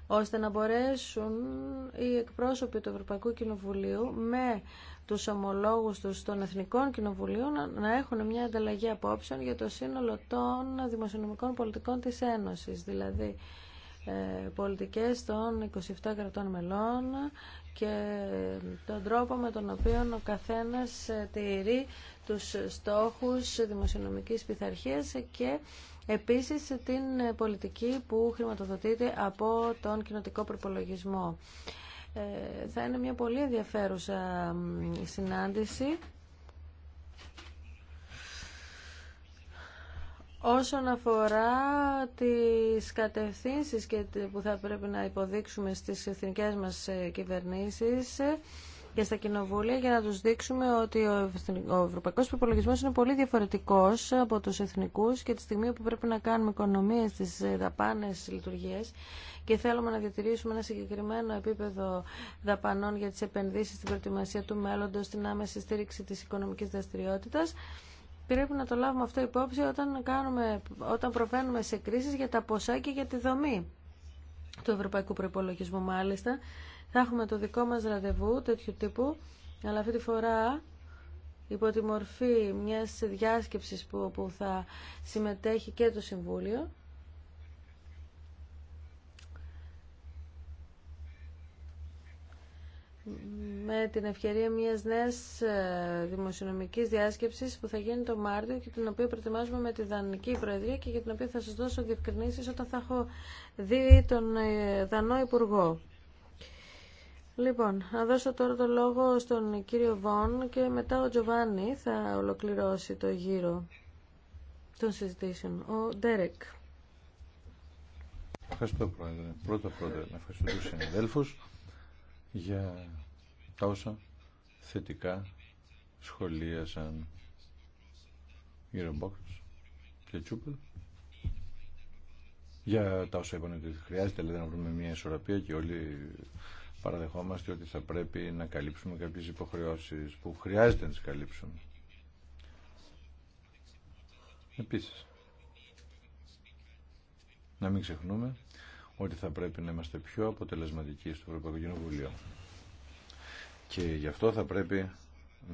[SPEAKER 3] ώστε να μπορέσουν οι εκπρόσωποι του Ευρωπαϊκού Κοινοβουλίου με τους ομολόγους τους των Εθνικών Κοινοβουλίων να έχουν μια ανταλλαγή απόψεων για το σύνολο των δημοσιονομικών πολιτικών της Ένωσης, δηλαδή ε, πολιτικές των 27 κρατών μελών και τον τρόπο με τον οποίο ο καθένας ε, τηρεί τους στόχους δημοσιονομικής πειθαρχίας και επίσης την πολιτική που χρηματοδοτείται από τον κοινοτικό προπολογισμό. Ε, θα είναι μια πολύ ενδιαφέρουσα συνάντηση. Όσον αφορά τις κατευθύνσεις και που θα πρέπει να υποδείξουμε στις εθνικές μας ε, κυβερνήσεις, και στα κοινοβούλια για να τους δείξουμε ότι ο ευρωπαϊκός προπολογισμό είναι πολύ διαφορετικός από τους εθνικούς και τη στιγμή που πρέπει να κάνουμε οικονομίες στις δαπάνες λειτουργίες και θέλουμε να διατηρήσουμε ένα συγκεκριμένο επίπεδο δαπανών για τις επενδύσεις στην προετοιμασία του μέλλοντος, στην άμεση στήριξη της οικονομικής δραστηριότητας, πρέπει να το λάβουμε αυτό υπόψη όταν, κάνουμε, όταν προβαίνουμε σε κρίσεις για τα ποσά και για τη δομή του ευρωπαϊκού προπολογισμού μάλιστα θα έχουμε το δικό μας ραντεβού τέτοιου τύπου, αλλά αυτή τη φορά υπό τη μορφή μιας διάσκεψης που, που θα συμμετέχει και το Συμβούλιο. με την ευκαιρία μιας νέας ε, δημοσιονομικής διάσκεψης που θα γίνει το Μάρτιο και την οποία προετοιμάζουμε με τη Δανική Προεδρία και για την οποία θα σας δώσω διευκρινήσεις όταν θα έχω δει τον ε, Δανό Υπουργό. Λοιπόν, να δώσω τώρα το λόγο στον κύριο Βον και μετά ο Τζοβάνι θα ολοκληρώσει το γύρο των συζητήσεων. Ο Ντέρεκ.
[SPEAKER 1] Ευχαριστώ Πρόεδρε. Πρώτα πρώτα να ευχαριστώ τους συναδέλφου για τα όσα θετικά σχολίασαν γύρω και Τσούπελ για τα όσα είπαν ότι χρειάζεται λέτε, δηλαδή, να βρούμε μια ισορροπία και όλοι παραδεχόμαστε ότι θα πρέπει να καλύψουμε κάποιες υποχρεώσεις που χρειάζεται να τις καλύψουμε. Επίσης, να μην ξεχνούμε ότι θα πρέπει να είμαστε πιο αποτελεσματικοί στο Ευρωπαϊκό Κοινοβουλίο. Και γι' αυτό θα πρέπει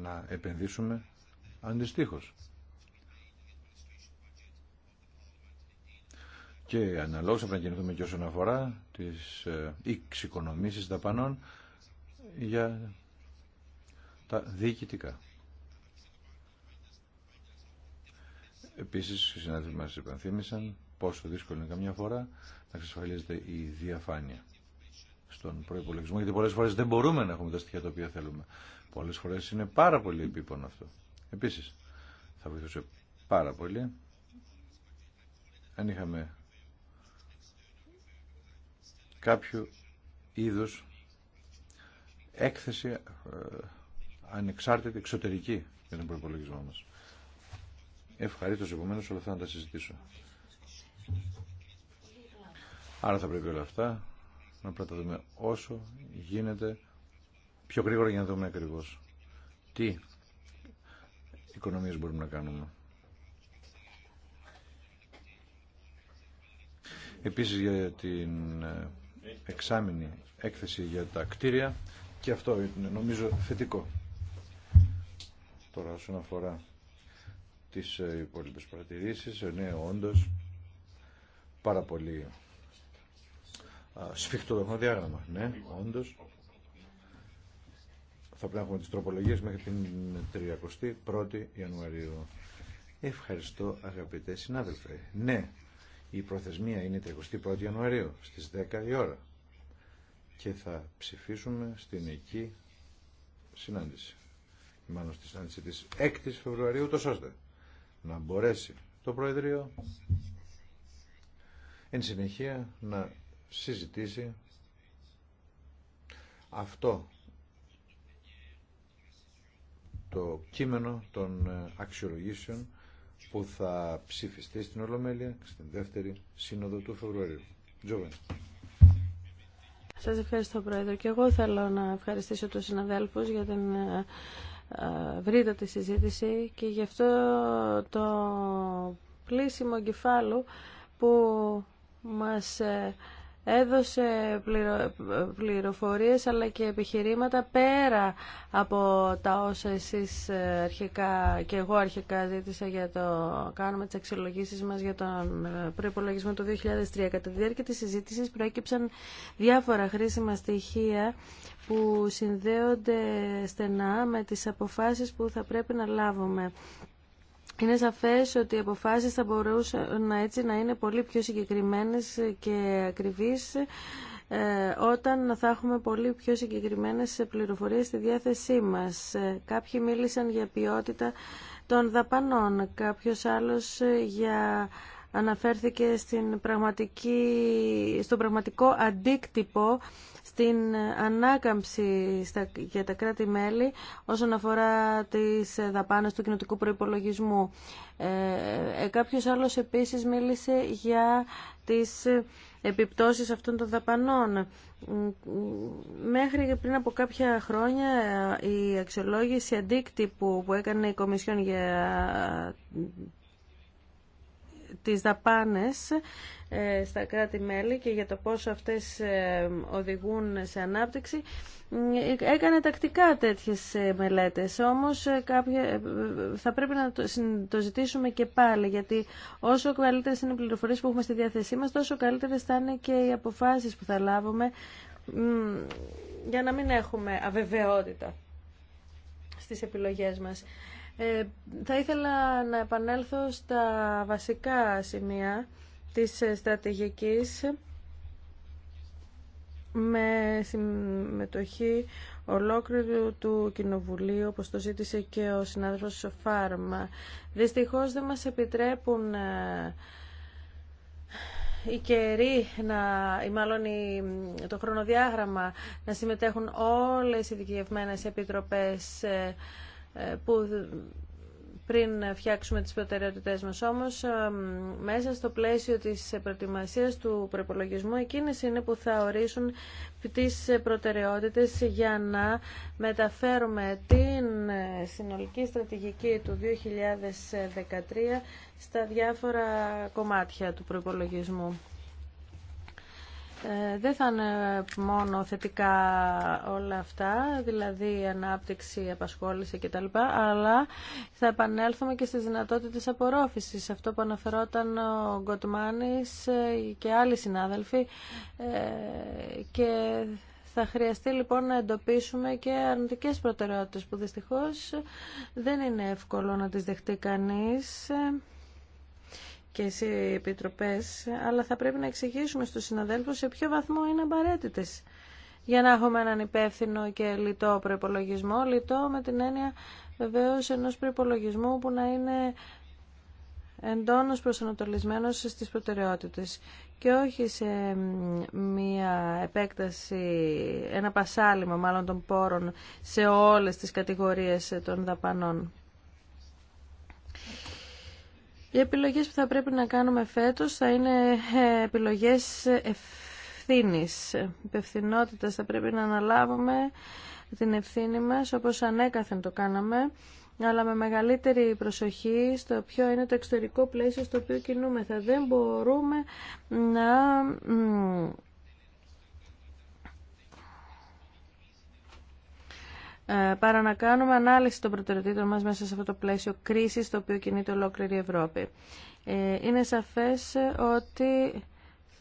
[SPEAKER 1] να επενδύσουμε αντιστοίχως και αναλόγως θα να κινηθούμε και όσον αφορά τις ε, εξοικονομήσεις δαπανών για τα διοικητικά. Επίσης, οι συνάδελφοι μας υπενθύμησαν πόσο δύσκολο είναι καμιά φορά να εξασφαλίζεται η διαφάνεια στον προϋπολογισμό γιατί πολλές φορές δεν μπορούμε να έχουμε τα στοιχεία τα οποία θέλουμε. Πολλές φορές είναι πάρα πολύ επίπονο αυτό. Επίσης, θα βοηθούσε πάρα πολύ αν είχαμε κάποιο είδους έκθεση ε, ανεξάρτητη εξωτερική για τον προπολογισμό μας. Ευχαρίστως επομένως όλα αυτά να τα συζητήσω. Άρα θα πρέπει όλα αυτά να πρώτα δούμε όσο γίνεται πιο γρήγορα για να δούμε ακριβώς τι οικονομίες μπορούμε να κάνουμε. Επίσης για την ε, εξάμεινη έκθεση για τα κτίρια και αυτό είναι νομίζω θετικό. Τώρα όσον αφορά τις ε, υπόλοιπες παρατηρήσεις, ε, ναι όντως πάρα πολύ σφιχτό το διάγραμμα. Ναι, όντως. Θα πρέπει να έχουμε τις τροπολογίες μέχρι την 31η Ιανουαρίου. Ευχαριστώ αγαπητέ συνάδελφοι. Ναι, η προθεσμία είναι 31 Ιανουαρίου στις 10 η ώρα και θα ψηφίσουμε στην εκεί συνάντηση. Μάλλον στη συνάντηση της 6ης Φεβρουαρίου, τόσο ώστε να μπορέσει το Προεδρείο εν συνεχεία να συζητήσει αυτό το κείμενο των αξιολογήσεων που θα ψηφιστεί στην Ολομέλεια στην δεύτερη σύνοδο του Φεβρουαρίου. Τζόβεν.
[SPEAKER 3] Σας ευχαριστώ Πρόεδρε και εγώ θέλω να ευχαριστήσω τους συναδέλφους για την βρήτα ε, ε, συζήτηση και γι' αυτό το πλήσιμο κεφάλου που μας ε, έδωσε πληροφορίες αλλά και επιχειρήματα πέρα από τα όσα εσείς ε, αρχικά και εγώ αρχικά ζήτησα για το κάνουμε τις αξιολογήσεις μας για τον ε, προϋπολογισμό του 2003. Κατά τη διάρκεια της συζήτησης προέκυψαν διάφορα χρήσιμα στοιχεία που συνδέονται στενά με τις αποφάσεις που θα πρέπει να λάβουμε. Είναι σαφές ότι οι αποφάσεις θα μπορούσαν έτσι να είναι πολύ πιο συγκεκριμένες και ακριβείς ε, όταν θα έχουμε πολύ πιο συγκεκριμένες πληροφορίες στη διάθεσή μας. Κάποιοι μίλησαν για ποιότητα των δαπανών, κάποιος άλλος για αναφέρθηκε στην πραγματική, στον πραγματικό αντίκτυπο στην ανάκαμψη για τα κράτη-μέλη όσον αφορά τις δαπάνες του κοινοτικού προϋπολογισμού. Ε, ε, κάποιος άλλος επίσης μίλησε για τις επιπτώσεις αυτών των δαπανών. Μέχρι πριν από κάποια χρόνια ε, η αξιολόγηση αντίκτυπου που έκανε η Κομισιόν για τις δαπάνες ε, στα κράτη-μέλη και για το πόσο αυτές ε, οδηγούν σε ανάπτυξη. Ε, έκανε τακτικά τέτοιες μελέτες, όμως κάποια, θα πρέπει να το, το ζητήσουμε και πάλι, γιατί όσο καλύτερες είναι οι πληροφορίες που έχουμε στη διάθεσή μας, τόσο καλύτερες θα είναι και οι αποφάσεις που θα λάβουμε για να μην έχουμε αβεβαιότητα στις επιλογές μας. Ε, θα ήθελα να επανέλθω στα βασικά σημεία της ε, στρατηγικής με συμμετοχή ολόκληρου του Κοινοβουλίου, όπως το ζήτησε και ο συνάδελφος Φάρμα. Δυστυχώς δεν μας επιτρέπουν ε, οι καιροί, να, ή μάλλον το χρονοδιάγραμμα, να συμμετέχουν όλες οι δικαιευμένες επιτροπές ε, που πριν φτιάξουμε τις προτεραιότητές μας όμως ε, μέσα στο πλαίσιο της προετοιμασίας του προπολογισμού εκείνες είναι που θα ορίσουν τις προτεραιότητες για να μεταφέρουμε την ε, συνολική στρατηγική του 2013 στα διάφορα κομμάτια του προπολογισμού. Ε, δεν θα είναι μόνο θετικά όλα αυτά, δηλαδή ανάπτυξη, απασχόληση κτλ. Αλλά θα επανέλθουμε και στις δυνατότητες απορρόφησης. Αυτό που αναφερόταν ο Γκοτμάνης ε, και άλλοι συνάδελφοι ε, και θα χρειαστεί λοιπόν να εντοπίσουμε και αρνητικές προτεραιότητες που δυστυχώς δεν είναι εύκολο να τις δεχτεί κανείς και σε οι αλλά θα πρέπει να εξηγήσουμε στους συναδέλφους σε ποιο βαθμό είναι απαραίτητε για να έχουμε έναν υπεύθυνο και λιτό προπολογισμό, λιτό με την έννοια βεβαίω ενό προπολογισμού που να είναι εντόνως προσανατολισμένος στις προτεραιότητες και όχι σε μια επέκταση, ένα πασάλιμα μάλλον των πόρων σε όλες τις κατηγορίες των δαπανών. Οι επιλογές που θα πρέπει να κάνουμε φέτος θα είναι ε, επιλογές ευθύνης, υπευθυνότητα θα πρέπει να αναλάβουμε την ευθύνη μας όπως ανέκαθεν το κάναμε αλλά με μεγαλύτερη προσοχή στο ποιο είναι το εξωτερικό πλαίσιο στο οποίο κινούμεθα. Δεν μπορούμε να Ε, παρά να κάνουμε ανάλυση των προτεραιοτήτων μας μέσα σε αυτό το πλαίσιο κρίσης το οποίο κινείται ολόκληρη η Ευρώπη. Ε, είναι σαφές ότι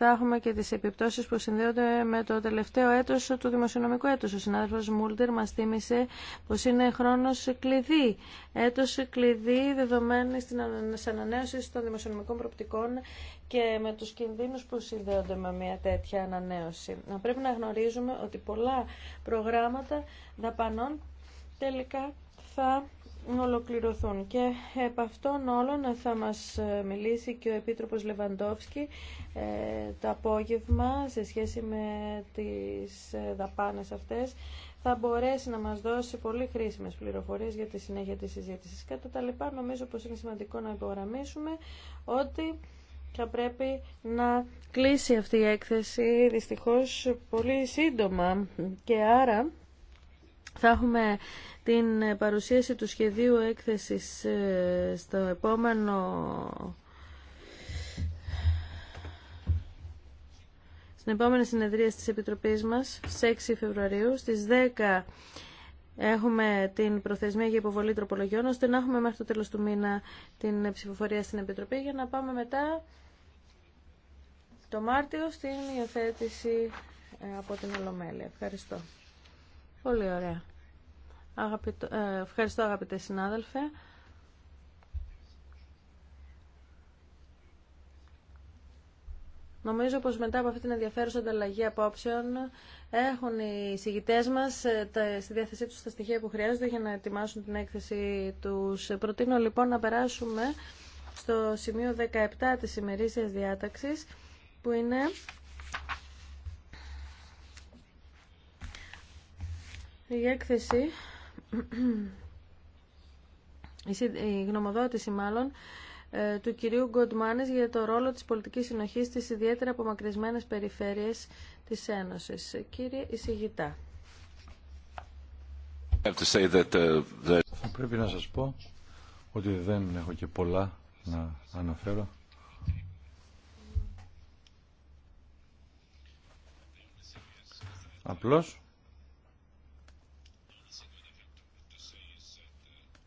[SPEAKER 3] θα έχουμε και τις επιπτώσεις που συνδέονται με το τελευταίο έτος του δημοσιονομικού έτους. Ο συνάδελφος Μούλτερ μας θύμισε πως είναι χρόνος κλειδί. Έτος κλειδί δεδομένη στην ανανέωση των δημοσιονομικών προπτικών και με τους κινδύνους που συνδέονται με μια τέτοια ανανέωση. Να πρέπει να γνωρίζουμε ότι πολλά προγράμματα δαπανών τελικά θα ολοκληρωθούν. Και επ' αυτών όλων θα μας μιλήσει και ο Επίτροπος Λεβαντόφσκι ε, το απόγευμα σε σχέση με τις ε, δαπάνες αυτές. Θα μπορέσει να μας δώσει πολύ χρήσιμες πληροφορίες για τη συνέχεια της συζήτησης. Κατά τα λοιπά νομίζω πως είναι σημαντικό να υπογραμμίσουμε ότι θα πρέπει να κλείσει αυτή η έκθεση δυστυχώς πολύ σύντομα και άρα θα έχουμε την παρουσίαση του σχεδίου έκθεσης ε, στο επόμενο στην επόμενη συνεδρία της Επιτροπής μας στις 6 Φεβρουαρίου στις 10 Έχουμε την προθεσμία για υποβολή τροπολογιών, ώστε να έχουμε μέχρι το τέλος του μήνα την ψηφοφορία στην Επιτροπή για να πάμε μετά το Μάρτιο στην υιοθέτηση ε, από την Ολομέλεια. Ευχαριστώ. Πολύ ωραία. Αγαπητο... Ε, ευχαριστώ αγαπητέ συνάδελφε. Νομίζω πως μετά από αυτή την ενδιαφέρουσα ανταλλαγή απόψεων έχουν οι συγητές μας ε, τα, στη διάθεσή τους τα στοιχεία που χρειάζονται για να ετοιμάσουν την έκθεση τους. Προτείνω λοιπόν να περάσουμε στο σημείο 17 της ημερήσιας διάταξης που είναι Η έκθεση, η γνωμοδότηση μάλλον, ε, του κυρίου Γκοντμάνης για το ρόλο της πολιτικής συνοχής στις ιδιαίτερα απομακρυσμένες περιφέρειες της Ένωσης. Κύριε Ισηγητά.
[SPEAKER 1] Uh, πρέπει να σας πω ότι δεν έχω και πολλά να αναφέρω. Απλώς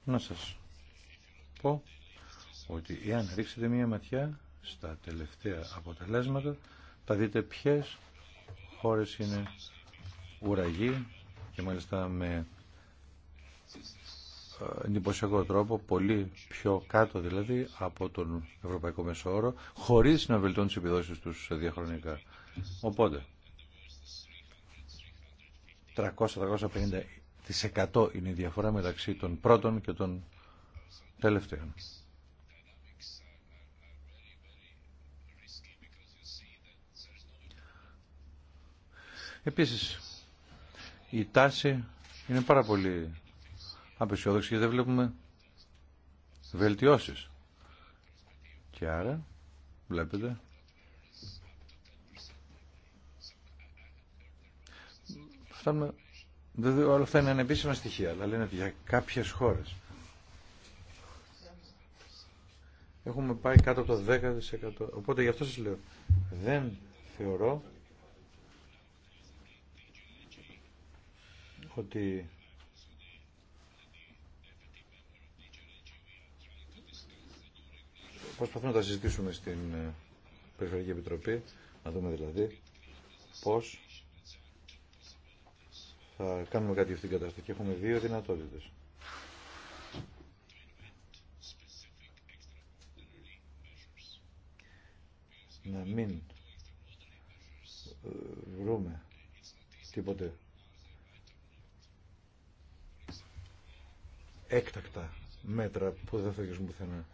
[SPEAKER 1] να σας πω ότι εάν ρίξετε μία ματιά στα τελευταία αποτελέσματα θα δείτε ποιες χώρες είναι ουραγοί και μάλιστα με ε, εντυπωσιακό τρόπο, πολύ πιο κάτω δηλαδή από τον Ευρωπαϊκό Μεσόωρο, χωρίς να βελτιώνουν τις επιδόσεις τους διαχρονικά. Οπότε, 100 είναι η διαφορά μεταξύ των πρώτων και των τελευταίων. Επίσης, η τάση είναι πάρα πολύ απεσιόδοξη και δεν βλέπουμε βελτιώσεις. Και άρα, βλέπετε, φτάνουμε Βέβαια όλα αυτά είναι ανεπίσημα στοιχεία, αλλά λένε για κάποιες χώρες έχουμε πάει κάτω από το 10%. Οπότε γι' αυτό σας λέω, δεν θεωρώ ότι προσπαθούμε να τα συζητήσουμε στην ε, Περιφερειακή Επιτροπή, να δούμε δηλαδή πώς θα κάνουμε κάτι αυτήν την κατάσταση και έχουμε δύο δυνατότητες. Να μην ε, βρούμε τίποτε έκτακτα μέτρα που δεν θα γυρίσουν πουθενά.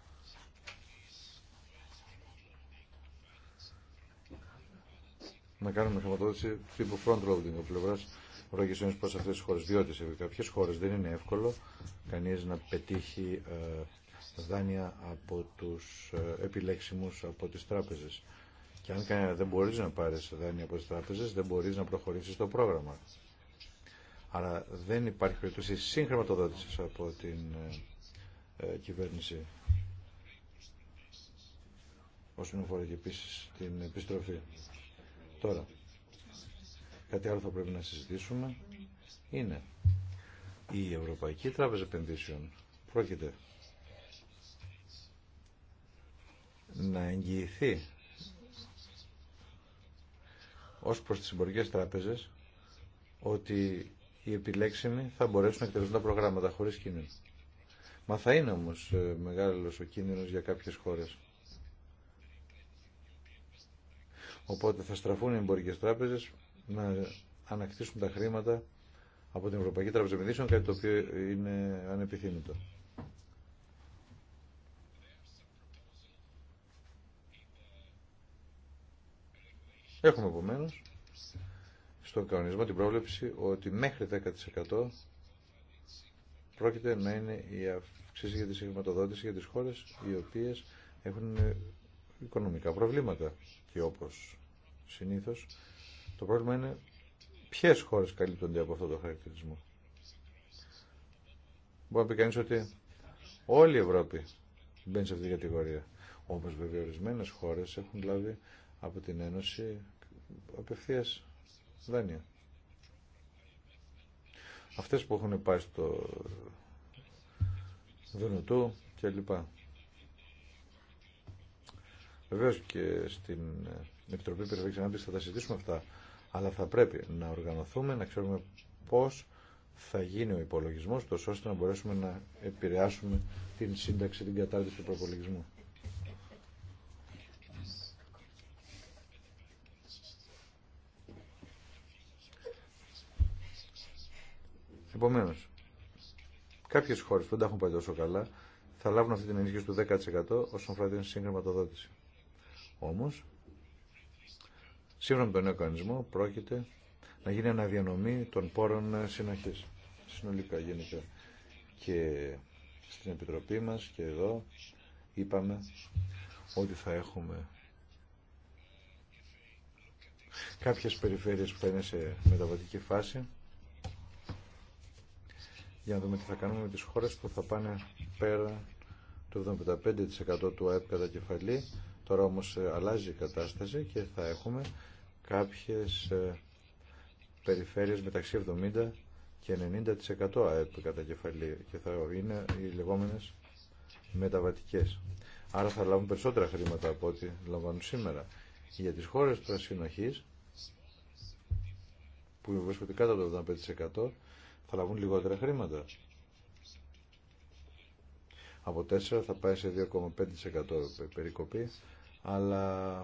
[SPEAKER 1] Να κάνουμε χρηματοδότηση τύπου front-loading ο πλευράς Ευρωπαϊκή πω προ αυτέ τι χώρε. Διότι σε κάποιε χώρε δεν είναι εύκολο κανεί να πετύχει ε, δάνεια από του ε, επιλέξιμου από τι τράπεζε. Και αν δεν μπορεί να πάρει δάνεια από τι τράπεζε, δεν μπορεί να προχωρήσει το πρόγραμμα. Άρα δεν υπάρχει περίπτωση συγχρηματοδότηση από την ε, κυβέρνηση όσον αφορά και επίση την επιστροφή. Τώρα, κάτι άλλο θα πρέπει να συζητήσουμε είναι η Ευρωπαϊκή Τράπεζα Επενδύσεων πρόκειται να εγγυηθεί ως προς τις εμπορικές τράπεζες ότι οι επιλέξιμοι θα μπορέσουν να εκτελεστούν τα προγράμματα χωρίς κίνδυνο. Μα θα είναι όμως ε, μεγάλος ο κίνδυνος για κάποιες χώρες. Οπότε θα στραφούν οι εμπορικές τράπεζες να ανακτήσουν τα χρήματα από την Ευρωπαϊκή Τράπεζα Επενδύσεων, κάτι το οποίο είναι ανεπιθύμητο. Έχουμε επομένω στον κανονισμό την πρόβλεψη ότι μέχρι 10% πρόκειται να είναι η αυξήση για τη συγχρηματοδότηση για τις χώρες οι οποίες έχουν οικονομικά προβλήματα και όπως συνήθως το πρόβλημα είναι ποιε χώρες καλύπτονται από αυτό το χαρακτηρισμό. Μπορεί να πει κανεί ότι όλη η Ευρώπη μπαίνει σε αυτή την κατηγορία. Όμω βέβαια ορισμένε χώρες έχουν λάβει από την Ένωση απευθεία δάνεια. Αυτές που έχουν πάει στο Δουνουτού κλπ. Βεβαίω και στην Επιτροπή Περιφερειακής Ανάπτυξη θα τα συζητήσουμε αυτά αλλά θα πρέπει να οργανωθούμε, να ξέρουμε πώς θα γίνει ο υπολογισμός, τόσο ώστε να μπορέσουμε να επηρεάσουμε την σύνταξη, την κατάρτιση του προπολογισμού. Επομένως, κάποιες χώρες που δεν τα έχουν πάει τόσο καλά θα λάβουν αυτή την ενίσχυση του 10% όσον αφορά την σύγκρουματοδότηση. Όμως, Σύμφωνα με τον νέο κανονισμό πρόκειται να γίνει αναδιανομή των πόρων συνοχή. συνολικά γενικά. Και στην Επιτροπή μας και εδώ είπαμε ότι θα έχουμε κάποιες περιφέρειες που θα είναι σε μεταβατική φάση για να δούμε τι θα κάνουμε με τις χώρες που θα πάνε πέρα το 75% του ΑΕΠ κατά κεφαλή. Τώρα όμως ε, αλλάζει η κατάσταση και θα έχουμε κάποιες ε, περιφέρειες μεταξύ 70 και 90% ΑΕΠ κατά κεφαλή και θα είναι οι λεγόμενες μεταβατικές. Άρα θα λάβουν περισσότερα χρήματα από ό,τι λαμβάνουν σήμερα. για τις χώρες του ασυνοχής, που βρίσκονται κάτω από το 75% θα λάβουν λιγότερα χρήματα. Από 4 θα πάει σε 2,5% περικοπή, αλλά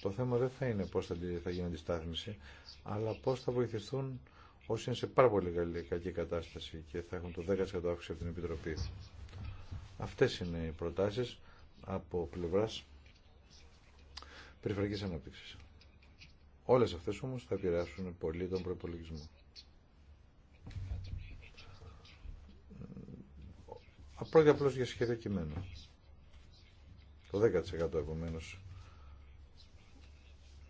[SPEAKER 1] το θέμα δεν θα είναι πώς θα, θα γίνει αντιστάθμιση, αλλά πώς θα βοηθηθούν όσοι είναι σε πάρα πολύ καλή, κακή κατάσταση και θα έχουν το 10% αύξηση από την Επιτροπή. Αυτές είναι οι προτάσεις από πλευράς περιφερειακής ανάπτυξη. Όλες αυτές όμως θα επηρεάσουν πολύ τον προπολογισμό. Πρώτα απλώ για σχέδιο κειμένου. Το 10% επομένω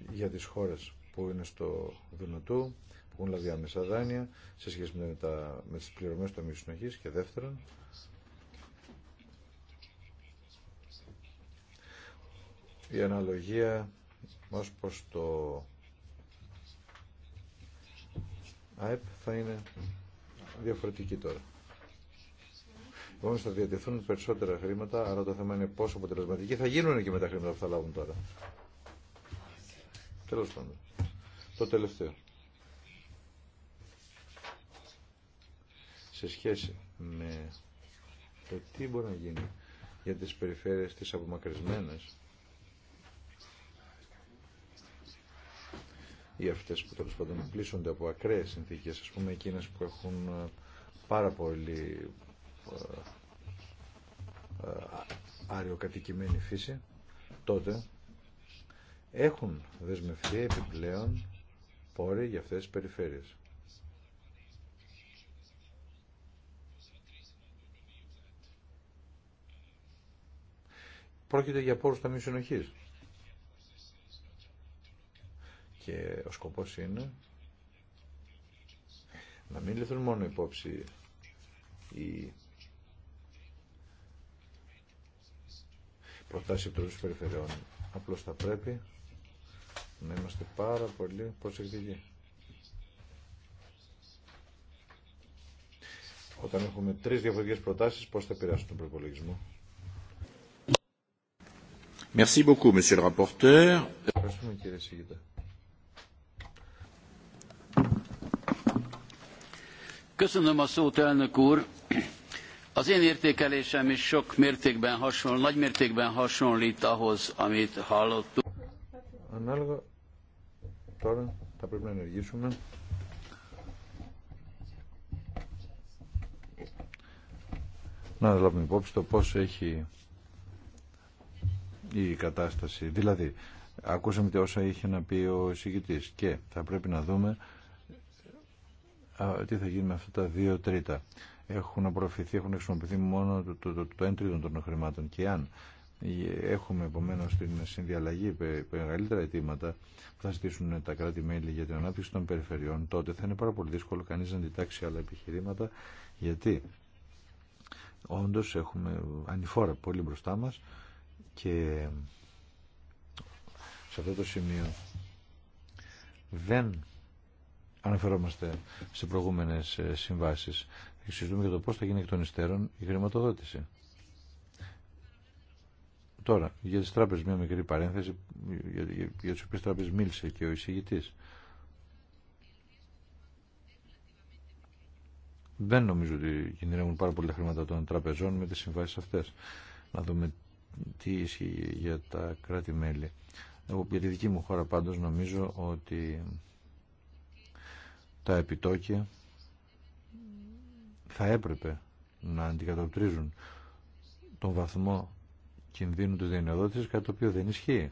[SPEAKER 1] για τις χώρες που είναι στο δυνατού, που έχουν λάβει άμεσα δάνεια σε σχέση με, τα, με τις πληρωμές του συνοχής και δεύτερον η αναλογία ως προς το ΑΕΠ θα είναι διαφορετική τώρα. Όμω λοιπόν, θα διατεθούν περισσότερα χρήματα, αλλά το θέμα είναι πόσο αποτελεσματική θα γίνουν και με τα χρήματα που θα λάβουν τώρα. Τέλος πάντων. Το τελευταίο. Σε σχέση με το τι μπορεί να γίνει για τις περιφέρειες τις απομακρυσμένες ή αυτές που τέλος πάντων πλήσονται από ακραίες συνθήκες, ας πούμε εκείνες που έχουν πάρα πολύ αριοκατοικημένη φύση, τότε έχουν δεσμευτεί επιπλέον πόροι για αυτές τις περιφέρειες. Πρόκειται για πόρους ταμείου συνοχής. Και ο σκοπός είναι να μην λυθούν μόνο υπόψη οι προτάσεις των περιφερειών. Απλώς θα πρέπει να είμαστε πάρα πολύ προσεκτικοί. Όταν έχουμε τρεις διαφορετικές προτάσεις, πώς θα επηρεάσουν τον προπολογισμό. Merci beaucoup, monsieur le rapporteur. Ευχαριστούμε, κύριε Σίγητα. Köszönöm a szót, elnök úr. Az én értékelésem is sok mértékben hasonló, nagy mértékben hasonlít ahhoz, amit hallottunk. Ανάλογα τώρα θα πρέπει να ενεργήσουμε να λάβουμε υπόψη το πώς έχει η κατάσταση. Δηλαδή, ακούσαμε τι όσα είχε να πει ο εισηγητής και θα πρέπει να δούμε τι θα γίνει με αυτά τα δύο τρίτα. Έχουν απορροφηθεί, έχουν χρησιμοποιηθεί μόνο το, το, το 1 τρίτο των χρημάτων και αν Έχουμε επομένω την συνδιαλλαγή μεγαλύτερα αιτήματα που θα ζητήσουν τα κράτη-μέλη για την ανάπτυξη των περιφερειών. Τότε θα είναι πάρα πολύ δύσκολο κανεί να αντιτάξει άλλα επιχειρήματα γιατί όντω έχουμε ανηφόρα πολύ μπροστά μα και σε αυτό το σημείο δεν αναφερόμαστε σε προηγούμενες ε, συμβάσει Συζητούμε για το πώ θα γίνει εκ των υστέρων η χρηματοδότηση. Τώρα, για τις τράπεζες, μια μικρή παρένθεση, για, για, για τις τράπεζες μίλησε και ο εισηγητή. Δεν νομίζω ότι κινδυνεύουν πάρα πολλά χρήματα των τραπεζών με τις συμβάσει αυτές. Να δούμε τι ισχύει για τα κράτη-μέλη. Εγώ για τη δική μου χώρα πάντως νομίζω ότι τα επιτόκια θα έπρεπε να αντικατοπτρίζουν τον βαθμό κινδύνου του δανειοδότησης, κάτι το οποίο δεν ισχύει.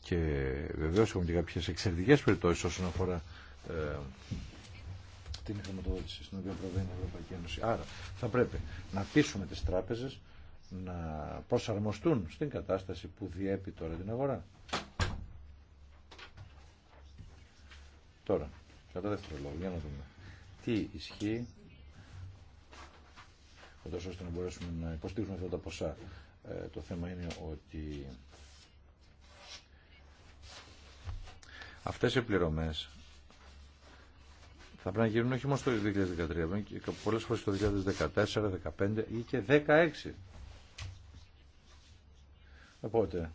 [SPEAKER 1] Και βεβαίως έχουμε και κάποιες εξαιρετικές περιπτώσεις όσον αφορά ε, την χρηματοδότηση στην οποία προβαίνει η Ευρωπαϊκή Ένωση. Άρα θα πρέπει να πείσουμε τις τράπεζες να προσαρμοστούν στην κατάσταση που διέπει τώρα την αγορά. Τώρα, κατά δεύτερο λόγο, για να δούμε τι ισχύει ώστε να μπορέσουμε να υποστήριξουμε αυτά τα ποσά. Ε, το θέμα είναι ότι αυτές οι πληρωμές θα πρέπει να γίνουν όχι μόνο στο 2013, και πολλές φορές το 2014, 2015 ή και 2016. Οπότε,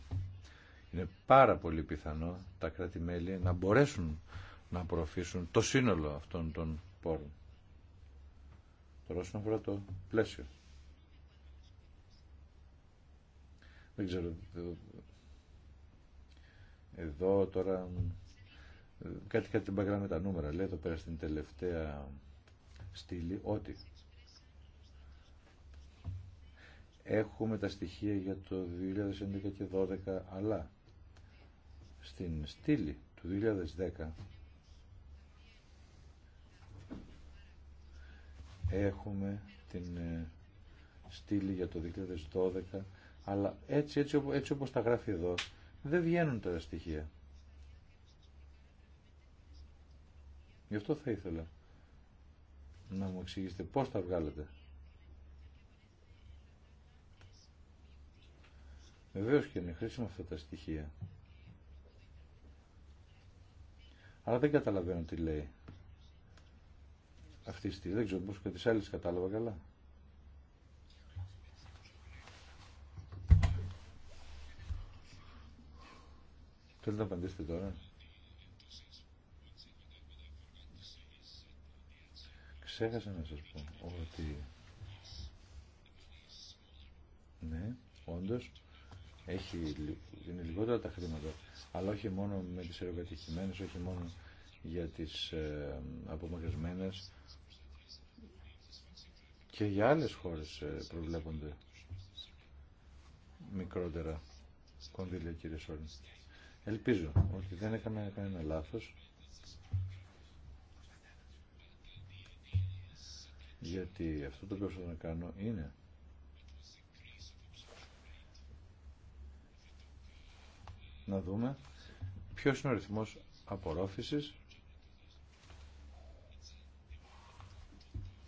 [SPEAKER 1] είναι πάρα πολύ πιθανό τα κράτη-μέλη να μπορέσουν να απορροφήσουν το σύνολο αυτών των πόρων. Τώρα όσον αφορά το πλαίσιο. Δεν ξέρω. Εδώ τώρα κάτι κάτι μπαγκρά με τα νούμερα. Λέει εδώ πέρα στην τελευταία στήλη ότι έχουμε τα στοιχεία για το 2011 και 2012 αλλά στην στήλη του 2010 έχουμε την ε, στήλη για το 2012, αλλά έτσι, έτσι, έτσι όπως τα γράφει εδώ, δεν βγαίνουν τα στοιχεία. Γι' αυτό θα ήθελα να μου εξηγήσετε πώς τα βγάλετε. Βεβαίως και είναι χρήσιμα αυτά τα στοιχεία. Αλλά δεν καταλαβαίνω τι λέει αυτή τη στιγμή δεν ξέρω πώς και τις άλλες κατάλαβα καλά. Θέλω να απαντήσετε τώρα. Ξέχασα να σας πω ότι ναι, όντως έχει, είναι λιγότερα τα χρήματα αλλά όχι μόνο με τις εργατικημένες όχι μόνο για τις ε, απομακρυσμένες και για άλλες χώρες ε, προβλέπονται μικρότερα κονδύλια κύριε Σόρνη. Ελπίζω ότι δεν έκανα κανένα λάθος γιατί αυτό το οποίο θα να κάνω είναι να δούμε ποιος είναι ο ρυθμός απορρόφησης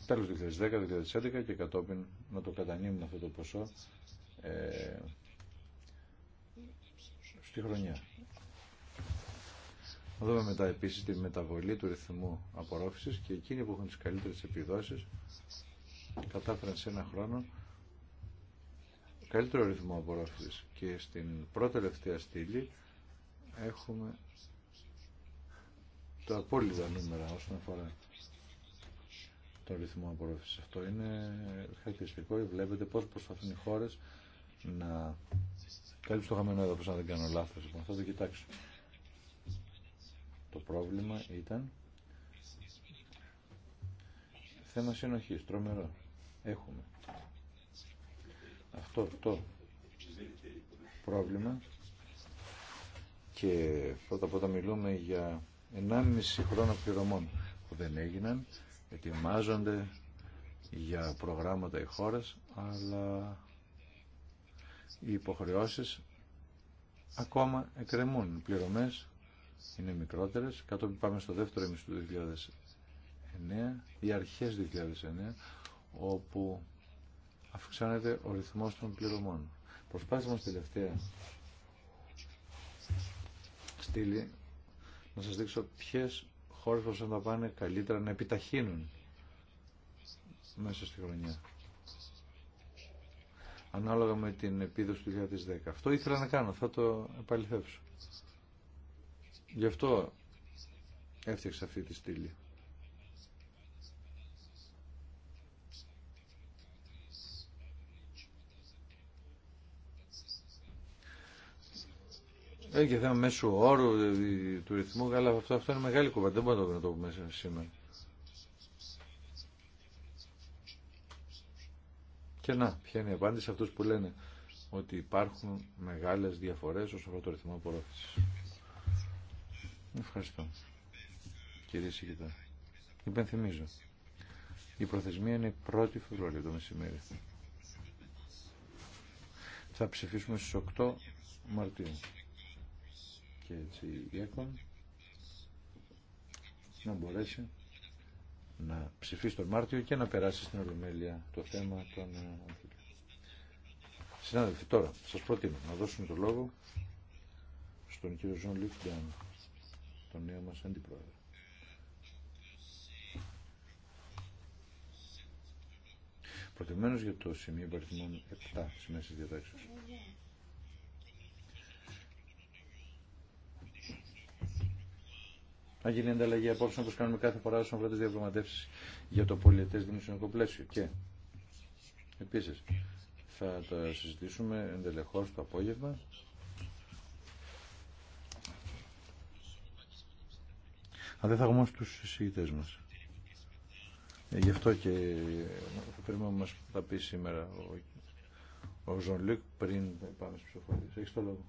[SPEAKER 1] τέλος 2010-2011 και κατόπιν να το κατανείμουν αυτό το ποσό ε, στη χρονιά. Να δούμε μετά επίσης τη μεταβολή του ρυθμού απορρόφησης και εκείνοι που έχουν τις καλύτερες επιδόσεις κατάφεραν σε ένα χρόνο καλύτερο ρυθμό απορρόφησης και στην πρώτη τελευταία στήλη έχουμε τα απόλυτα νούμερα όσον αφορά το ρυθμό απορρόφησης. Αυτό είναι χαρακτηριστικό. Βλέπετε πώς προσπαθούν οι χώρες να καλύψουν το χαμένο έδαφος, αν δεν κάνω λάθος. Λοιπόν, θα το κοιτάξω. Το πρόβλημα ήταν θέμα συνοχής, τρομερό. Έχουμε. Αυτό το πρόβλημα και πρώτα απ' όλα μιλούμε για 1,5 χρόνο πληρωμών που δεν έγιναν ετοιμάζονται για προγράμματα οι χώρες, αλλά οι υποχρεώσεις ακόμα εκκρεμούν. Οι πληρωμές είναι μικρότερες. Κατόπιν πάμε στο δεύτερο εμείς του 2009 ή αρχές 2009, όπου αυξάνεται ο ρυθμός των πληρωμών. Προσπάθησα μας τελευταία στήλη να σας δείξω ποιες χώρε που θα πάνε καλύτερα να επιταχύνουν μέσα στη χρονιά. Ανάλογα με την επίδοση του 2010. Αυτό ήθελα να κάνω, θα το επαληθεύσω. Γι' αυτό έφτιαξα αυτή τη στήλη. Έχει και θέμα μέσου όρου του ρυθμού, αλλά αυτό, αυτό είναι μεγάλη κουβέντα. Δεν μπορούμε να το πούμε σήμερα. Και να, ποια είναι η απάντηση αυτούς που λένε ότι υπάρχουν μεγάλες διαφορές όσον αφορά το ρυθμό απορρόφησης. Ευχαριστώ. Κύριε Σιγητά. Υπενθυμίζω. Η προθεσμία είναι 1η Φεβρουαρίου το μεσημέρι. Θα ψηφίσουμε στις 8 Μαρτίου και έτσι η να μπορέσει να ψηφίσει τον Μάρτιο και να περάσει στην Ολομέλεια το θέμα των ε, Συνάδελφοι, τώρα σας προτείνω να δώσουμε το λόγο στον κύριο Ζων Λίφτιαν, τον νέο μας αντιπρόεδρο. Προτιμμένος για το σημείο υπαριθμών 7 σημαίνει μέσης διατάξεως. Ε, ναι. Αν γίνει ανταλλαγή απόψε όπω κάνουμε κάθε φορά όσον αφορά τι διαπραγματεύσει για το πολιετέ δημοσιονομικό πλαίσιο. Και επίση θα τα συζητήσουμε εντελεχώ το απόγευμα. Αν δεν θα έχουμε του συζητητέ μα. Ε, γι' αυτό και θα πρέπει να μα τα πει σήμερα ο, ο Ζων Λουκ πριν πάμε στι ψηφοφορίε. Έχει το λόγο.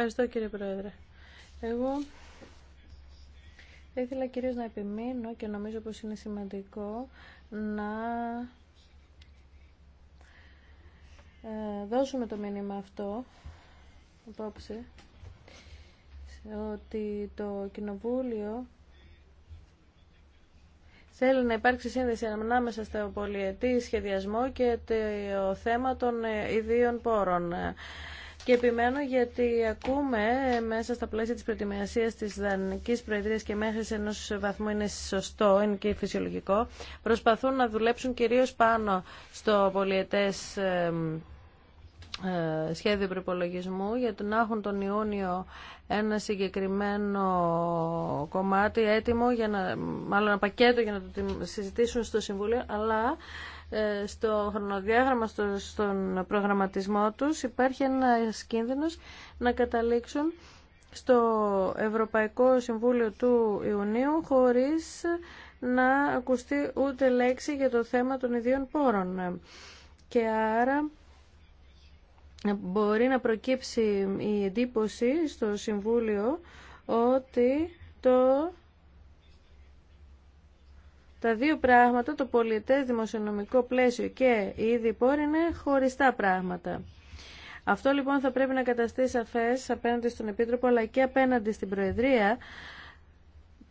[SPEAKER 3] Ευχαριστώ κύριε Πρόεδρε. Εγώ θα ήθελα κυρίως να επιμείνω και νομίζω πως είναι σημαντικό να ε, δώσουμε το μήνυμα αυτό απόψε ότι το Κοινοβούλιο θέλει να υπάρξει σύνδεση ανάμεσα στο πολιετή σχεδιασμό και το θέμα των ε, ιδίων πόρων. Και επιμένω γιατί ακούμε μέσα στα πλαίσια της προετοιμασίας της δανεικής Προεδρίας και μέχρι σε ενός βαθμού είναι σωστό, είναι και φυσιολογικό, προσπαθούν να δουλέψουν κυρίως πάνω στο πολιετές ε, σχέδιο προπολογισμού για να έχουν τον Ιούνιο ένα συγκεκριμένο κομμάτι έτοιμο, για να, μάλλον ένα πακέτο για να το συζητήσουν στο Συμβούλιο, αλλά ε, στο χρονοδιάγραμμα, στον προγραμματισμό τους υπάρχει ένας κίνδυνος να καταλήξουν στο Ευρωπαϊκό Συμβούλιο του Ιουνίου χωρίς να ακουστεί ούτε λέξη για το θέμα των ιδίων πόρων. Και άρα μπορεί να προκύψει η εντύπωση στο Συμβούλιο ότι το τα δύο πράγματα, το πολιτέ δημοσιονομικό πλαίσιο και η ίδια πόρη είναι χωριστά πράγματα. Αυτό λοιπόν θα πρέπει να καταστεί σαφές απέναντι στον Επίτροπο αλλά και απέναντι στην Προεδρία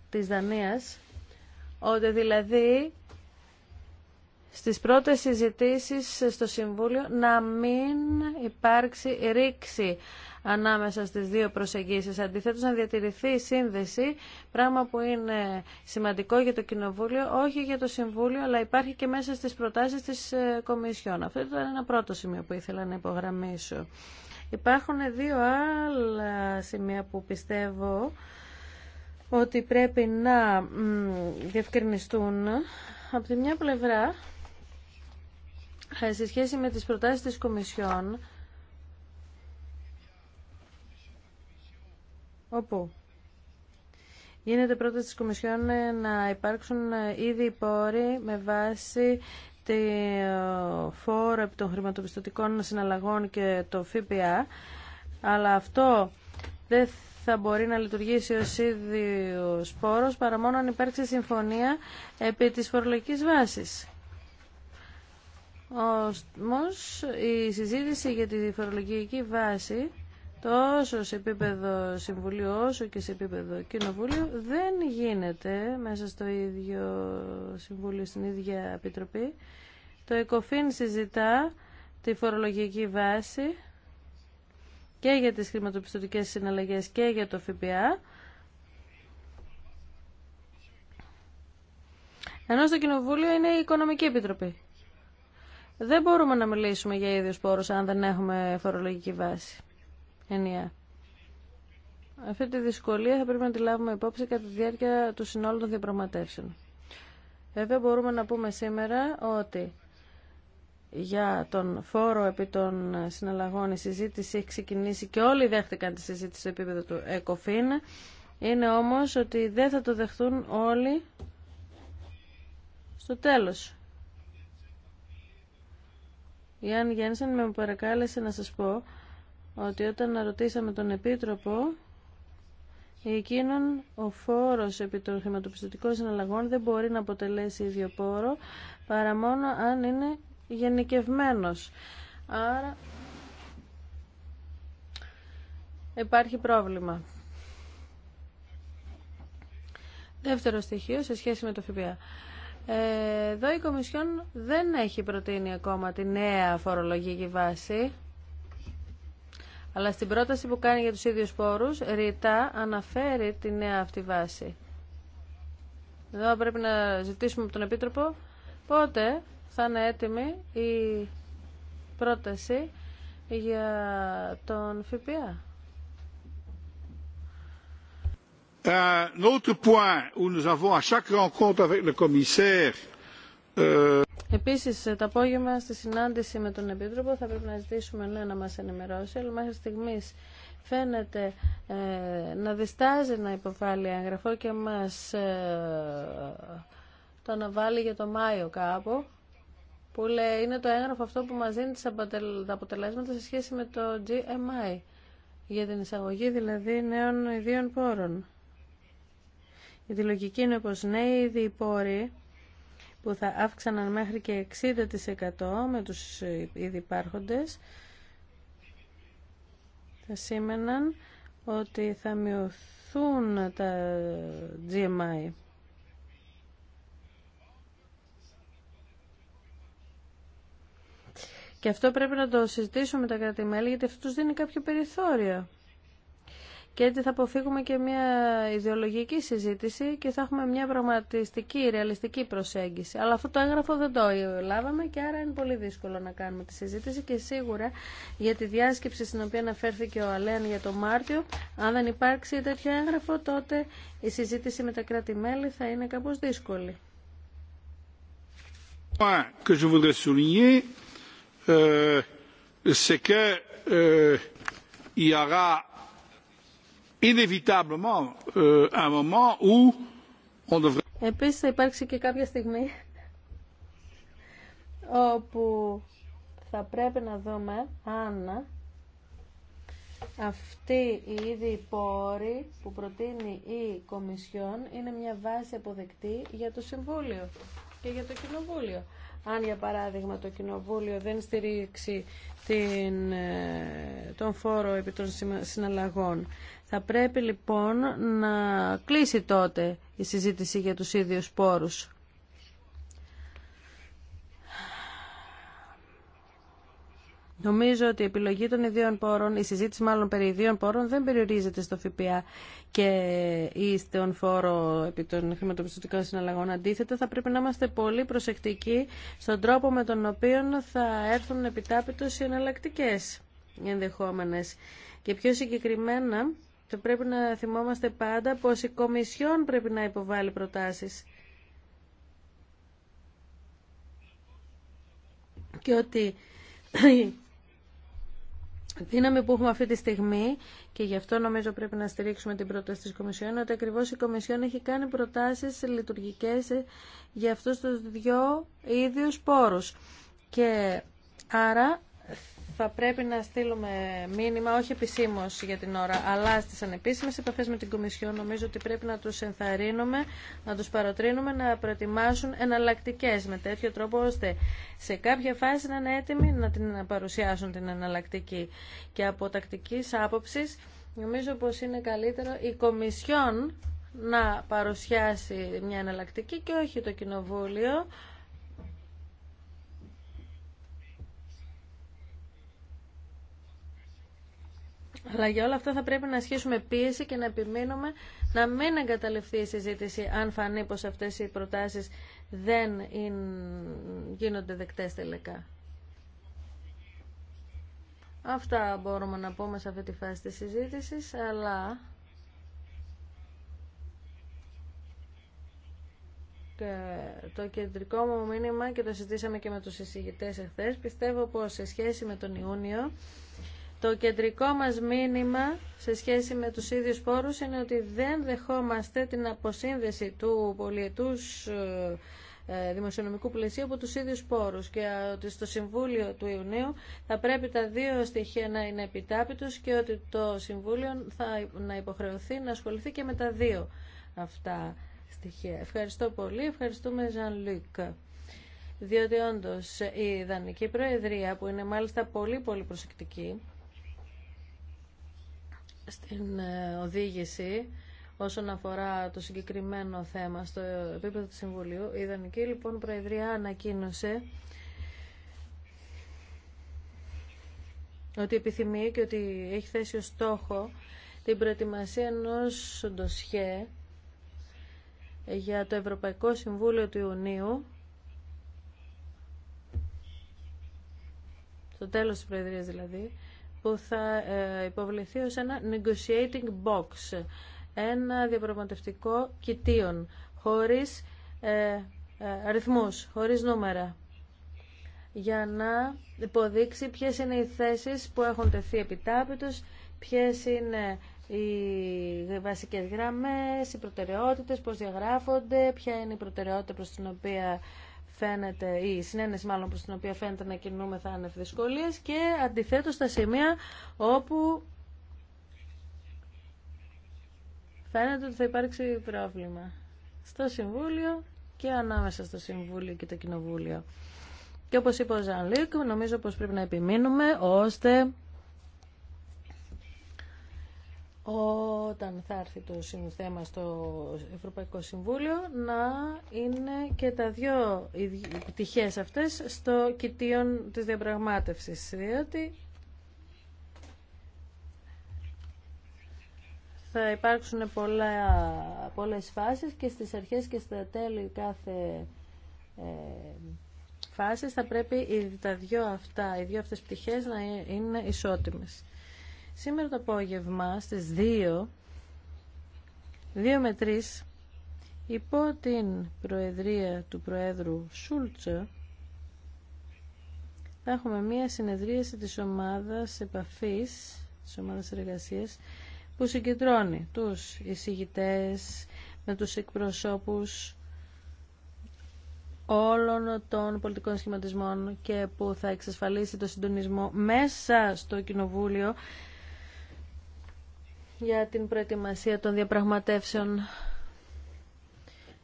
[SPEAKER 3] της Δανίας ότι δηλαδή στις πρώτες συζητήσεις στο Συμβούλιο να μην υπάρξει ρήξη ανάμεσα στις δύο προσεγγίσεις. αντιθέτω να διατηρηθεί η σύνδεση, πράγμα που είναι σημαντικό για το Κοινοβούλιο, όχι για το Συμβούλιο, αλλά υπάρχει και μέσα στις προτάσεις της ε, Κομισιόν. Αυτό ήταν ένα πρώτο σημείο που ήθελα να υπογραμμίσω. Υπάρχουν δύο άλλα σημεία που πιστεύω ότι πρέπει να διευκρινιστούν. Από τη μια πλευρά, ε, σε σχέση με τις προτάσεις της Κομισιόν, όπου γίνεται πρόταση της Κομισιόν να υπάρξουν ήδη πόροι με βάση τη φόρο επί των χρηματοπιστωτικών συναλλαγών και το ΦΠΑ, αλλά αυτό δεν θα μπορεί να λειτουργήσει ως ίδιο πόρος παρά μόνο αν υπάρξει συμφωνία επί της φορολογικής βάσης. Όμως η συζήτηση για τη φορολογική βάση τόσο σε επίπεδο Συμβουλίου όσο και σε επίπεδο Κοινοβούλιο δεν γίνεται μέσα στο ίδιο Συμβούλιο, στην ίδια Επιτροπή. Το ΕΚΟΦΗΝ συζητά τη φορολογική βάση και για τις χρηματοπιστωτικές συναλλαγές και για το ΦΠΑ. Ενώ στο Κοινοβούλιο είναι η Οικονομική Επιτροπή. Δεν μπορούμε να μιλήσουμε για ίδιους πόρους αν δεν έχουμε φορολογική βάση ενιαία. Αυτή τη δυσκολία θα πρέπει να τη λάβουμε υπόψη κατά τη διάρκεια του συνόλου των διαπραγματεύσεων. Βέβαια μπορούμε να πούμε σήμερα ότι για τον φόρο επί των συναλλαγών η συζήτηση έχει ξεκινήσει και όλοι δέχτηκαν τη συζήτηση σε επίπεδο του ΕΚΟΦΗΝ. Είναι όμως ότι δεν θα το δεχθούν όλοι στο τέλος. Η Άννη Γέννησεν με παρακάλεσε να σας πω ότι όταν ρωτήσαμε τον Επίτροπο, εκείνον ο φόρος επί των χρηματοπιστωτικών συναλλαγών δεν μπορεί να αποτελέσει ίδιο πόρο παρά μόνο αν είναι γενικευμένος. Άρα υπάρχει πρόβλημα. Δεύτερο στοιχείο σε σχέση με το ΦΠΑ. Ε, εδώ η Κομισιόν δεν έχει προτείνει ακόμα τη νέα φορολογική βάση αλλά στην πρόταση που κάνει για τους ίδιους πόρους, ρητά αναφέρει τη νέα αυτή βάση. Εδώ πρέπει να ζητήσουμε από τον Επίτροπο πότε θα είναι έτοιμη η πρόταση για τον ΦΠΑ.
[SPEAKER 1] Un autre point où nous avons à chaque rencontre avec le commissaire euh,
[SPEAKER 3] Επίση, το απόγευμα στη συνάντηση με τον Επίτροπο θα πρέπει να ζητήσουμε ναι, να μας ενημερώσει, αλλά μέχρι στιγμής φαίνεται ε, να διστάζει να υποβάλει έγγραφο και μα ε, το αναβάλει για το Μάιο κάπου που λέει είναι το έγγραφο αυτό που μας δίνει τα αποτελέσματα σε σχέση με το GMI για την εισαγωγή δηλαδή νέων ιδίων πόρων. Η λογική είναι πως νέοι οι πόροι που θα αύξαναν μέχρι και 60% με τους ήδη υπάρχοντες θα σήμαιναν ότι θα μειωθούν τα GMI. Και αυτό πρέπει να το συζητήσουμε με τα κράτη-μέλη, γιατί αυτό τους δίνει κάποιο περιθώριο. Και έτσι θα αποφύγουμε και μια ιδεολογική συζήτηση και θα έχουμε μια πραγματιστική, ρεαλιστική προσέγγιση. Αλλά αυτό το έγγραφο δεν το λάβαμε και άρα είναι πολύ δύσκολο να κάνουμε τη συζήτηση και σίγουρα για τη διάσκεψη στην οποία αναφέρθηκε ο Αλέαν για το Μάρτιο, αν δεν υπάρξει τέτοιο έγγραφο τότε η συζήτηση με τα κράτη-μέλη θα είναι κάπω δύσκολη.
[SPEAKER 1] euh, c'est que euh, il y aura inévitablement euh,
[SPEAKER 3] Επίσης θα υπάρξει και κάποια στιγμή όπου θα πρέπει να δούμε αν αυτή η ίδια πόρη που προτείνει η Κομισιόν είναι μια βάση αποδεκτή για το Συμβούλιο και για το Κοινοβούλιο. Αν για παράδειγμα το Κοινοβούλιο δεν στηρίξει ε, τον φόρο επί των συναλλαγών θα πρέπει λοιπόν να κλείσει τότε η συζήτηση για τους ίδιους πόρους. Νομίζω ότι η επιλογή των ιδίων πόρων, η συζήτηση μάλλον περί ιδίων πόρων δεν περιορίζεται στο ΦΠΑ και ή στον φόρο επί των χρηματοπιστωτικών συναλλαγών. Αντίθετα, θα πρέπει να είμαστε πολύ προσεκτικοί στον τρόπο με τον οποίο θα έρθουν επιτάπητος οι εναλλακτικέ ενδεχόμενες. Και πιο συγκεκριμένα, πρέπει να θυμόμαστε πάντα πως η Κομισιόν πρέπει να υποβάλει προτάσεις. Και ότι δύναμη που έχουμε αυτή τη στιγμή και γι' αυτό νομίζω πρέπει να στηρίξουμε την πρόταση της Κομισιόν ότι ακριβώς η Κομισιόν έχει κάνει προτάσεις λειτουργικές για αυτούς τους δυο ίδιους πόρους και άρα θα πρέπει να στείλουμε μήνυμα, όχι επισήμω για την ώρα, αλλά στι ανεπίσημε επαφέ με την Κομισιόν, νομίζω ότι πρέπει να του ενθαρρύνουμε, να του παροτρύνουμε να προετοιμάσουν εναλλακτικέ με τέτοιο τρόπο, ώστε σε κάποια φάση να είναι έτοιμοι να την παρουσιάσουν την εναλλακτική. Και από τακτική άποψη, νομίζω πω είναι καλύτερο η Κομισιόν να παρουσιάσει μια εναλλακτική και όχι το Κοινοβούλιο. Αλλά για όλα αυτά θα πρέπει να ασχίσουμε πίεση και να επιμείνουμε να μην εγκαταλειφθεί η συζήτηση αν φανεί πως αυτές οι προτάσεις δεν γίνονται δεκτές τελικά. Αυτά μπορούμε να πούμε σε αυτή τη φάση της συζήτησης, αλλά... Και το κεντρικό μου μήνυμα και το συζητήσαμε και με τους εισηγητές εχθές, πιστεύω πως σε σχέση με τον Ιούνιο το κεντρικό μας μήνυμα σε σχέση με τους ίδιους πόρους είναι ότι δεν δεχόμαστε την αποσύνδεση του πολιετούς ε, ε, δημοσιονομικού πλαισίου από τους ίδιους πόρους και ότι στο Συμβούλιο του Ιουνίου θα πρέπει τα δύο στοιχεία να είναι επιτάπητος και ότι το Συμβούλιο θα να υποχρεωθεί να ασχοληθεί και με τα δύο αυτά στοιχεία. Ευχαριστώ πολύ. Ευχαριστούμε Ζαν Λουκ. Διότι όντως η Ιδανική Προεδρία που είναι μάλιστα πολύ πολύ προσεκτική στην ε, οδήγηση όσον αφορά το συγκεκριμένο θέμα στο επίπεδο του Συμβουλίου. Η Ιδανική λοιπόν Προεδρία ανακοίνωσε ότι επιθυμεί και ότι έχει θέσει ως στόχο την προετοιμασία ενός ντοσιέ για το Ευρωπαϊκό Συμβούλιο του Ιουνίου στο τέλος της Προεδρίας δηλαδή που θα ε, υποβληθεί ως ένα negotiating box, ένα διαπραγματευτικό κοιτίον, χωρίς ε, ε, αριθμούς, χωρίς νούμερα για να υποδείξει ποιες είναι οι θέσεις που έχουν τεθεί επιτάπητος, ποιες είναι οι βασικές γραμμές, οι προτεραιότητες, πώς διαγράφονται, ποια είναι η προτεραιότητα προς την οποία φαίνεται, η συνένεση μάλλον προς την οποία φαίνεται να κινούμεθα είναι δυσκολίες και αντιθέτως στα σημεία όπου φαίνεται ότι θα υπάρξει πρόβλημα στο Συμβούλιο και ανάμεσα στο Συμβούλιο και το Κοινοβούλιο. Και όπως είπε ο Ζανλίκ, νομίζω πως πρέπει να επιμείνουμε ώστε όταν θα έρθει το θέμα στο Ευρωπαϊκό Συμβούλιο να είναι και τα δύο πτυχές αυτές στο κοιτίον της διαπραγμάτευσης διότι θα υπάρξουν πολλά, πολλές φάσεις και στις αρχές και στα τέλη κάθε ε, φάσης θα πρέπει τα δύο αυτά, οι δύο αυτές πτυχές να είναι ισότιμες. Σήμερα το απόγευμα στις 2, 2 με 3, υπό την Προεδρία του Προέδρου Σούλτσε, θα έχουμε μία συνεδρίαση της ομάδας επαφής, της ομάδας εργασίας, που συγκεντρώνει τους εισηγητές με τους εκπροσώπους όλων των πολιτικών σχηματισμών και που θα εξασφαλίσει το συντονισμό μέσα στο Κοινοβούλιο για την προετοιμασία των διαπραγματεύσεων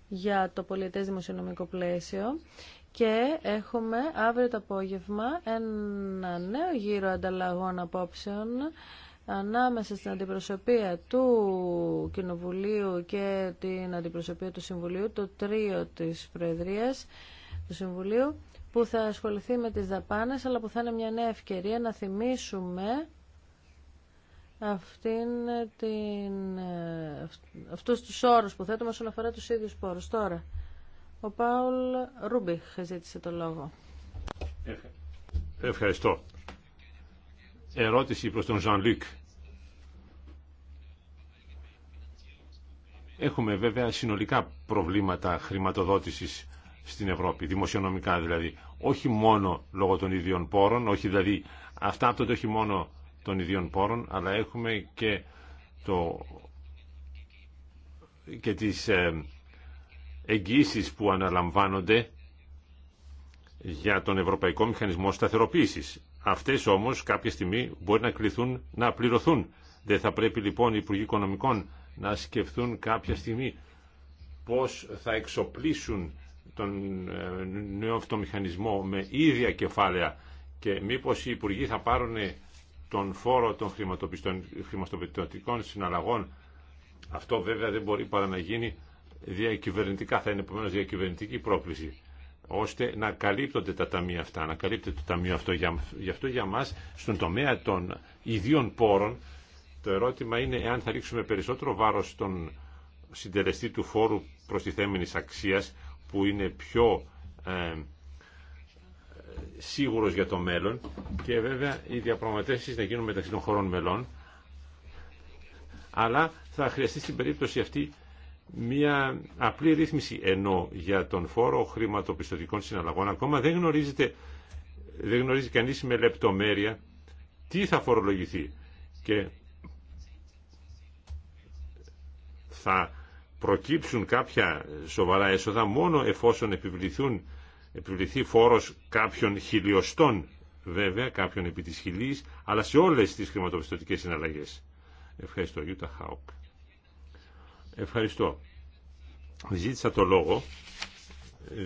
[SPEAKER 3] για το πολιτές δημοσιονομικό πλαίσιο και έχουμε αύριο το απόγευμα ένα νέο γύρο ανταλλαγών απόψεων ανάμεσα στην αντιπροσωπεία του Κοινοβουλίου και την αντιπροσωπεία του Συμβουλίου, το τρίο της Προεδρίας του Συμβουλίου, που θα ασχοληθεί με τις δαπάνες, αλλά που θα είναι μια νέα ευκαιρία να θυμίσουμε αυτήν την, αυτούς τους όρους που θέτουμε όσον αφορά τους ίδιους πόρους. Τώρα, ο Πάουλ Ρούμπιχ ζήτησε το λόγο.
[SPEAKER 2] Ευχαριστώ. Ερώτηση προς τον Ζαν Λούκ. Έχουμε βέβαια συνολικά προβλήματα χρηματοδότησης στην Ευρώπη, δημοσιονομικά δηλαδή. Όχι μόνο λόγω των ίδιων πόρων, όχι δηλαδή αυτά από το όχι μόνο των ιδίων πόρων, αλλά έχουμε και, το, και τις ε, εγγύσεις που αναλαμβάνονται για τον Ευρωπαϊκό Μηχανισμό Σταθεροποίησης. Αυτές όμως κάποια στιγμή μπορεί να κληθούν να πληρωθούν. Δεν θα πρέπει λοιπόν οι Υπουργοί Οικονομικών να σκεφτούν κάποια στιγμή πώς θα εξοπλίσουν τον ε, νέο αυτό μηχανισμό με ίδια κεφάλαια και μήπως οι Υπουργοί θα πάρουν τον φόρο των χρηματοπιστωτικών συναλλαγών. Αυτό βέβαια δεν μπορεί παρά να γίνει διακυβερνητικά, θα είναι επομένω διακυβερνητική πρόκληση, ώστε να καλύπτονται τα ταμεία αυτά, να καλύπτεται το ταμείο αυτό. Γι' αυτό για μας, στον τομέα των ιδίων πόρων, το ερώτημα είναι εάν θα ρίξουμε περισσότερο βάρος στον συντελεστή του φόρου τη προστιθέμενης αξίας, που είναι πιο ε, σίγουρος για το μέλλον και βέβαια οι διαπραγματεύσει να γίνουν μεταξύ των χωρών μελών αλλά θα χρειαστεί στην περίπτωση αυτή μια απλή ρύθμιση ενώ για τον φόρο χρηματοπιστωτικών συναλλαγών ακόμα δεν, γνωρίζεται, δεν γνωρίζει κανείς με λεπτομέρεια τι θα φορολογηθεί και θα προκύψουν κάποια σοβαρά έσοδα μόνο εφόσον επιβληθούν επιβληθεί φόρος κάποιων χιλιοστών βέβαια, κάποιων επί της αλλά σε όλες τις χρηματοπιστωτικές συναλλαγές. Ευχαριστώ, Γιούτα Χάουκ. Ευχαριστώ. Ζήτησα το λόγο,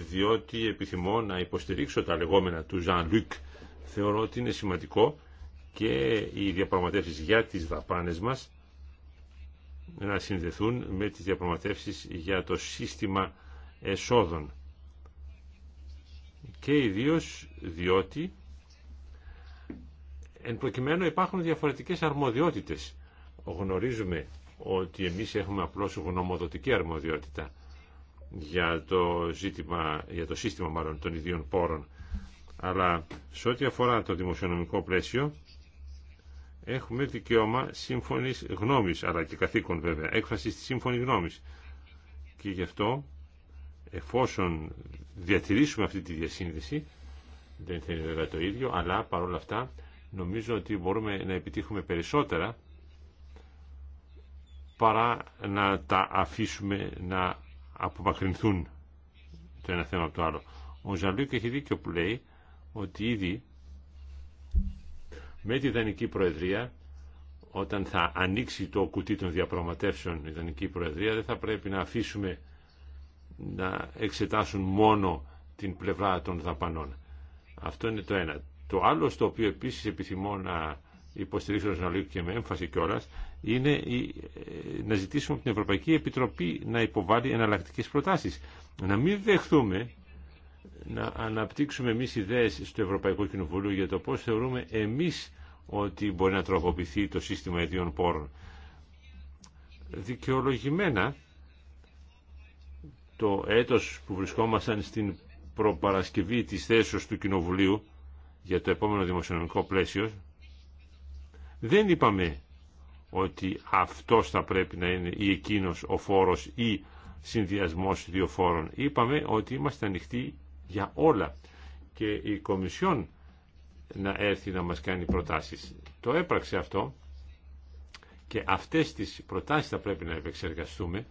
[SPEAKER 2] διότι επιθυμώ να υποστηρίξω τα λεγόμενα του Ζαν Λουκ. Θεωρώ ότι είναι σημαντικό και οι διαπραγματεύσεις για τις δαπάνες μας να συνδεθούν με τις διαπραγματεύσεις για το σύστημα εσόδων και ιδίω διότι εν προκειμένου υπάρχουν διαφορετικές αρμοδιότητες. Γνωρίζουμε ότι εμείς έχουμε απλώς γνωμοδοτική αρμοδιότητα για το, ζήτημα, για το σύστημα μάλλον των ιδίων πόρων. Αλλά σε ό,τι αφορά το δημοσιονομικό πλαίσιο έχουμε δικαίωμα σύμφωνης γνώμης, αλλά και καθήκον βέβαια, έκφραση της σύμφωνη γνώμης. Και γι' αυτό εφόσον διατηρήσουμε αυτή τη διασύνδεση, δεν θα είναι βέβαια το ίδιο, αλλά παρόλα αυτά νομίζω ότι μπορούμε να επιτύχουμε περισσότερα παρά να τα αφήσουμε να απομακρυνθούν το ένα θέμα από το άλλο. Ο Ζαλούκ έχει δίκιο που λέει ότι ήδη με τη Δανική Προεδρία όταν θα ανοίξει το κουτί των διαπραγματεύσεων η Δανική Προεδρία δεν θα πρέπει να αφήσουμε να εξετάσουν μόνο την πλευρά των δαπανών. Αυτό είναι το ένα. Το άλλο στο οποίο επίσης επιθυμώ να υποστηρίξω να λέω και με έμφαση κιόλα, είναι η, ε, να ζητήσουμε από την Ευρωπαϊκή Επιτροπή να υποβάλει εναλλακτικέ προτάσεις. Να μην δεχθούμε να αναπτύξουμε εμείς ιδέες στο Ευρωπαϊκό Κοινοβούλιο για το πώς θεωρούμε εμείς ότι μπορεί να τροποποιηθεί το σύστημα ιδιών πόρων. Δικαιολογημένα το έτος που βρισκόμασταν στην προπαρασκευή της θέσεως του Κοινοβουλίου για το επόμενο δημοσιονομικό πλαίσιο, δεν είπαμε ότι αυτό θα πρέπει να είναι ή εκείνος ο φόρος ή συνδυασμός δύο φόρων. Είπαμε ότι είμαστε ανοιχτοί για όλα και η Κομισιόν να έρθει να μας κάνει προτάσεις. Το έπραξε αυτό και αυτές τις προτάσεις θα πρέπει να επεξεργαστούμε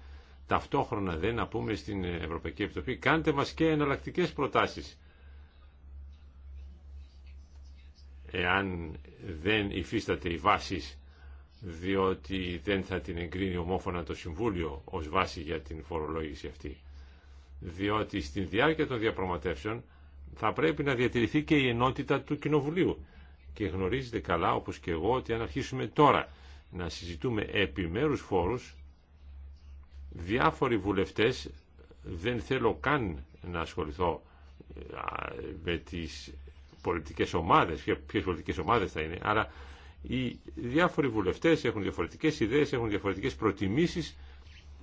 [SPEAKER 2] Ταυτόχρονα δεν να πούμε στην Ευρωπαϊκή Επιτροπή κάντε μας και εναλλακτικέ προτάσεις. Εάν δεν υφίσταται οι βάσεις διότι δεν θα την εγκρίνει ομόφωνα το Συμβούλιο ως βάση για την φορολόγηση αυτή. Διότι στη διάρκεια των διαπραγματεύσεων θα πρέπει να διατηρηθεί και η ενότητα του Κοινοβουλίου. Και γνωρίζετε καλά, όπως και εγώ, ότι αν αρχίσουμε τώρα να συζητούμε επιμέρους φόρους, Διάφοροι βουλευτές δεν θέλω καν να ασχοληθώ ε, με τις πολιτικές ομάδες, ποιες πολιτικές ομάδες θα είναι, αλλά οι διάφοροι βουλευτές έχουν διαφορετικές ιδέες, έχουν διαφορετικές προτιμήσεις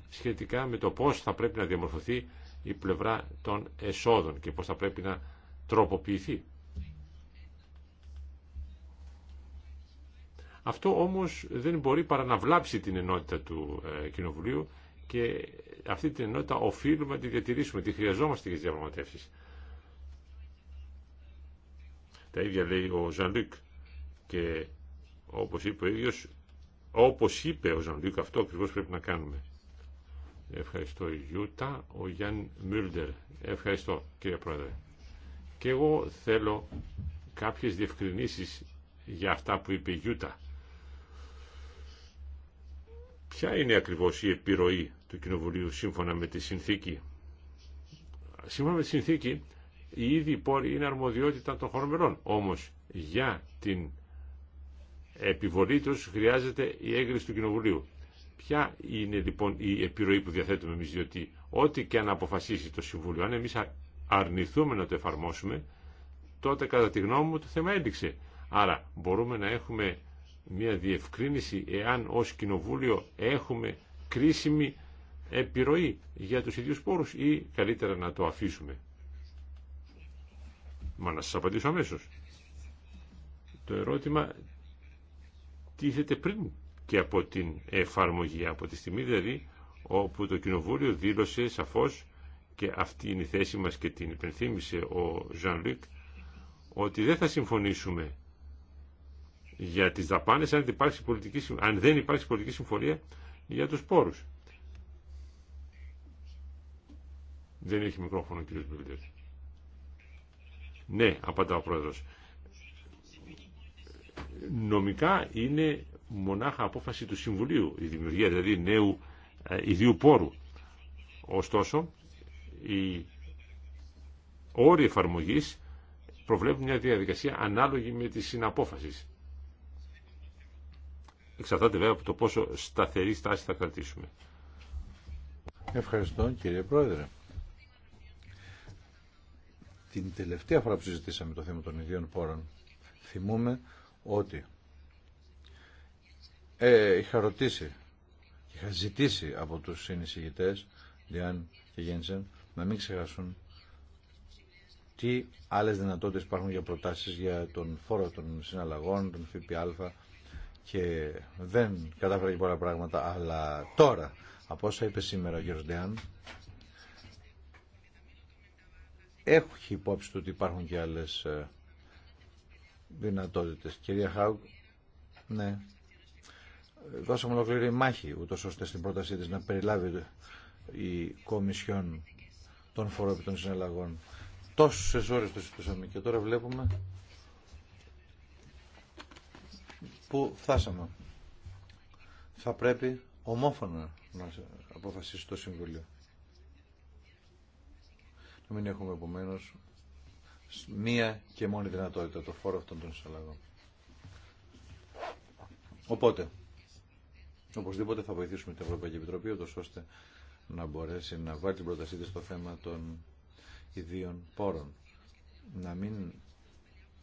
[SPEAKER 2] σχετικά με το πώς θα πρέπει να διαμορφωθεί η πλευρά των εσόδων και πώς θα πρέπει να τροποποιηθεί. Αυτό όμως δεν μπορεί παρά να βλάψει την ενότητα του ε, Κοινοβουλίου και αυτή την ενότητα οφείλουμε να τη διατηρήσουμε, τη χρειαζόμαστε για τις διαπραγματεύσεις. Τα ίδια λέει ο Ζανλίκ και όπως είπε ο ίδιος, όπως είπε ο Ζανλίκ, αυτό ακριβώς πρέπει να κάνουμε. Ευχαριστώ Ιούτα, ο Γιάνν Μούλτερ. Ευχαριστώ κύριε Πρόεδρε. Και εγώ θέλω κάποιες διευκρινήσεις για αυτά που είπε η Γιούτα. Ποια είναι ακριβώς η επιρροή του Κοινοβουλίου σύμφωνα με τη συνθήκη. Σύμφωνα με τη συνθήκη, οι ίδιοι πόροι είναι αρμοδιότητα των χωρομερών. Όμως για την επιβολή τους χρειάζεται η έγκριση του Κοινοβουλίου. Ποια είναι λοιπόν η επιρροή που διαθέτουμε εμείς, διότι ό,τι και αν αποφασίσει το Συμβούλιο, αν εμείς αρνηθούμε να το εφαρμόσουμε, τότε κατά τη γνώμη μου το θέμα έδειξε. Άρα μπορούμε να έχουμε μια διευκρίνηση εάν ως κοινοβούλιο έχουμε κρίσιμη επιρροή για τους ίδιους πόρους ή καλύτερα να το αφήσουμε. Μα να σας απαντήσω αμέσω. Το ερώτημα τίθεται πριν και από την εφαρμογή, από τη στιγμή δηλαδή όπου το Κοινοβούλιο δήλωσε σαφώς και αυτή είναι η θέση μας και την υπενθύμησε ο Ζαν ότι δεν θα συμφωνήσουμε για τις δαπάνες αν, υπάρχει πολιτική, αν δεν υπάρχει πολιτική συμφωνία για τους πόρους. Δεν έχει μικρόφωνο ο κ. Ναι, απαντά ο Πρόεδρος. Νομικά είναι μονάχα απόφαση του Συμβουλίου η δημιουργία δηλαδή νέου ε, ιδίου πόρου. Ωστόσο, οι όροι εφαρμογής προβλέπουν μια διαδικασία ανάλογη με τη συναπόφασης. Εξαρτάται βέβαια από το πόσο σταθερή στάση θα κρατήσουμε.
[SPEAKER 1] Ευχαριστώ κύριε Πρόεδρε. Την τελευταία φορά που συζητήσαμε το θέμα των ιδίων πόρων θυμούμε ότι ε, είχα ρωτήσει είχα ζητήσει από τους συνεισηγητές Διάν και Γένσεν να μην ξεχάσουν τι άλλες δυνατότητες υπάρχουν για προτάσεις για τον φόρο των συναλλαγών, τον ΦΠΑ, και δεν κατάφερα και πολλά πράγματα, αλλά τώρα, από όσα είπε σήμερα ο κ. Ντεάν, έχει υπόψη του ότι υπάρχουν και άλλες ε, δυνατότητες. Κυρία Χάουγκ, ναι, δώσαμε ολοκληρή μάχη, ούτως ώστε στην πρότασή της να περιλάβει η Κομισιόν των φοροπιτών Συναλλαγών. Τόσες ώρες το συζητούσαμε και τώρα βλέπουμε που φτάσαμε. Θα πρέπει ομόφωνα να αποφασίσει το Συμβουλίο. Να μην έχουμε επομένω μία και μόνη δυνατότητα το φόρο αυτών των εισαλλαγών. Οπότε, οπωσδήποτε θα βοηθήσουμε την Ευρωπαϊκή Επιτροπή, ώστε να μπορέσει να βάλει την πρότασή της στο θέμα των ιδίων πόρων. Να μην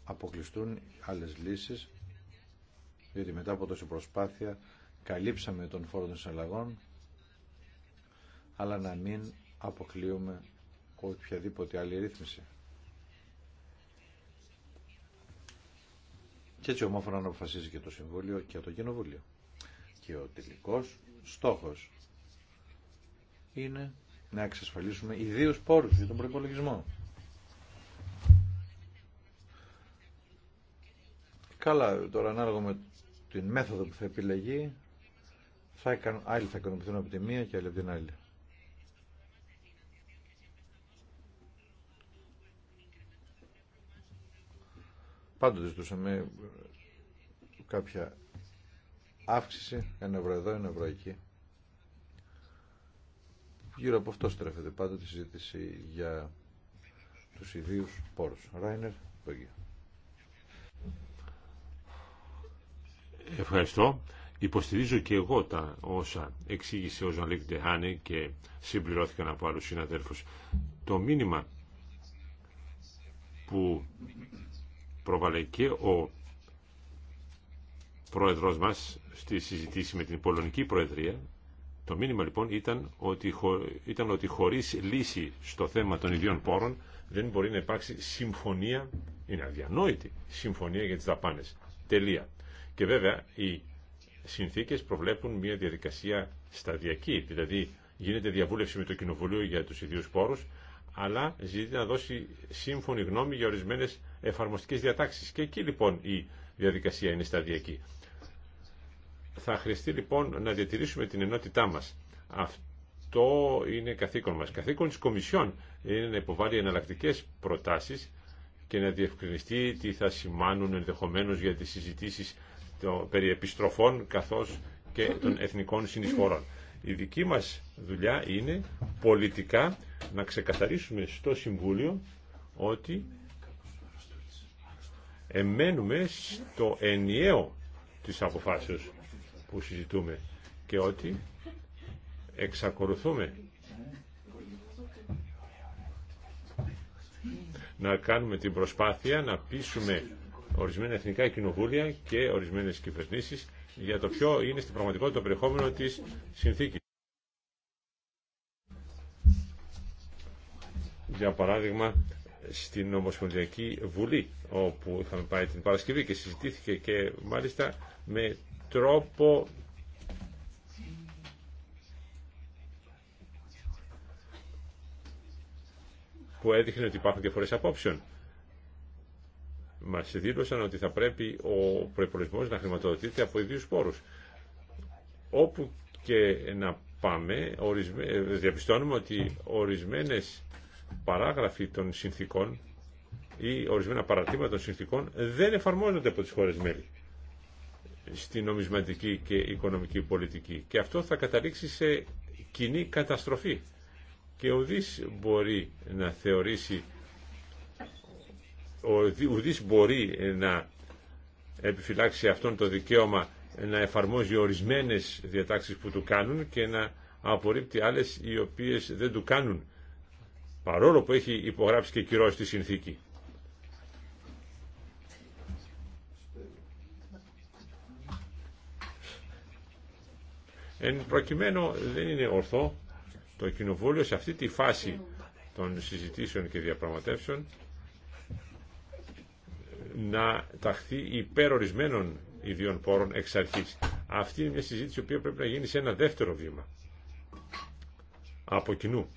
[SPEAKER 1] αποκλειστούν άλλες λύσεις διότι μετά από τόση προσπάθεια καλύψαμε τον φόρο των συναλλαγών αλλά να μην αποκλείουμε οποιαδήποτε άλλη ρύθμιση. Και έτσι ομόφωνα να αποφασίζει και το Συμβούλιο και το Κοινοβούλιο. Και ο τελικός στόχος είναι να εξασφαλίσουμε ιδίους πόρους για τον προϋπολογισμό. Καλά, τώρα ανάλογα με την μέθοδο που θα επιλεγεί θα εκαν, άλλοι θα ικανοποιηθούν από τη μία και άλλοι από την άλλη. Πάντοτε ζητούσαμε κάποια αύξηση, ένα ευρώ εδώ, ένα ευρώ εκεί. Γύρω από αυτό στρέφεται πάντοτε η συζήτηση για τους ιδίους πόρους. Ράινερ,
[SPEAKER 2] Ευχαριστώ. Υποστηρίζω και εγώ τα όσα εξήγησε ο Ζανλίκ Ντεχάνη και συμπληρώθηκαν από άλλους συναδέλφους. Το μήνυμα που προβάλλει και ο πρόεδρος μας στη συζητήση με την Πολωνική Προεδρία, το μήνυμα λοιπόν ήταν ότι, ήταν ότι χωρίς λύση στο θέμα των ιδιών πόρων δεν μπορεί να υπάρξει συμφωνία, είναι αδιανόητη συμφωνία για τις δαπάνες. Τελεία. Και βέβαια οι συνθήκες προβλέπουν μια διαδικασία σταδιακή, δηλαδή γίνεται διαβούλευση με το Κοινοβουλίο για τους ιδίους πόρους, αλλά ζητεί να δώσει σύμφωνη γνώμη για ορισμένες εφαρμοστικές διατάξεις. Και εκεί λοιπόν η διαδικασία είναι σταδιακή. Θα χρειαστεί λοιπόν να διατηρήσουμε την ενότητά μας. Αυτό είναι καθήκον μας. Καθήκον της Κομισιόν είναι να υποβάλει εναλλακτικέ προτάσεις και να διευκρινιστεί τι θα σημάνουν ενδεχομένως για τις συζητήσεις το, περί επιστροφών καθώς και των εθνικών συνεισφορών. Η δική μας δουλειά είναι πολιτικά να ξεκαθαρίσουμε στο Συμβούλιο ότι εμένουμε στο ενιαίο της αποφάσεως που συζητούμε και ότι εξακολουθούμε να κάνουμε την προσπάθεια να πείσουμε ορισμένα εθνικά κοινοβούλια και ορισμένες κυβερνήσεις για το ποιο είναι στην πραγματικότητα το περιεχόμενο της συνθήκης. Για παράδειγμα, στην Ομοσπονδιακή Βουλή, όπου είχαμε πάει την Παρασκευή και συζητήθηκε και μάλιστα με τρόπο που έδειχνε ότι υπάρχουν διαφορές απόψεων. Μα δήλωσαν ότι θα πρέπει ο προπολογισμό να χρηματοδοτείται από ίδιου πόρου. Όπου και να πάμε, ορισμέ... διαπιστώνουμε ότι ορισμένες παράγραφοι των συνθήκων ή ορισμένα παρατήματα των συνθήκων δεν εφαρμόζονται από τι χώρες μέλη στη νομισματική και οικονομική πολιτική. Και αυτό θα καταλήξει σε κοινή καταστροφή. Και ουδής μπορεί να θεωρήσει ο ουδής μπορεί να επιφυλάξει αυτόν το δικαίωμα να εφαρμόζει ορισμένες διατάξεις που του κάνουν και να απορρίπτει άλλες οι οποίες δεν του κάνουν παρόλο που έχει υπογράψει και κυρώσει τη συνθήκη. Εν προκειμένου δεν είναι ορθό το Κοινοβούλιο σε αυτή τη φάση των συζητήσεων και διαπραγματεύσεων να ταχθεί υπερορισμένων ορισμένων ιδιών πόρων εξ αρχής. Αυτή είναι μια συζήτηση που πρέπει να γίνει σε ένα δεύτερο βήμα. Από κοινού.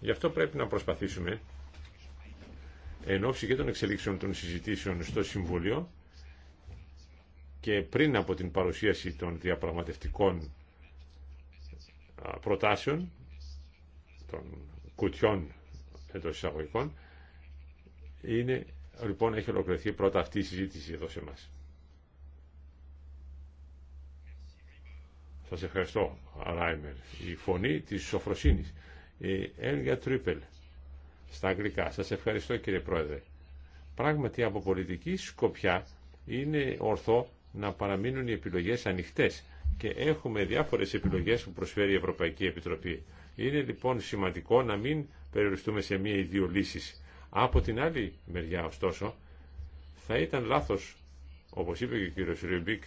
[SPEAKER 2] Γι' αυτό πρέπει να προσπαθήσουμε εν ώψη και των εξελίξεων των συζητήσεων στο Συμβούλιο και πριν από την παρουσίαση των διαπραγματευτικών προτάσεων των κουτιών εντό εισαγωγικών. Είναι, λοιπόν, έχει ολοκληρωθεί πρώτα αυτή η συζήτηση εδώ σε εμά. Σας ευχαριστώ, Ράιμερ. Η φωνή της σοφροσύνης. Η Έλγια Τρίπελ. Στα αγγλικά. Σας ευχαριστώ, κύριε Πρόεδρε. Πράγματι, από πολιτική σκοπιά είναι ορθό να παραμείνουν οι επιλογές ανοιχτές και έχουμε διάφορες επιλογές που προσφέρει η Ευρωπαϊκή Επιτροπή. Είναι λοιπόν σημαντικό να μην περιοριστούμε σε μία ή δύο λύσεις. Από την άλλη μεριά, ωστόσο, θα ήταν λάθος, όπως είπε και ο κύριος Ρουμπίκ,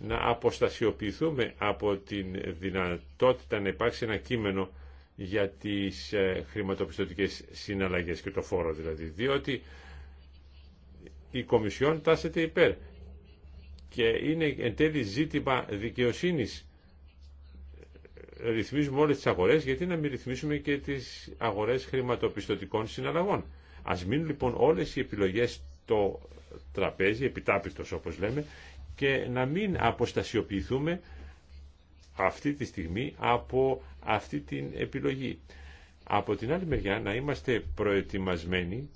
[SPEAKER 2] να αποστασιοποιηθούμε από την δυνατότητα να υπάρξει ένα κείμενο για τις ε, χρηματοπιστωτικές συναλλαγές και το φόρο δηλαδή, διότι η Κομισιόν τάσεται υπέρ και είναι εν τέλει ζήτημα δικαιοσύνης ρυθμίζουμε όλες τις αγορές, γιατί να μην ρυθμίσουμε και τις αγορές χρηματοπιστωτικών συναλλαγών. Ας μείνουν λοιπόν όλες οι επιλογές στο τραπέζι, επιτάπητος όπως λέμε, και να μην αποστασιοποιηθούμε αυτή τη στιγμή από αυτή την επιλογή. Από την άλλη μεριά να είμαστε προετοιμασμένοι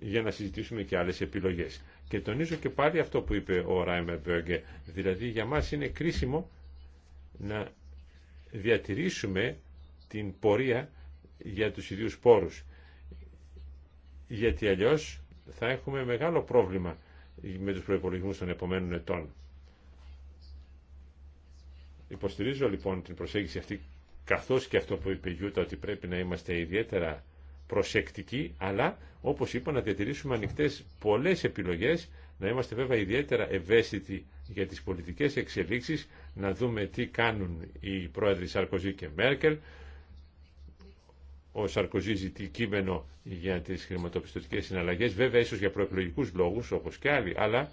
[SPEAKER 2] για να συζητήσουμε και άλλες επιλογές. Και τονίζω και πάλι αυτό που είπε ο Ράιμερ Μπέργκε, δηλαδή για μας είναι κρίσιμο να διατηρήσουμε την πορεία για τους ιδίους πόρους. Γιατί αλλιώς θα έχουμε μεγάλο πρόβλημα με τους προϋπολογισμούς των επομένων ετών. Υποστηρίζω λοιπόν την προσέγγιση αυτή καθώς και αυτό που είπε η Γιούτα ότι πρέπει να είμαστε ιδιαίτερα αλλά όπως είπα να διατηρήσουμε ανοιχτές πολλές επιλογές, να είμαστε βέβαια ιδιαίτερα ευαίσθητοι για τις πολιτικές εξελίξεις, να δούμε τι κάνουν οι πρόεδροι Σαρκοζή και Μέρκελ. Ο Σαρκοζή ζητεί κείμενο για τις χρηματοπιστωτικές συναλλαγές, βέβαια ίσως για προεκλογικού λόγους όπως και άλλοι, αλλά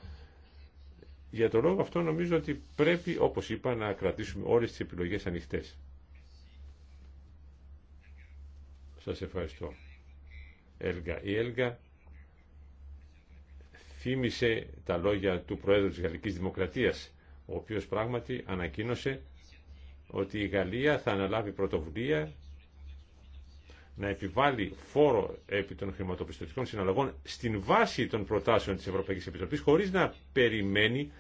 [SPEAKER 2] για τον λόγο αυτό νομίζω ότι πρέπει, όπως είπα, να κρατήσουμε όλες τις επιλογές ανοιχτές. Σας ευχαριστώ. Έλγα. Η Έλγα θύμισε τα λόγια του Προέδρου της Γαλλικής Δημοκρατίας, ο οποίος πράγματι ανακοίνωσε ότι η Γαλλία θα αναλάβει πρωτοβουλία να επιβάλλει φόρο επί των χρηματοπιστωτικών συναλλαγών στην βάση των προτάσεων της Ευρωπαϊκής Επιτροπής, χωρίς να περιμένει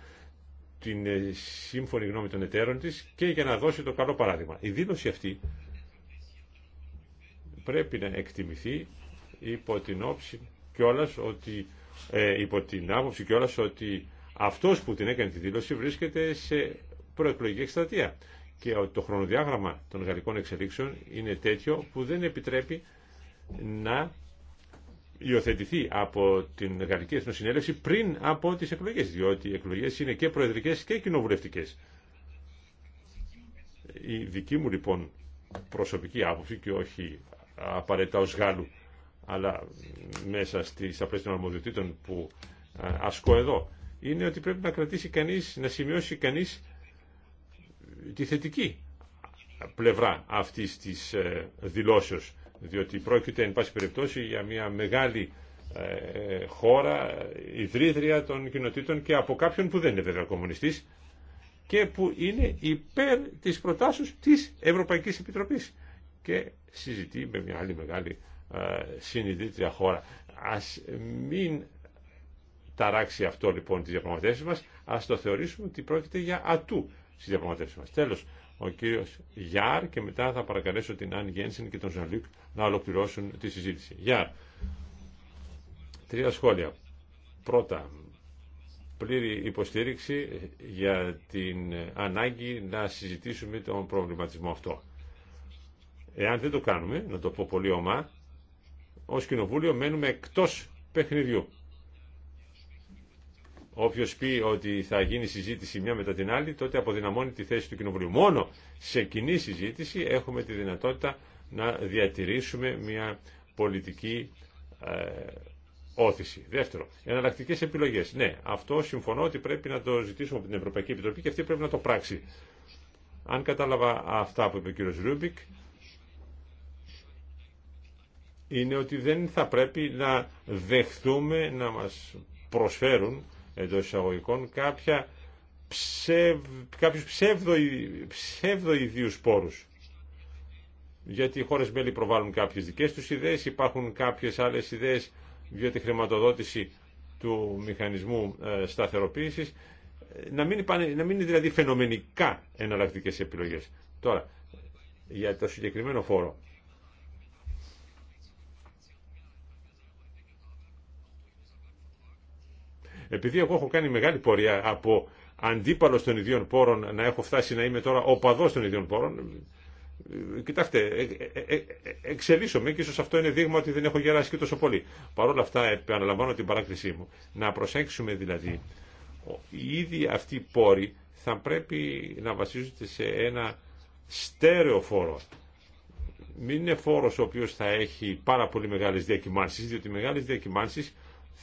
[SPEAKER 2] την ε, σύμφωνη γνώμη των εταίρων της και για να δώσει το καλό παράδειγμα. Η δήλωση αυτή πρέπει να εκτιμηθεί υπό την κιόλας ότι, ε, υπό άποψη κιόλας ότι αυτός που την έκανε τη δήλωση βρίσκεται σε προεκλογική εκστρατεία και το χρονοδιάγραμμα των γαλλικών εξελίξεων είναι τέτοιο που δεν επιτρέπει να υιοθετηθεί από την Γαλλική Εθνοσυνέλευση πριν από τις εκλογές, διότι οι εκλογές είναι και προεδρικές και κοινοβουλευτικές. Η δική μου λοιπόν προσωπική άποψη και όχι απαραίτητα ως Γάλλου αλλά μέσα στι στα των αρμοδιοτήτων που ε, ασκώ εδώ, είναι ότι πρέπει να κρατήσει κανείς, να σημειώσει κανείς ε, τη θετική πλευρά αυτή της ε, δηλώσεω, διότι πρόκειται, εν πάση περιπτώσει, για μια μεγάλη χώρα, ιδρύτρια των κοινοτήτων και από κάποιον που δεν είναι βέβαια κομμουνιστής και που είναι υπέρ της προτάσεως της Ευρωπαϊκής Επιτροπής και συζητεί με μια άλλη μεγάλη ε, συνειδητήρια χώρα. Ας μην ταράξει αυτό λοιπόν τις διαπραγματεύσεις μας, ας το θεωρήσουμε ότι πρόκειται για ατού στις διαπραγματεύσεις μας. Τέλος, ο κύριος Γιάρ και μετά θα παρακαλέσω την Αν Γένσεν και τον Ζανλίκ να ολοκληρώσουν τη συζήτηση. Γιάρ, τρία σχόλια. Πρώτα, πλήρη υποστήριξη για την ανάγκη να συζητήσουμε τον προβληματισμό αυτό. Εάν δεν το κάνουμε, να το πω πολύ ομά, ως κοινοβούλιο μένουμε εκτός παιχνιδιού. Όποιο πει ότι θα γίνει συζήτηση μια μετά την άλλη, τότε αποδυναμώνει τη θέση του Κοινοβουλίου. Μόνο σε κοινή συζήτηση έχουμε τη δυνατότητα να διατηρήσουμε μια πολιτική ε, όθηση. Δεύτερο, εναλλακτικέ επιλογέ. Ναι, αυτό συμφωνώ ότι πρέπει να το ζητήσουμε από την Ευρωπαϊκή Επιτροπή και αυτή πρέπει να το πράξει. Αν κατάλαβα αυτά που είπε ο κ. Ρούμπικ, είναι ότι δεν θα πρέπει να δεχθούμε να μας προσφέρουν εντό εισαγωγικών κάποια ψευ, κάποιους ψεύδο, ψεύδοειδίους πόρους. Γιατί οι χώρες μέλη προβάλλουν κάποιες δικές τους ιδέες, υπάρχουν κάποιες άλλες ιδέες για τη χρηματοδότηση του μηχανισμού ε, σταθεροποίησης, να μην, να μην είναι δηλαδή φαινομενικά εναλλακτικές επιλογές. Τώρα, για το συγκεκριμένο φόρο, Επειδή εγώ έχω κάνει μεγάλη πορεία από αντίπαλο των ιδίων πόρων να έχω φτάσει να είμαι τώρα οπαδό των ιδίων πόρων, κοιτάξτε, ε, ε, ε, ε εξελίσσομαι και ίσω αυτό είναι δείγμα ότι δεν έχω γεράσει και τόσο πολύ. Παρ' όλα αυτά, επαναλαμβάνω την παράκτησή μου. Να προσέξουμε δηλαδή, ήδη αυτοί οι πόροι θα πρέπει να βασίζονται σε ένα στέρεο φόρο. Μην είναι φόρος ο οποίος θα έχει πάρα πολύ μεγάλες διακυμάνσεις, διότι μεγάλε μεγάλες διακυμάνσεις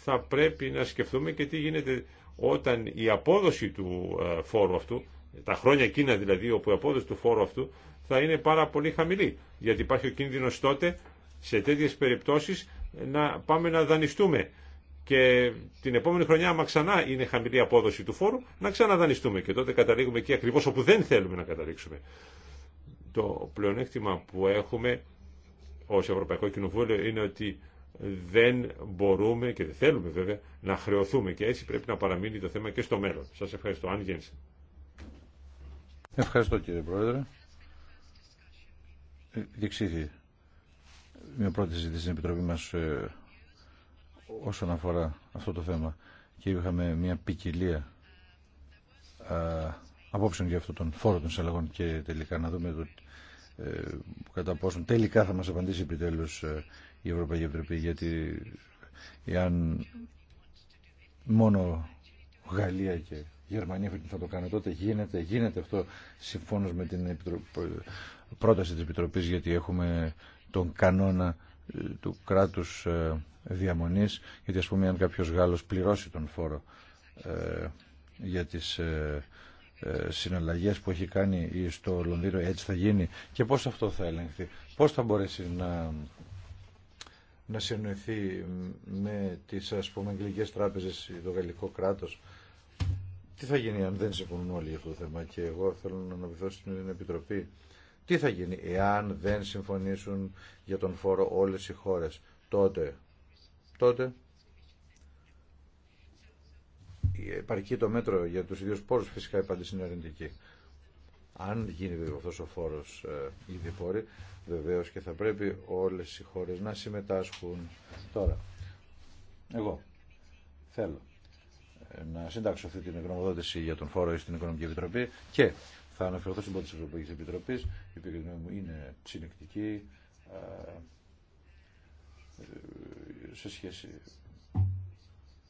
[SPEAKER 2] θα πρέπει να σκεφτούμε και τι γίνεται όταν η απόδοση του ε, φόρου αυτού, τα χρόνια εκείνα δηλαδή όπου η απόδοση του φόρου αυτού θα είναι πάρα πολύ χαμηλή. Γιατί υπάρχει ο κίνδυνος τότε σε τέτοιες περιπτώσεις να πάμε να δανειστούμε και την επόμενη χρονιά, άμα ξανά είναι χαμηλή απόδοση του φόρου, να ξαναδανειστούμε. Και τότε καταλήγουμε εκεί ακριβώς όπου δεν θέλουμε να καταλήξουμε. Το πλεονέκτημα που έχουμε ως Ευρωπαϊκό Κοινοβούλιο είναι ότι δεν μπορούμε και δεν θέλουμε βέβαια να χρεωθούμε και έτσι πρέπει να παραμείνει το θέμα και στο μέλλον. Σας ευχαριστώ. Αν γέννησε.
[SPEAKER 1] Ευχαριστώ κύριε Πρόεδρε. Ε, Διεξήθη μια πρώτη ζήτηση στην Επιτροπή μας ε, όσον αφορά αυτό το θέμα και είχαμε μια ποικιλία απόψεων για αυτόν τον φόρο των συλλαγών και τελικά να δούμε το, ε, κατά πόσον τελικά θα μας απαντήσει επιτέλους ε, η Ευρωπαϊκή Επιτροπή γιατί εάν μόνο Γαλλία και Γερμανία θα το κάνουν τότε γίνεται, γίνεται αυτό συμφώνως με την πρόταση της Επιτροπής γιατί έχουμε τον κανόνα ε, του κράτους ε, διαμονής γιατί ας πούμε αν κάποιος Γάλλος πληρώσει τον φόρο ε, για τις ε, συναλλαγές που έχει κάνει στο Λονδίνο έτσι θα γίνει και πώς αυτό θα ελεγχθεί πώς θα μπορέσει να να συνοηθεί με τις ας πούμε αγγλικές τράπεζες ή το γαλλικό κράτος. Τι θα γίνει αν δεν συμφωνούν όλοι για αυτό το θέμα και εγώ θέλω να αναβηθώ στην Επιτροπή. Τι θα γίνει εάν δεν συμφωνήσουν για τον φόρο όλες οι χώρες. Τότε, τότε επαρκεί το μέτρο για τους ίδιους πόρους φυσικά η απάντηση είναι αρνητική. Αν γίνει βέβαια αυτός ο φόρος ε, ήδη πόρη, βεβαίως και θα πρέπει όλες οι χώρες να συμμετάσχουν. Τώρα, εγώ θέλω ε, να συντάξω αυτή την εγγνωμοδότηση για τον φόρο στην Οικονομική Επιτροπή και θα αναφερθώ στην πόλη της Ευρωπαϊκή Επιτροπής Η επικοινωνία μου είναι συνεκτική ε, σε σχέση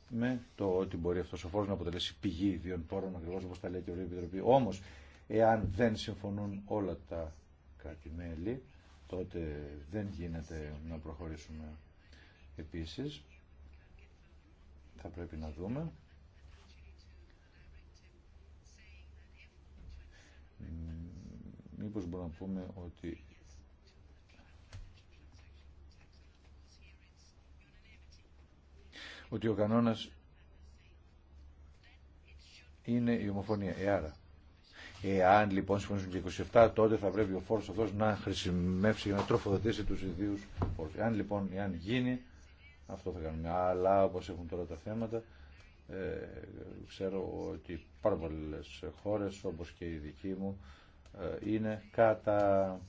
[SPEAKER 1] με το ότι μπορεί αυτός ο φόρο να αποτελέσει πηγή ιδιών πόρων, ακριβώ όπω τα λέει και η Επιτροπή. όμως Εάν δεν συμφωνούν όλα τα κράτη-μέλη, τότε δεν γίνεται να προχωρήσουμε επίσης. Θα πρέπει να δούμε. Μήπως μπορούμε να πούμε ότι ότι ο κανόνας είναι η ομοφωνία. Ε, άρα, Εάν λοιπόν συμφωνήσουν και 27, τότε θα πρέπει ο φόρο αυτό να χρησιμεύσει για να τροφοδοτήσει του ιδίου φόρου. Εάν λοιπόν εάν γίνει, αυτό θα κάνουμε. Αλλά όπω έχουν τώρα τα θέματα, ε, ξέρω ότι πάρα πολλέ χώρε, όπω και η δική μου, ε, είναι κατά.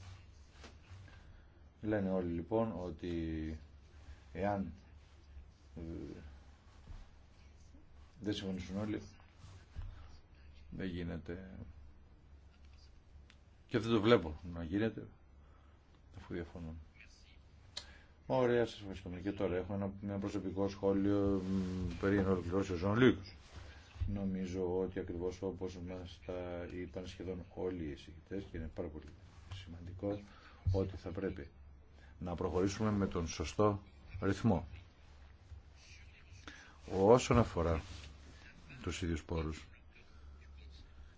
[SPEAKER 1] Λένε όλοι λοιπόν ότι εάν ε, δεν συμφωνήσουν όλοι, δεν γίνεται και αυτό το βλέπω να γίνεται, αφού διαφωνούν. Ωραία, σας ευχαριστούμε. Και τώρα έχω ένα, προσωπικό σχόλιο περί ολοκληρώσεως ο Λίκος. Νομίζω ότι ακριβώς όπως μας τα είπαν σχεδόν όλοι οι συγκριτές και είναι πάρα πολύ σημαντικό ότι θα πρέπει να προχωρήσουμε με τον σωστό ρυθμό. Όσον αφορά τους ίδιους πόρους,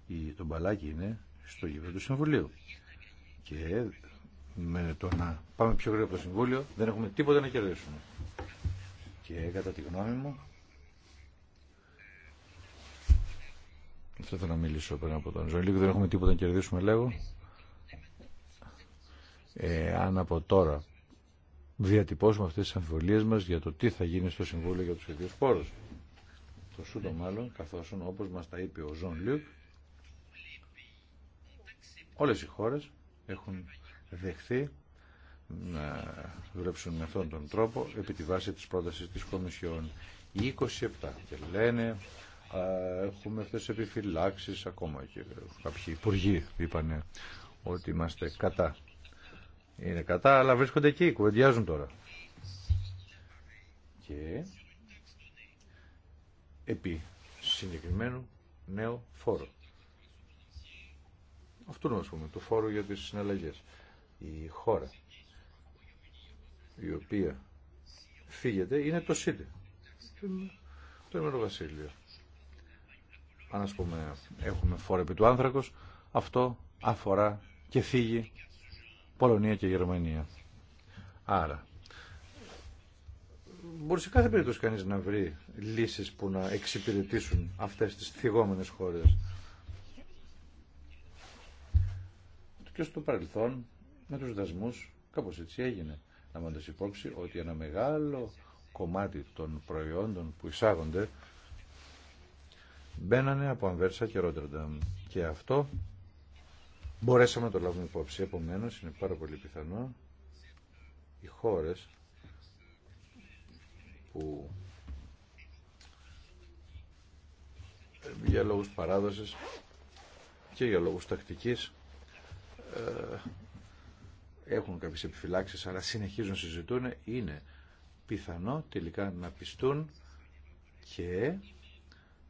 [SPEAKER 1] η, το μπαλάκι είναι στο γήπεδο του Συμβουλίου. Και με το να πάμε πιο γρήγορα από το Συμβούλιο δεν έχουμε τίποτα να κερδίσουμε. Και κατά τη γνώμη μου θα να μιλήσω πριν από τον Ζωλίκο. Δεν έχουμε τίποτα να κερδίσουμε, λέγω. Ε, αν από τώρα διατυπώσουμε αυτές τις αμφιβολίες μας για το τι θα γίνει στο Συμβούλιο για τους ίδιους πόρους. Το σούτο μάλλον, καθώς όπως μας τα είπε ο Ζων Λιουκ, Όλες οι χώρες έχουν δεχθεί να δουλέψουν με αυτόν τον τρόπο επί τη βάση της πρότασης της Κομισιόν. 27 και λένε α, έχουμε αυτές τις επιφυλάξεις ακόμα και κάποιοι υπουργοί είπανε ότι είμαστε κατά. Είναι κατά αλλά βρίσκονται εκεί, κουβεντιάζουν τώρα. Και επί συγκεκριμένου νέο φόρο αυτού να πούμε, του φόρου για τις συναλλαγές. Η χώρα η οποία φύγεται είναι το ΣΥΤΕ, το Ηνωμένο Βασίλειο. Αν ας πούμε έχουμε φόρο επί του άνθρακος, αυτό αφορά και φύγει Πολωνία και Γερμανία. Άρα, μπορεί σε κάθε περίπτωση κανείς να βρει λύσεις που να εξυπηρετήσουν αυτές τις θυγόμενες χώρες. και στο παρελθόν με τους δασμούς κάπως έτσι έγινε. Να μάθω υπόψη ότι ένα μεγάλο κομμάτι των προϊόντων που εισάγονται μπαίνανε από Αμβέρσα και Ρότερνταμ. Και αυτό μπορέσαμε να το λάβουμε υπόψη. Επομένως είναι πάρα πολύ πιθανό οι χώρες που για λόγους παράδοσης και για λόγους τακτικής ε, έχουν κάποιες επιφυλάξεις αλλά συνεχίζουν να συζητούν είναι πιθανό τελικά να πιστούν και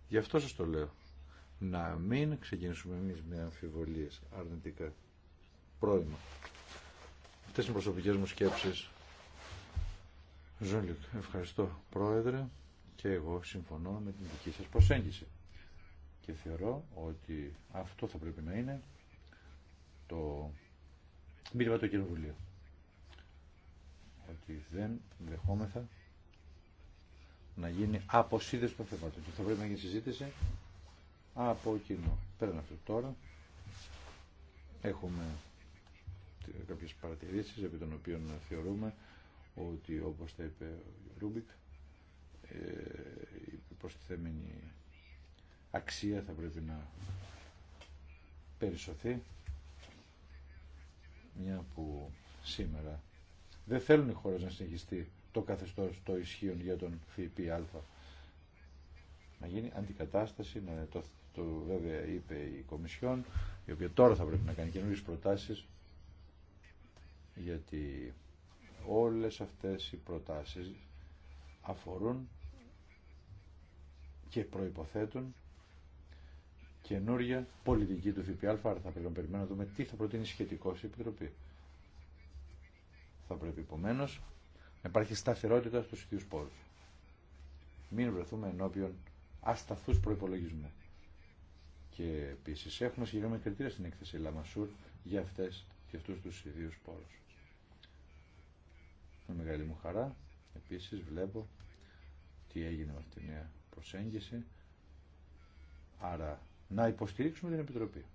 [SPEAKER 1] γι' αυτό σας το λέω να μην ξεκινήσουμε εμείς με αμφιβολίες αρνητικά πρόημα αυτές είναι οι προσωπικές μου σκέψεις Ζόλικ, ευχαριστώ πρόεδρε και εγώ συμφωνώ με την δική σας προσέγγιση και θεωρώ ότι αυτό θα πρέπει να είναι το μήνυμα του Κοινοβουλίου. Ότι δεν δεχόμεθα να γίνει αποσύνδεση των θεμάτων. θα πρέπει να γίνει συζήτηση από κοινό. Πέραν αυτό τώρα έχουμε κάποιες παρατηρήσεις επί των οποίων θεωρούμε ότι όπως τα είπε ο Ρούμπικ ε, η προστιθέμενη αξία θα πρέπει να περισσοθεί μια που σήμερα δεν θέλουν οι χώρε να συνεχιστεί το καθεστώς το ισχύον για τον ΦΠΑ. Να γίνει αντικατάσταση, να το, το βέβαια είπε η Κομισιόν, η οποία τώρα θα πρέπει να κάνει καινούριες προτάσεις, γιατί όλες αυτές οι προτάσεις αφορούν και προϋποθέτουν καινούρια πολιτική του ΦΠΑ. Θα πρέπει να περιμένουμε να δούμε τι θα προτείνει σχετικό η Επιτροπή. Θα πρέπει επομένω να υπάρχει σταθερότητα στου ίδιου πόρου. Μην βρεθούμε ενώπιον ασταθού προπολογισμού. Και επίση έχουμε συγκεκριμένα κριτήρια στην έκθεση Λαμασούρ για αυτέ και αυτού του ιδίου πόρου. Με μεγάλη μου χαρά επίση βλέπω τι έγινε με αυτή τη νέα προσέγγιση. Άρα να υποστηρίξουμε την Επιτροπή.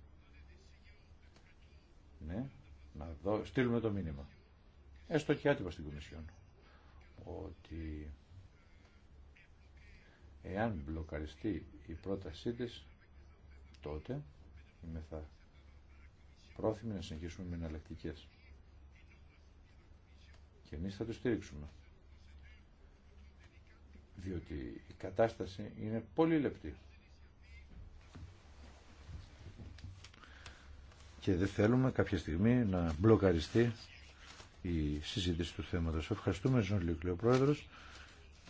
[SPEAKER 1] Ναι, να δω, στείλουμε το μήνυμα. Έστω και άτυπα στην Κομισιόν. Ότι εάν μπλοκαριστεί η πρότασή της, τότε είμαι θα πρόθυμοι να συνεχίσουμε με εναλλακτικέ. Και εμείς θα το στηρίξουμε. Διότι η κατάσταση είναι πολύ λεπτή. και δεν θέλουμε κάποια στιγμή να μπλοκαριστεί η συζήτηση του θέματος. Ευχαριστούμε, Ζωνλίκλη, ο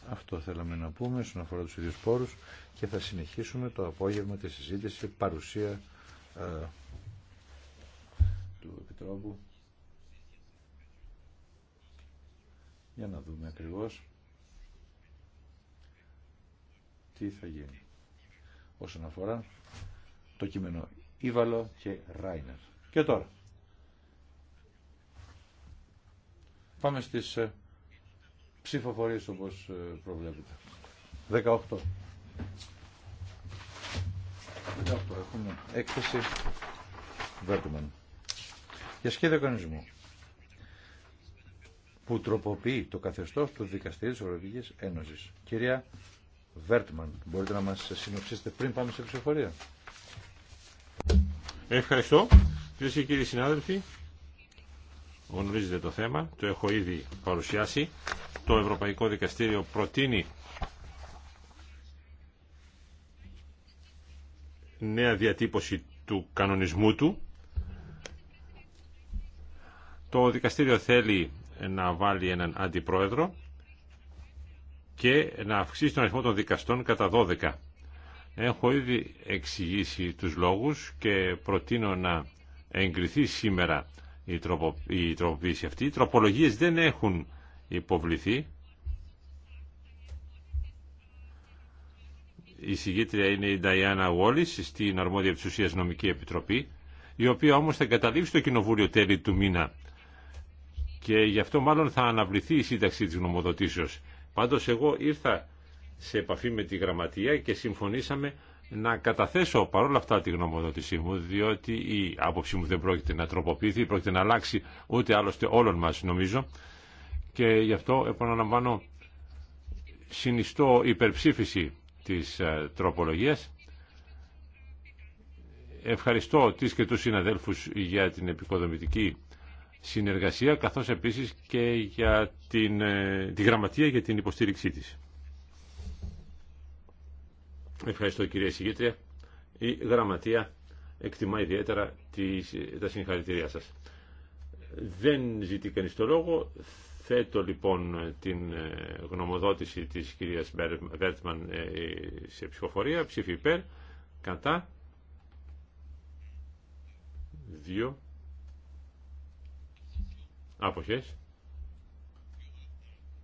[SPEAKER 1] Αυτό θέλαμε να πούμε στον αφορά τους ίδιους πόρους και θα συνεχίσουμε το απόγευμα τη συζήτηση παρουσία ε, του Επιτρόπου για να δούμε ακριβώς τι θα γίνει όσον αφορά το κείμενο Ήβαλο και Ράινερ. Και τώρα. Πάμε στις ε, ψηφοφορίες όπως ε, προβλέπετε. 18. 18 έχουμε έκθεση Βέρτμαν. Για σχέδιο κανονισμού που τροποποιεί το καθεστώς του Δικαστήριου της Ευρωπαϊκής Ένωσης. Κυρία Βέρτμαν, μπορείτε να μας συνοψίσετε πριν πάμε σε ψηφοφορία. Ευχαριστώ. Κυρίε και κύριοι συνάδελφοι,
[SPEAKER 2] γνωρίζετε το θέμα, το έχω ήδη παρουσιάσει. Το Ευρωπαϊκό Δικαστήριο προτείνει νέα διατύπωση του κανονισμού του. Το δικαστήριο θέλει να βάλει έναν αντιπρόεδρο και να αυξήσει τον αριθμό των δικαστών κατά 12. Έχω ήδη εξηγήσει τους λόγους και προτείνω να εγκριθεί σήμερα η, η τροποποίηση αυτή. Οι τροπολογίες δεν έχουν υποβληθεί. Η συγγήτρια είναι η Νταϊάννα Γόλης στην αρμόδια της νομική επιτροπή η οποία όμως θα εγκαταλείψει το κοινοβούλιο τέλη του μήνα και γι' αυτό μάλλον θα αναβληθεί η σύνταξη της γνωμοδοτήσεως. Πάντως εγώ ήρθα σε επαφή με τη Γραμματεία και συμφωνήσαμε να καταθέσω παρόλα αυτά τη γνωμοδότησή μου, διότι η άποψή μου δεν πρόκειται να τροποποιηθεί, πρόκειται να αλλάξει ούτε άλλωστε όλων μας νομίζω. Και γι' αυτό επαναλαμβάνω συνιστώ υπερψήφιση της ε, τροπολογίας. Ευχαριστώ τις και τους συναδέλφους για την επικοδομητική συνεργασία, καθώς επίσης και για την, ε, τη γραμματεία για την υποστήριξή της. Ευχαριστώ κυρία Συγγήτρια. Η γραμματεία εκτιμά ιδιαίτερα τις, τα συγχαρητήριά σας. Δεν ζητεί κανείς το λόγο. Θέτω λοιπόν την ε, γνωμοδότηση της κυρίας Βέρτμαν ε, σε ψηφοφορία. Ψήφι υπέρ, κατά, δύο, άποχες,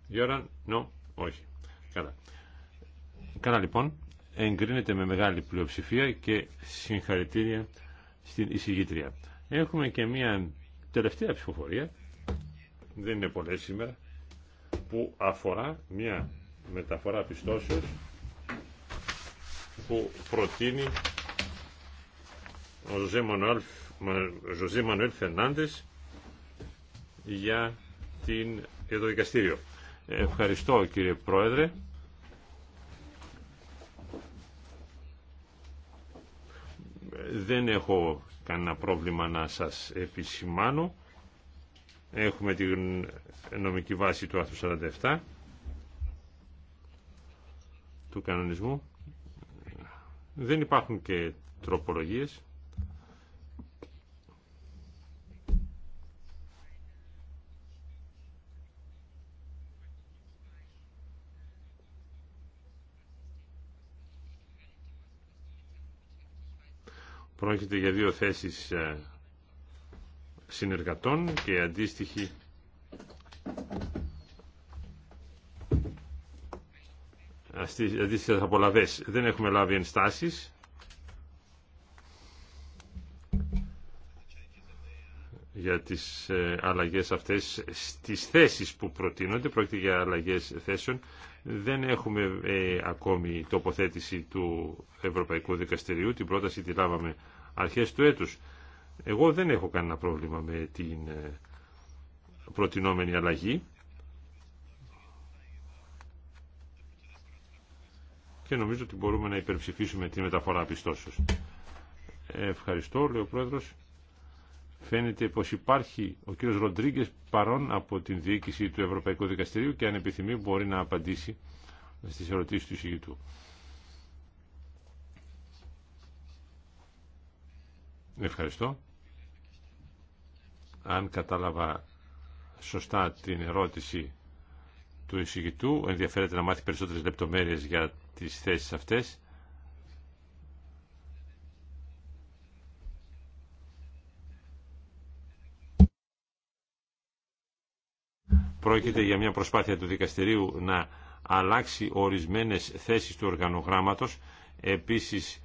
[SPEAKER 2] Γιώραν, νο, όχι. Καλά. Καλά λοιπόν εγκρίνεται με μεγάλη πλειοψηφία και συγχαρητήρια στην εισηγήτρια. Έχουμε και μια τελευταία ψηφοφορία, δεν είναι πολλές σήμερα, που αφορά μια μεταφορά πιστώσεως που προτείνει ο Ζωζέ Μανουέλ, Φερνάντες για την, για το δικαστήριο. Ευχαριστώ κύριε Πρόεδρε. δεν έχω κανένα πρόβλημα να σας επισημάνω. Έχουμε την νομική βάση του άρθρου 47 του κανονισμού. Δεν υπάρχουν και τροπολογίες. Πρόκειται για δύο θέσεις ε, συνεργατών και αντίστοιχη αντίστοιχες απολαβές. Δεν έχουμε λάβει ενστάσεις. για τις ε, αλλαγές αυτές στις θέσεις που προτείνονται, πρόκειται για αλλαγές θέσεων δεν έχουμε ε, ακόμη τοποθέτηση του Ευρωπαϊκού Δικαστηριού. Την πρόταση τη λάβαμε αρχές του έτους. Εγώ δεν έχω κανένα πρόβλημα με την ε, προτινόμενη αλλαγή. Και νομίζω ότι μπορούμε να υπερψηφίσουμε τη μεταφορά πιστώσεως. Ε, ευχαριστώ, λέει ο Πρόεδρος. Φαίνεται πως υπάρχει ο κύριος Ροντρίγκες παρόν από την διοίκηση του Ευρωπαϊκού Δικαστηρίου και αν επιθυμεί μπορεί να απαντήσει στις ερωτήσεις του εισηγητού. Ευχαριστώ. Αν κατάλαβα σωστά την ερώτηση του εισηγητού, ενδιαφέρεται να μάθει περισσότερες λεπτομέρειες για τις θέσεις αυτές. Πρόκειται για μια προσπάθεια του δικαστηρίου να αλλάξει ορισμένες θέσεις του οργανογράμματος. Επίσης,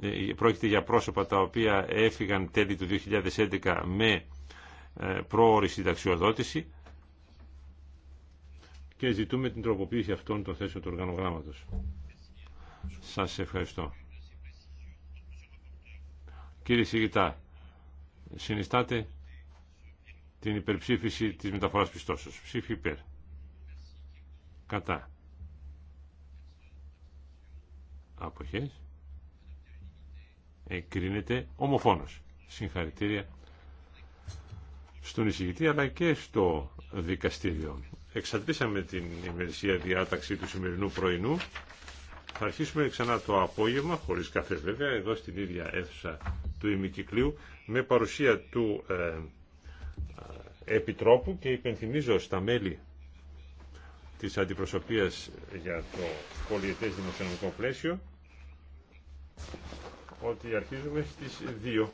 [SPEAKER 2] ε, πρόκειται για πρόσωπα τα οποία έφυγαν τέλη του 2011 με ε, πρόορη συνταξιοδότηση και ζητούμε την τροποποίηση αυτών των θέσεων του οργανογράμματος. Σας ευχαριστώ. Κύριε Σιγητά, συνιστάτε την υπερψήφιση της μεταφοράς πιστώσεως. Ψήφι υπέρ. Κατά. Αποχές. Εκρίνεται ομοφόνος. Συγχαρητήρια στον εισηγητή αλλά και στο δικαστήριο. Εξαντλήσαμε την ημερησία διάταξη του σημερινού πρωινού. Θα αρχίσουμε ξανά το απόγευμα, χωρίς καφέ βέβαια, εδώ στην ίδια αίθουσα του ημικυκλίου, με παρουσία του ε, Επιτρόπου και υπενθυμίζω στα μέλη της αντιπροσωπείας για το πολιετές δημοσιονομικό πλαίσιο ότι αρχίζουμε στις 2.